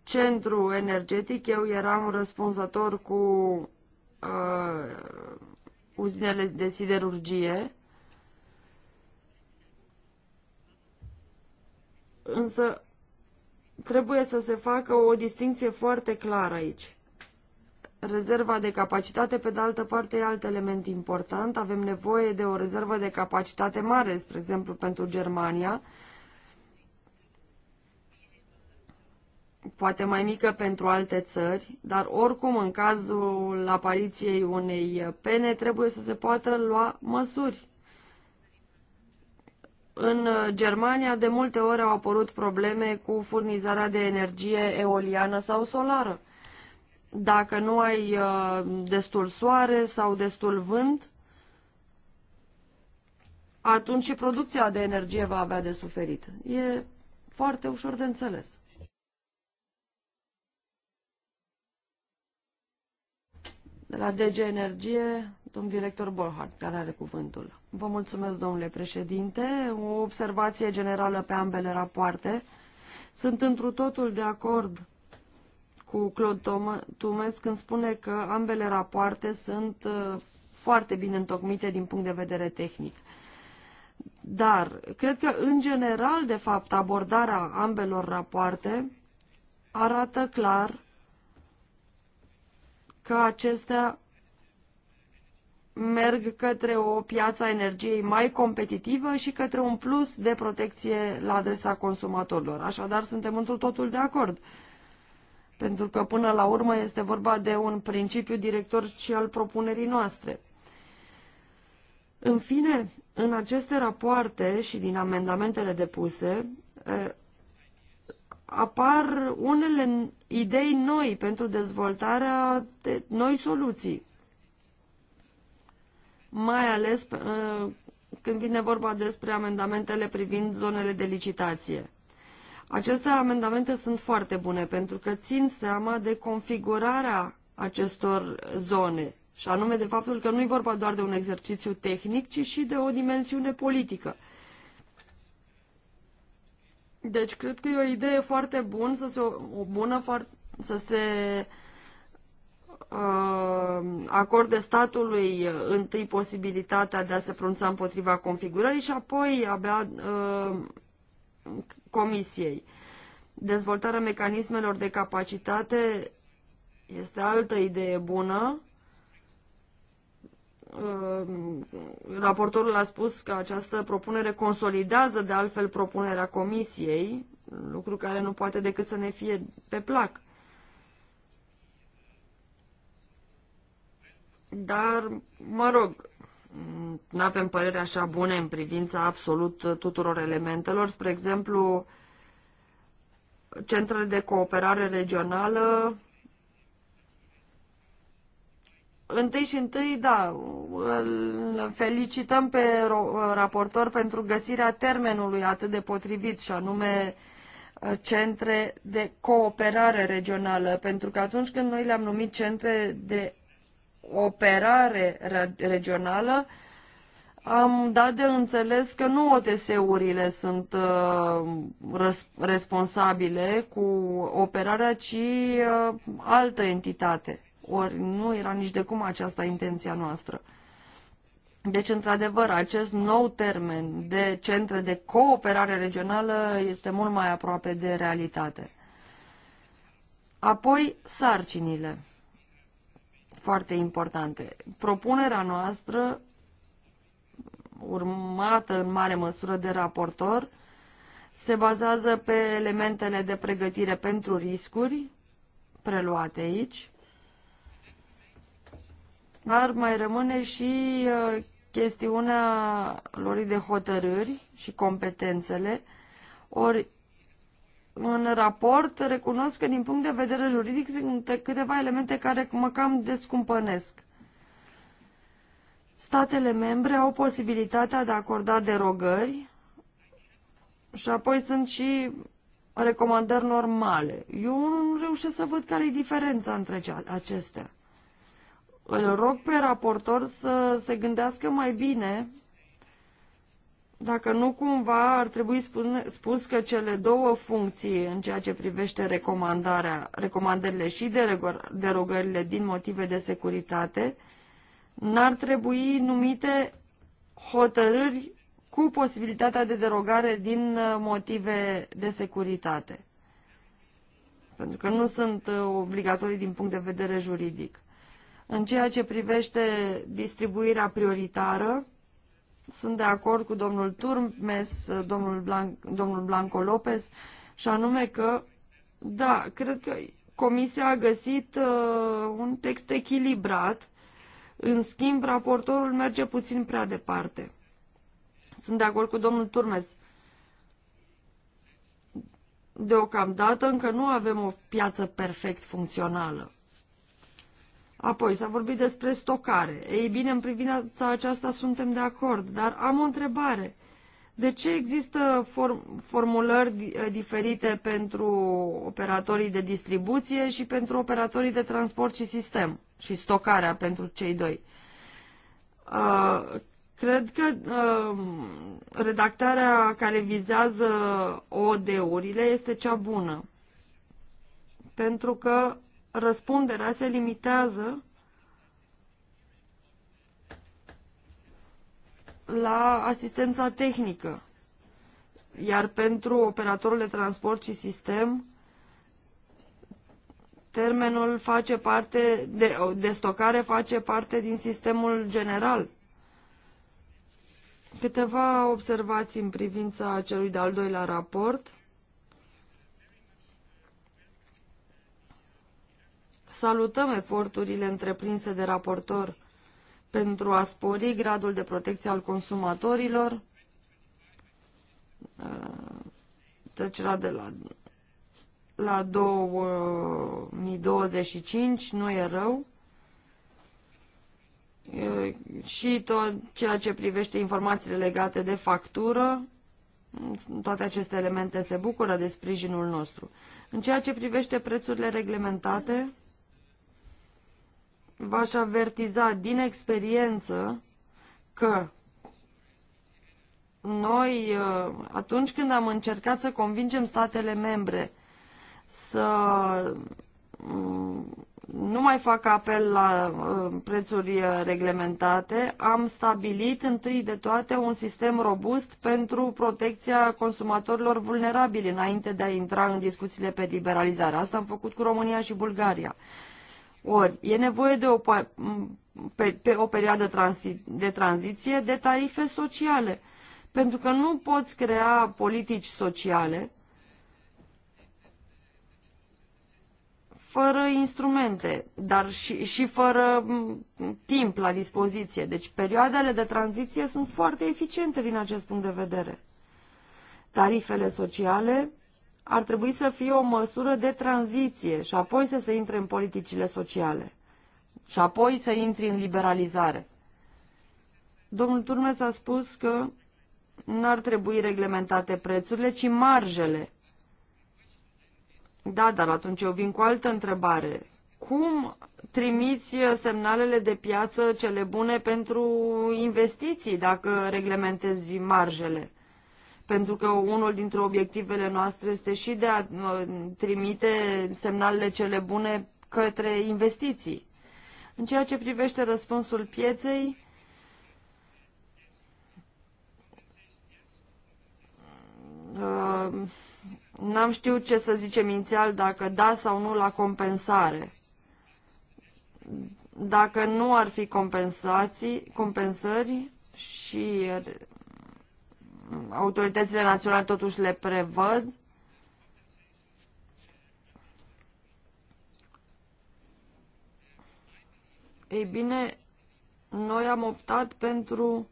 centru energetic, eu eram răspunzător cu uh, uzinele de siderurgie. Însă Trebuie să se facă o distinție foarte clară aici. Rezerva de capacitate, pe de altă parte, e alt element important. Avem nevoie de o rezervă de capacitate mare, spre exemplu, pentru Germania, poate mai mică pentru alte țări, dar oricum în cazul apariției unei pene trebuie să se poată lua măsuri. În uh, Germania de multe ori au apărut probleme cu furnizarea de energie eoliană sau solară. Dacă nu ai uh, destul soare sau destul vânt, atunci și producția de energie va avea de suferit. E foarte ușor de înțeles. De la DG Energie, domn director Borhardt, care are cuvântul. Vă mulțumesc, domnule președinte. O observație generală pe ambele rapoarte. Sunt întru totul de acord cu Claude Tumes când spune că ambele rapoarte sunt uh, foarte bine întocmite din punct de vedere tehnic. Dar cred că, în general, de fapt, abordarea ambelor rapoarte arată clar că acestea merg către o piață a energiei mai competitivă și către un plus de protecție la adresa consumatorilor. Așadar, suntem într totul de acord. Pentru că, până la urmă, este vorba de un principiu director și al propunerii noastre. În fine, în aceste rapoarte și din amendamentele depuse, apar unele idei noi pentru dezvoltarea de noi soluții mai ales uh, când vine vorba despre amendamentele privind zonele de licitație. Aceste amendamente sunt foarte bune pentru că țin seama de configurarea acestor zone și anume de faptul că nu e vorba doar de un exercițiu tehnic, ci și de o dimensiune politică. Deci cred că e o idee foarte bună să se, o bună, să se Uh, acorde statului uh, întâi posibilitatea de a se pronunța împotriva configurării și apoi abia uh, comisiei. Dezvoltarea mecanismelor de capacitate este altă idee bună. Raportorul a spus că această propunere consolidează de altfel propunerea comisiei, lucru care nu poate decât să ne fie pe plac. Dar, mă rog, nu avem păreri așa bune în privința absolut tuturor elementelor. Spre exemplu, centrele de cooperare regională Întâi și întâi, da, îl felicităm pe raportor pentru găsirea termenului atât de potrivit și anume centre de cooperare regională, pentru că atunci când noi le-am numit centre de operare regională, am dat de înțeles că nu OTS-urile sunt uh, responsabile cu operarea, ci uh, altă entitate. Ori nu era nici de cum aceasta intenția noastră. Deci, într-adevăr, acest nou termen de centre de cooperare regională este mult mai aproape de realitate. Apoi, sarcinile foarte importante. Propunerea noastră, urmată în mare măsură de raportor, se bazează pe elementele de pregătire pentru riscuri preluate aici, dar mai rămâne și uh, chestiunea lor de hotărâri și competențele, ori în raport recunosc că din punct de vedere juridic sunt câteva elemente care mă cam descumpănesc. Statele membre au posibilitatea de a acorda derogări și apoi sunt și recomandări normale. Eu nu reușesc să văd care e diferența între acestea. Îl rog pe raportor să se gândească mai bine dacă nu cumva ar trebui spus că cele două funcții în ceea ce privește recomandarea, recomandările și derogările din motive de securitate, n-ar trebui numite hotărâri cu posibilitatea de derogare din uh, motive de securitate. Pentru că nu sunt uh, obligatorii din punct de vedere juridic. În ceea ce privește distribuirea prioritară, sunt de acord cu domnul Turmes, domnul, Blan- domnul Blanco Lopez, și anume că, da, cred că Comisia a găsit uh, un text echilibrat, în schimb, raportorul merge puțin prea departe. Sunt de acord cu domnul Turmes. Deocamdată încă nu avem o piață perfect funcțională. Apoi, s-a vorbit despre stocare. Ei bine, în privința aceasta suntem de acord, dar am o întrebare. De ce există form- formulări eh, diferite pentru operatorii de distribuție și pentru operatorii de transport și sistem și stocarea pentru cei doi? Uh, cred că uh, redactarea care vizează OD-urile este cea bună, pentru că răspunderea se limitează la asistența tehnică, iar pentru operatorul de transport și sistem, termenul face parte, de, de stocare face parte din sistemul general. Câteva observații în privința celui de-al doilea raport. Salutăm eforturile întreprinse de raportor pentru a spori gradul de protecție al consumatorilor, uh, trecerea de la, la 2025 nu e rău uh, și tot ceea ce privește informațiile legate de factură, mm, toate aceste elemente se bucură de sprijinul nostru. În ceea ce privește prețurile reglementate, v-aș avertiza din experiență că noi, uh, atunci când am încercat să convingem statele membre să mm, nu mai fac apel la uh, prețuri uh, reglementate, am stabilit întâi de toate un sistem robust pentru protecția consumatorilor vulnerabili înainte de a intra în discuțiile pe liberalizare. Asta am făcut cu România și Bulgaria. Ori, e nevoie de o, pe, pe o perioadă transi, de tranziție de tarife sociale, pentru că nu poți crea politici sociale fără instrumente, dar și, și fără timp la dispoziție. Deci perioadele de tranziție sunt foarte eficiente din acest punct de vedere. Tarifele sociale ar trebui să fie o măsură de tranziție și apoi să se intre în politicile sociale și apoi să intri în liberalizare. Domnul Turmes a spus că nu ar trebui reglementate prețurile, ci marjele. Da, dar atunci eu vin cu altă întrebare. Cum trimiți semnalele de piață cele bune pentru investiții dacă reglementezi marjele? pentru că unul dintre obiectivele noastre este și de a trimite semnalele cele bune către investiții. În ceea ce privește răspunsul pieței, uh, n-am știut ce să zicem inițial, dacă da sau nu la compensare. Dacă nu ar fi compensații, compensări și autoritățile naționale totuși le prevăd. Ei bine, noi am optat pentru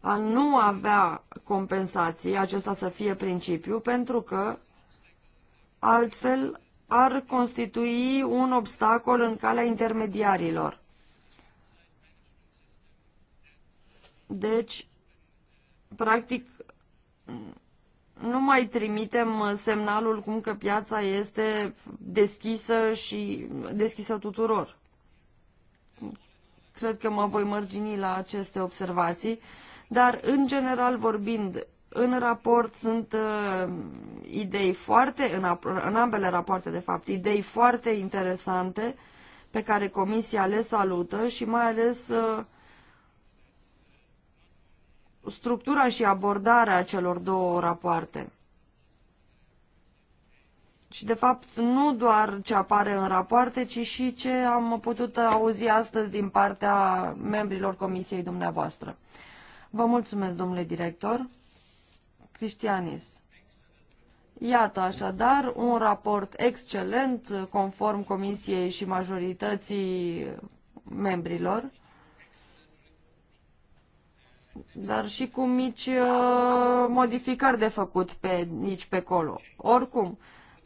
a nu avea compensații, acesta să fie principiu, pentru că altfel ar constitui un obstacol în calea intermediarilor. Deci, practic, nu mai trimitem semnalul cum că piața este deschisă și deschisă tuturor. Cred că mă voi mărgini la aceste observații, dar în general vorbind, în raport sunt uh, idei foarte, în, în ambele rapoarte de fapt, idei foarte interesante pe care comisia le salută și mai ales uh, structura și abordarea celor două rapoarte. Și, de fapt, nu doar ce apare în rapoarte, ci și ce am putut auzi astăzi din partea membrilor comisiei dumneavoastră. Vă mulțumesc, domnule director. Cristianis. Iată, așadar, un raport excelent, conform comisiei și majorității membrilor dar și cu mici uh, modificări de făcut pe nici pe colo. Oricum,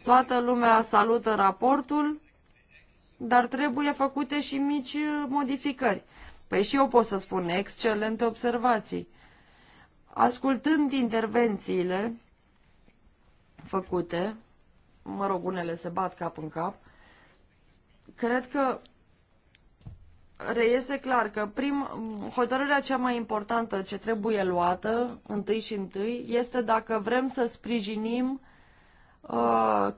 toată lumea salută raportul, dar trebuie făcute și mici uh, modificări. Păi și eu pot să spun excelente observații. Ascultând intervențiile făcute, mă rog, unele se bat cap în cap, cred că reiese clar că prim, hotărârea cea mai importantă ce trebuie luată, întâi și întâi, este dacă vrem să sprijinim uh,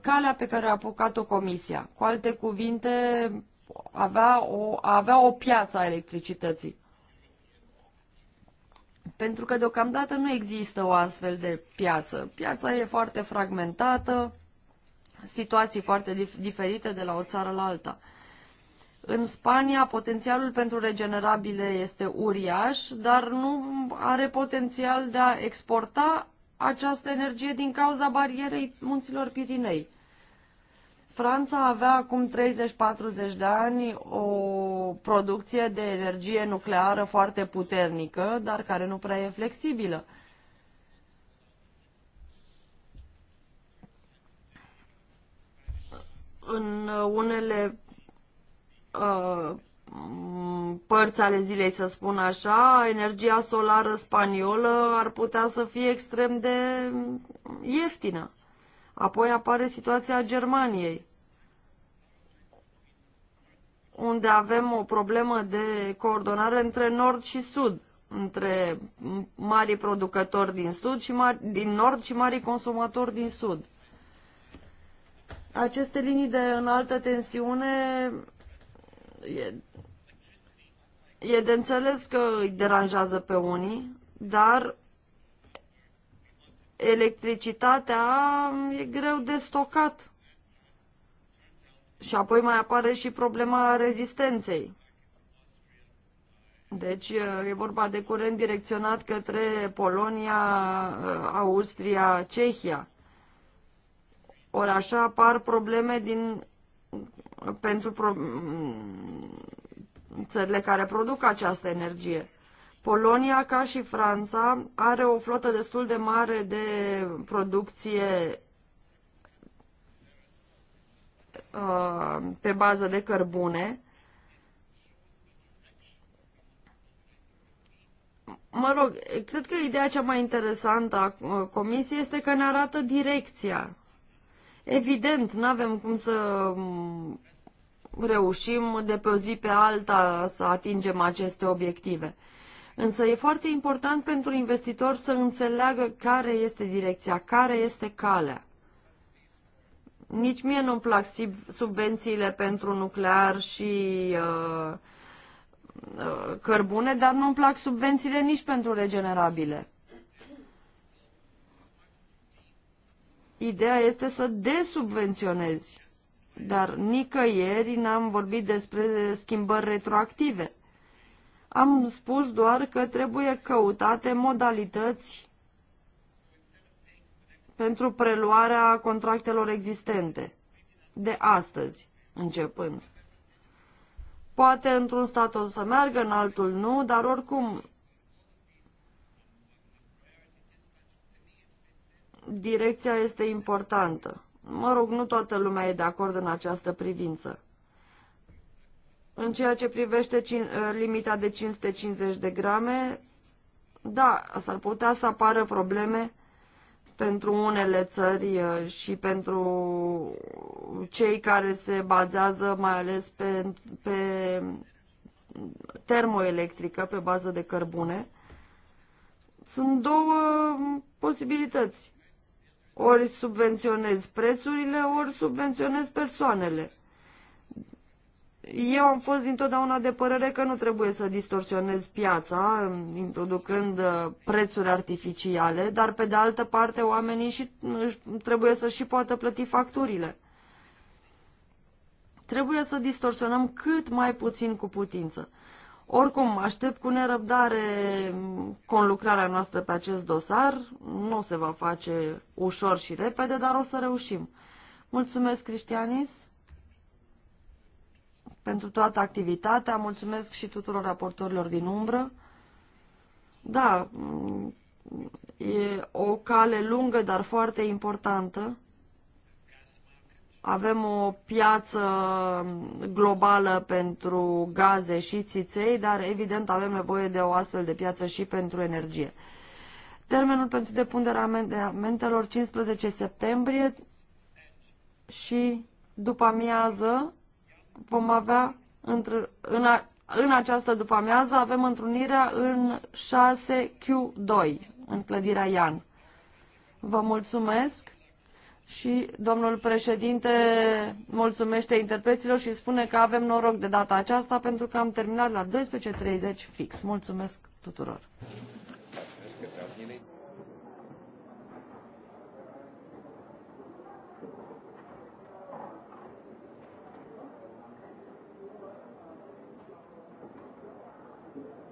calea pe care a apucat-o Comisia. Cu alte cuvinte, avea o, avea o piață a electricității. Pentru că deocamdată nu există o astfel de piață. Piața e foarte fragmentată, situații foarte diferite de la o țară la alta. În Spania potențialul pentru regenerabile este uriaș, dar nu are potențial de a exporta această energie din cauza barierei munților Pirinei. Franța avea acum 30-40 de ani o producție de energie nucleară foarte puternică, dar care nu prea e flexibilă. În unele Uh, părți ale zilei, să spun așa, energia solară spaniolă ar putea să fie extrem de ieftină. Apoi apare situația Germaniei, unde avem o problemă de coordonare între nord și sud, între marii producători din, sud și mari, din nord și marii consumatori din sud. Aceste linii de înaltă tensiune e, e de înțeles că îi deranjează pe unii, dar electricitatea e greu de stocat. Și apoi mai apare și problema rezistenței. Deci e vorba de curent direcționat către Polonia, Austria, Cehia. Ori așa apar probleme din pentru pro... țările care produc această energie. Polonia, ca și Franța, are o flotă destul de mare de producție uh, pe bază de cărbune. Mă rog, cred că ideea cea mai interesantă a uh, comisiei este că ne arată direcția. Evident, nu avem cum să reușim de pe o zi pe alta să atingem aceste obiective. Însă e foarte important pentru investitor să înțeleagă care este direcția, care este calea. Nici mie nu-mi plac subvențiile pentru nuclear și uh, uh, cărbune, dar nu-mi plac subvențiile nici pentru regenerabile. Ideea este să desubvenționezi dar nicăieri n-am vorbit despre schimbări retroactive. Am spus doar că trebuie căutate modalități pentru preluarea contractelor existente, de astăzi începând. Poate într-un stat o să meargă, în altul nu, dar oricum direcția este importantă. Mă rog, nu toată lumea e de acord în această privință. În ceea ce privește uh, limita de 550 de grame, da, s-ar putea să apară probleme pentru unele țări uh, și pentru cei care se bazează mai ales pe, pe termoelectrică, pe bază de cărbune. Sunt două posibilități. Ori subvenționez prețurile, ori subvenționez persoanele. Eu am fost întotdeauna de părere că nu trebuie să distorsionez piața, introducând uh, prețuri artificiale, dar pe de altă parte oamenii și, mm, trebuie să și poată plăti facturile. Trebuie să distorsionăm cât mai puțin cu putință. Oricum, aștept cu nerăbdare conlucrarea noastră pe acest dosar. Nu se va face ușor și repede, dar o să reușim. Mulțumesc, Cristianis, pentru toată activitatea. Mulțumesc și tuturor raportorilor din umbră. Da, e o cale lungă, dar foarte importantă. Avem o piață globală pentru gaze și țiței, dar evident avem nevoie de o astfel de piață și pentru energie. Termenul pentru depunerea amendamentelor 15 septembrie și după amiază vom avea într- în, a, în această după amiază avem întrunirea în 6Q2 în clădirea Ian. Vă mulțumesc! și domnul președinte mulțumește interpreților și spune că avem noroc de data aceasta pentru că am terminat la 12.30 fix. Mulțumesc tuturor!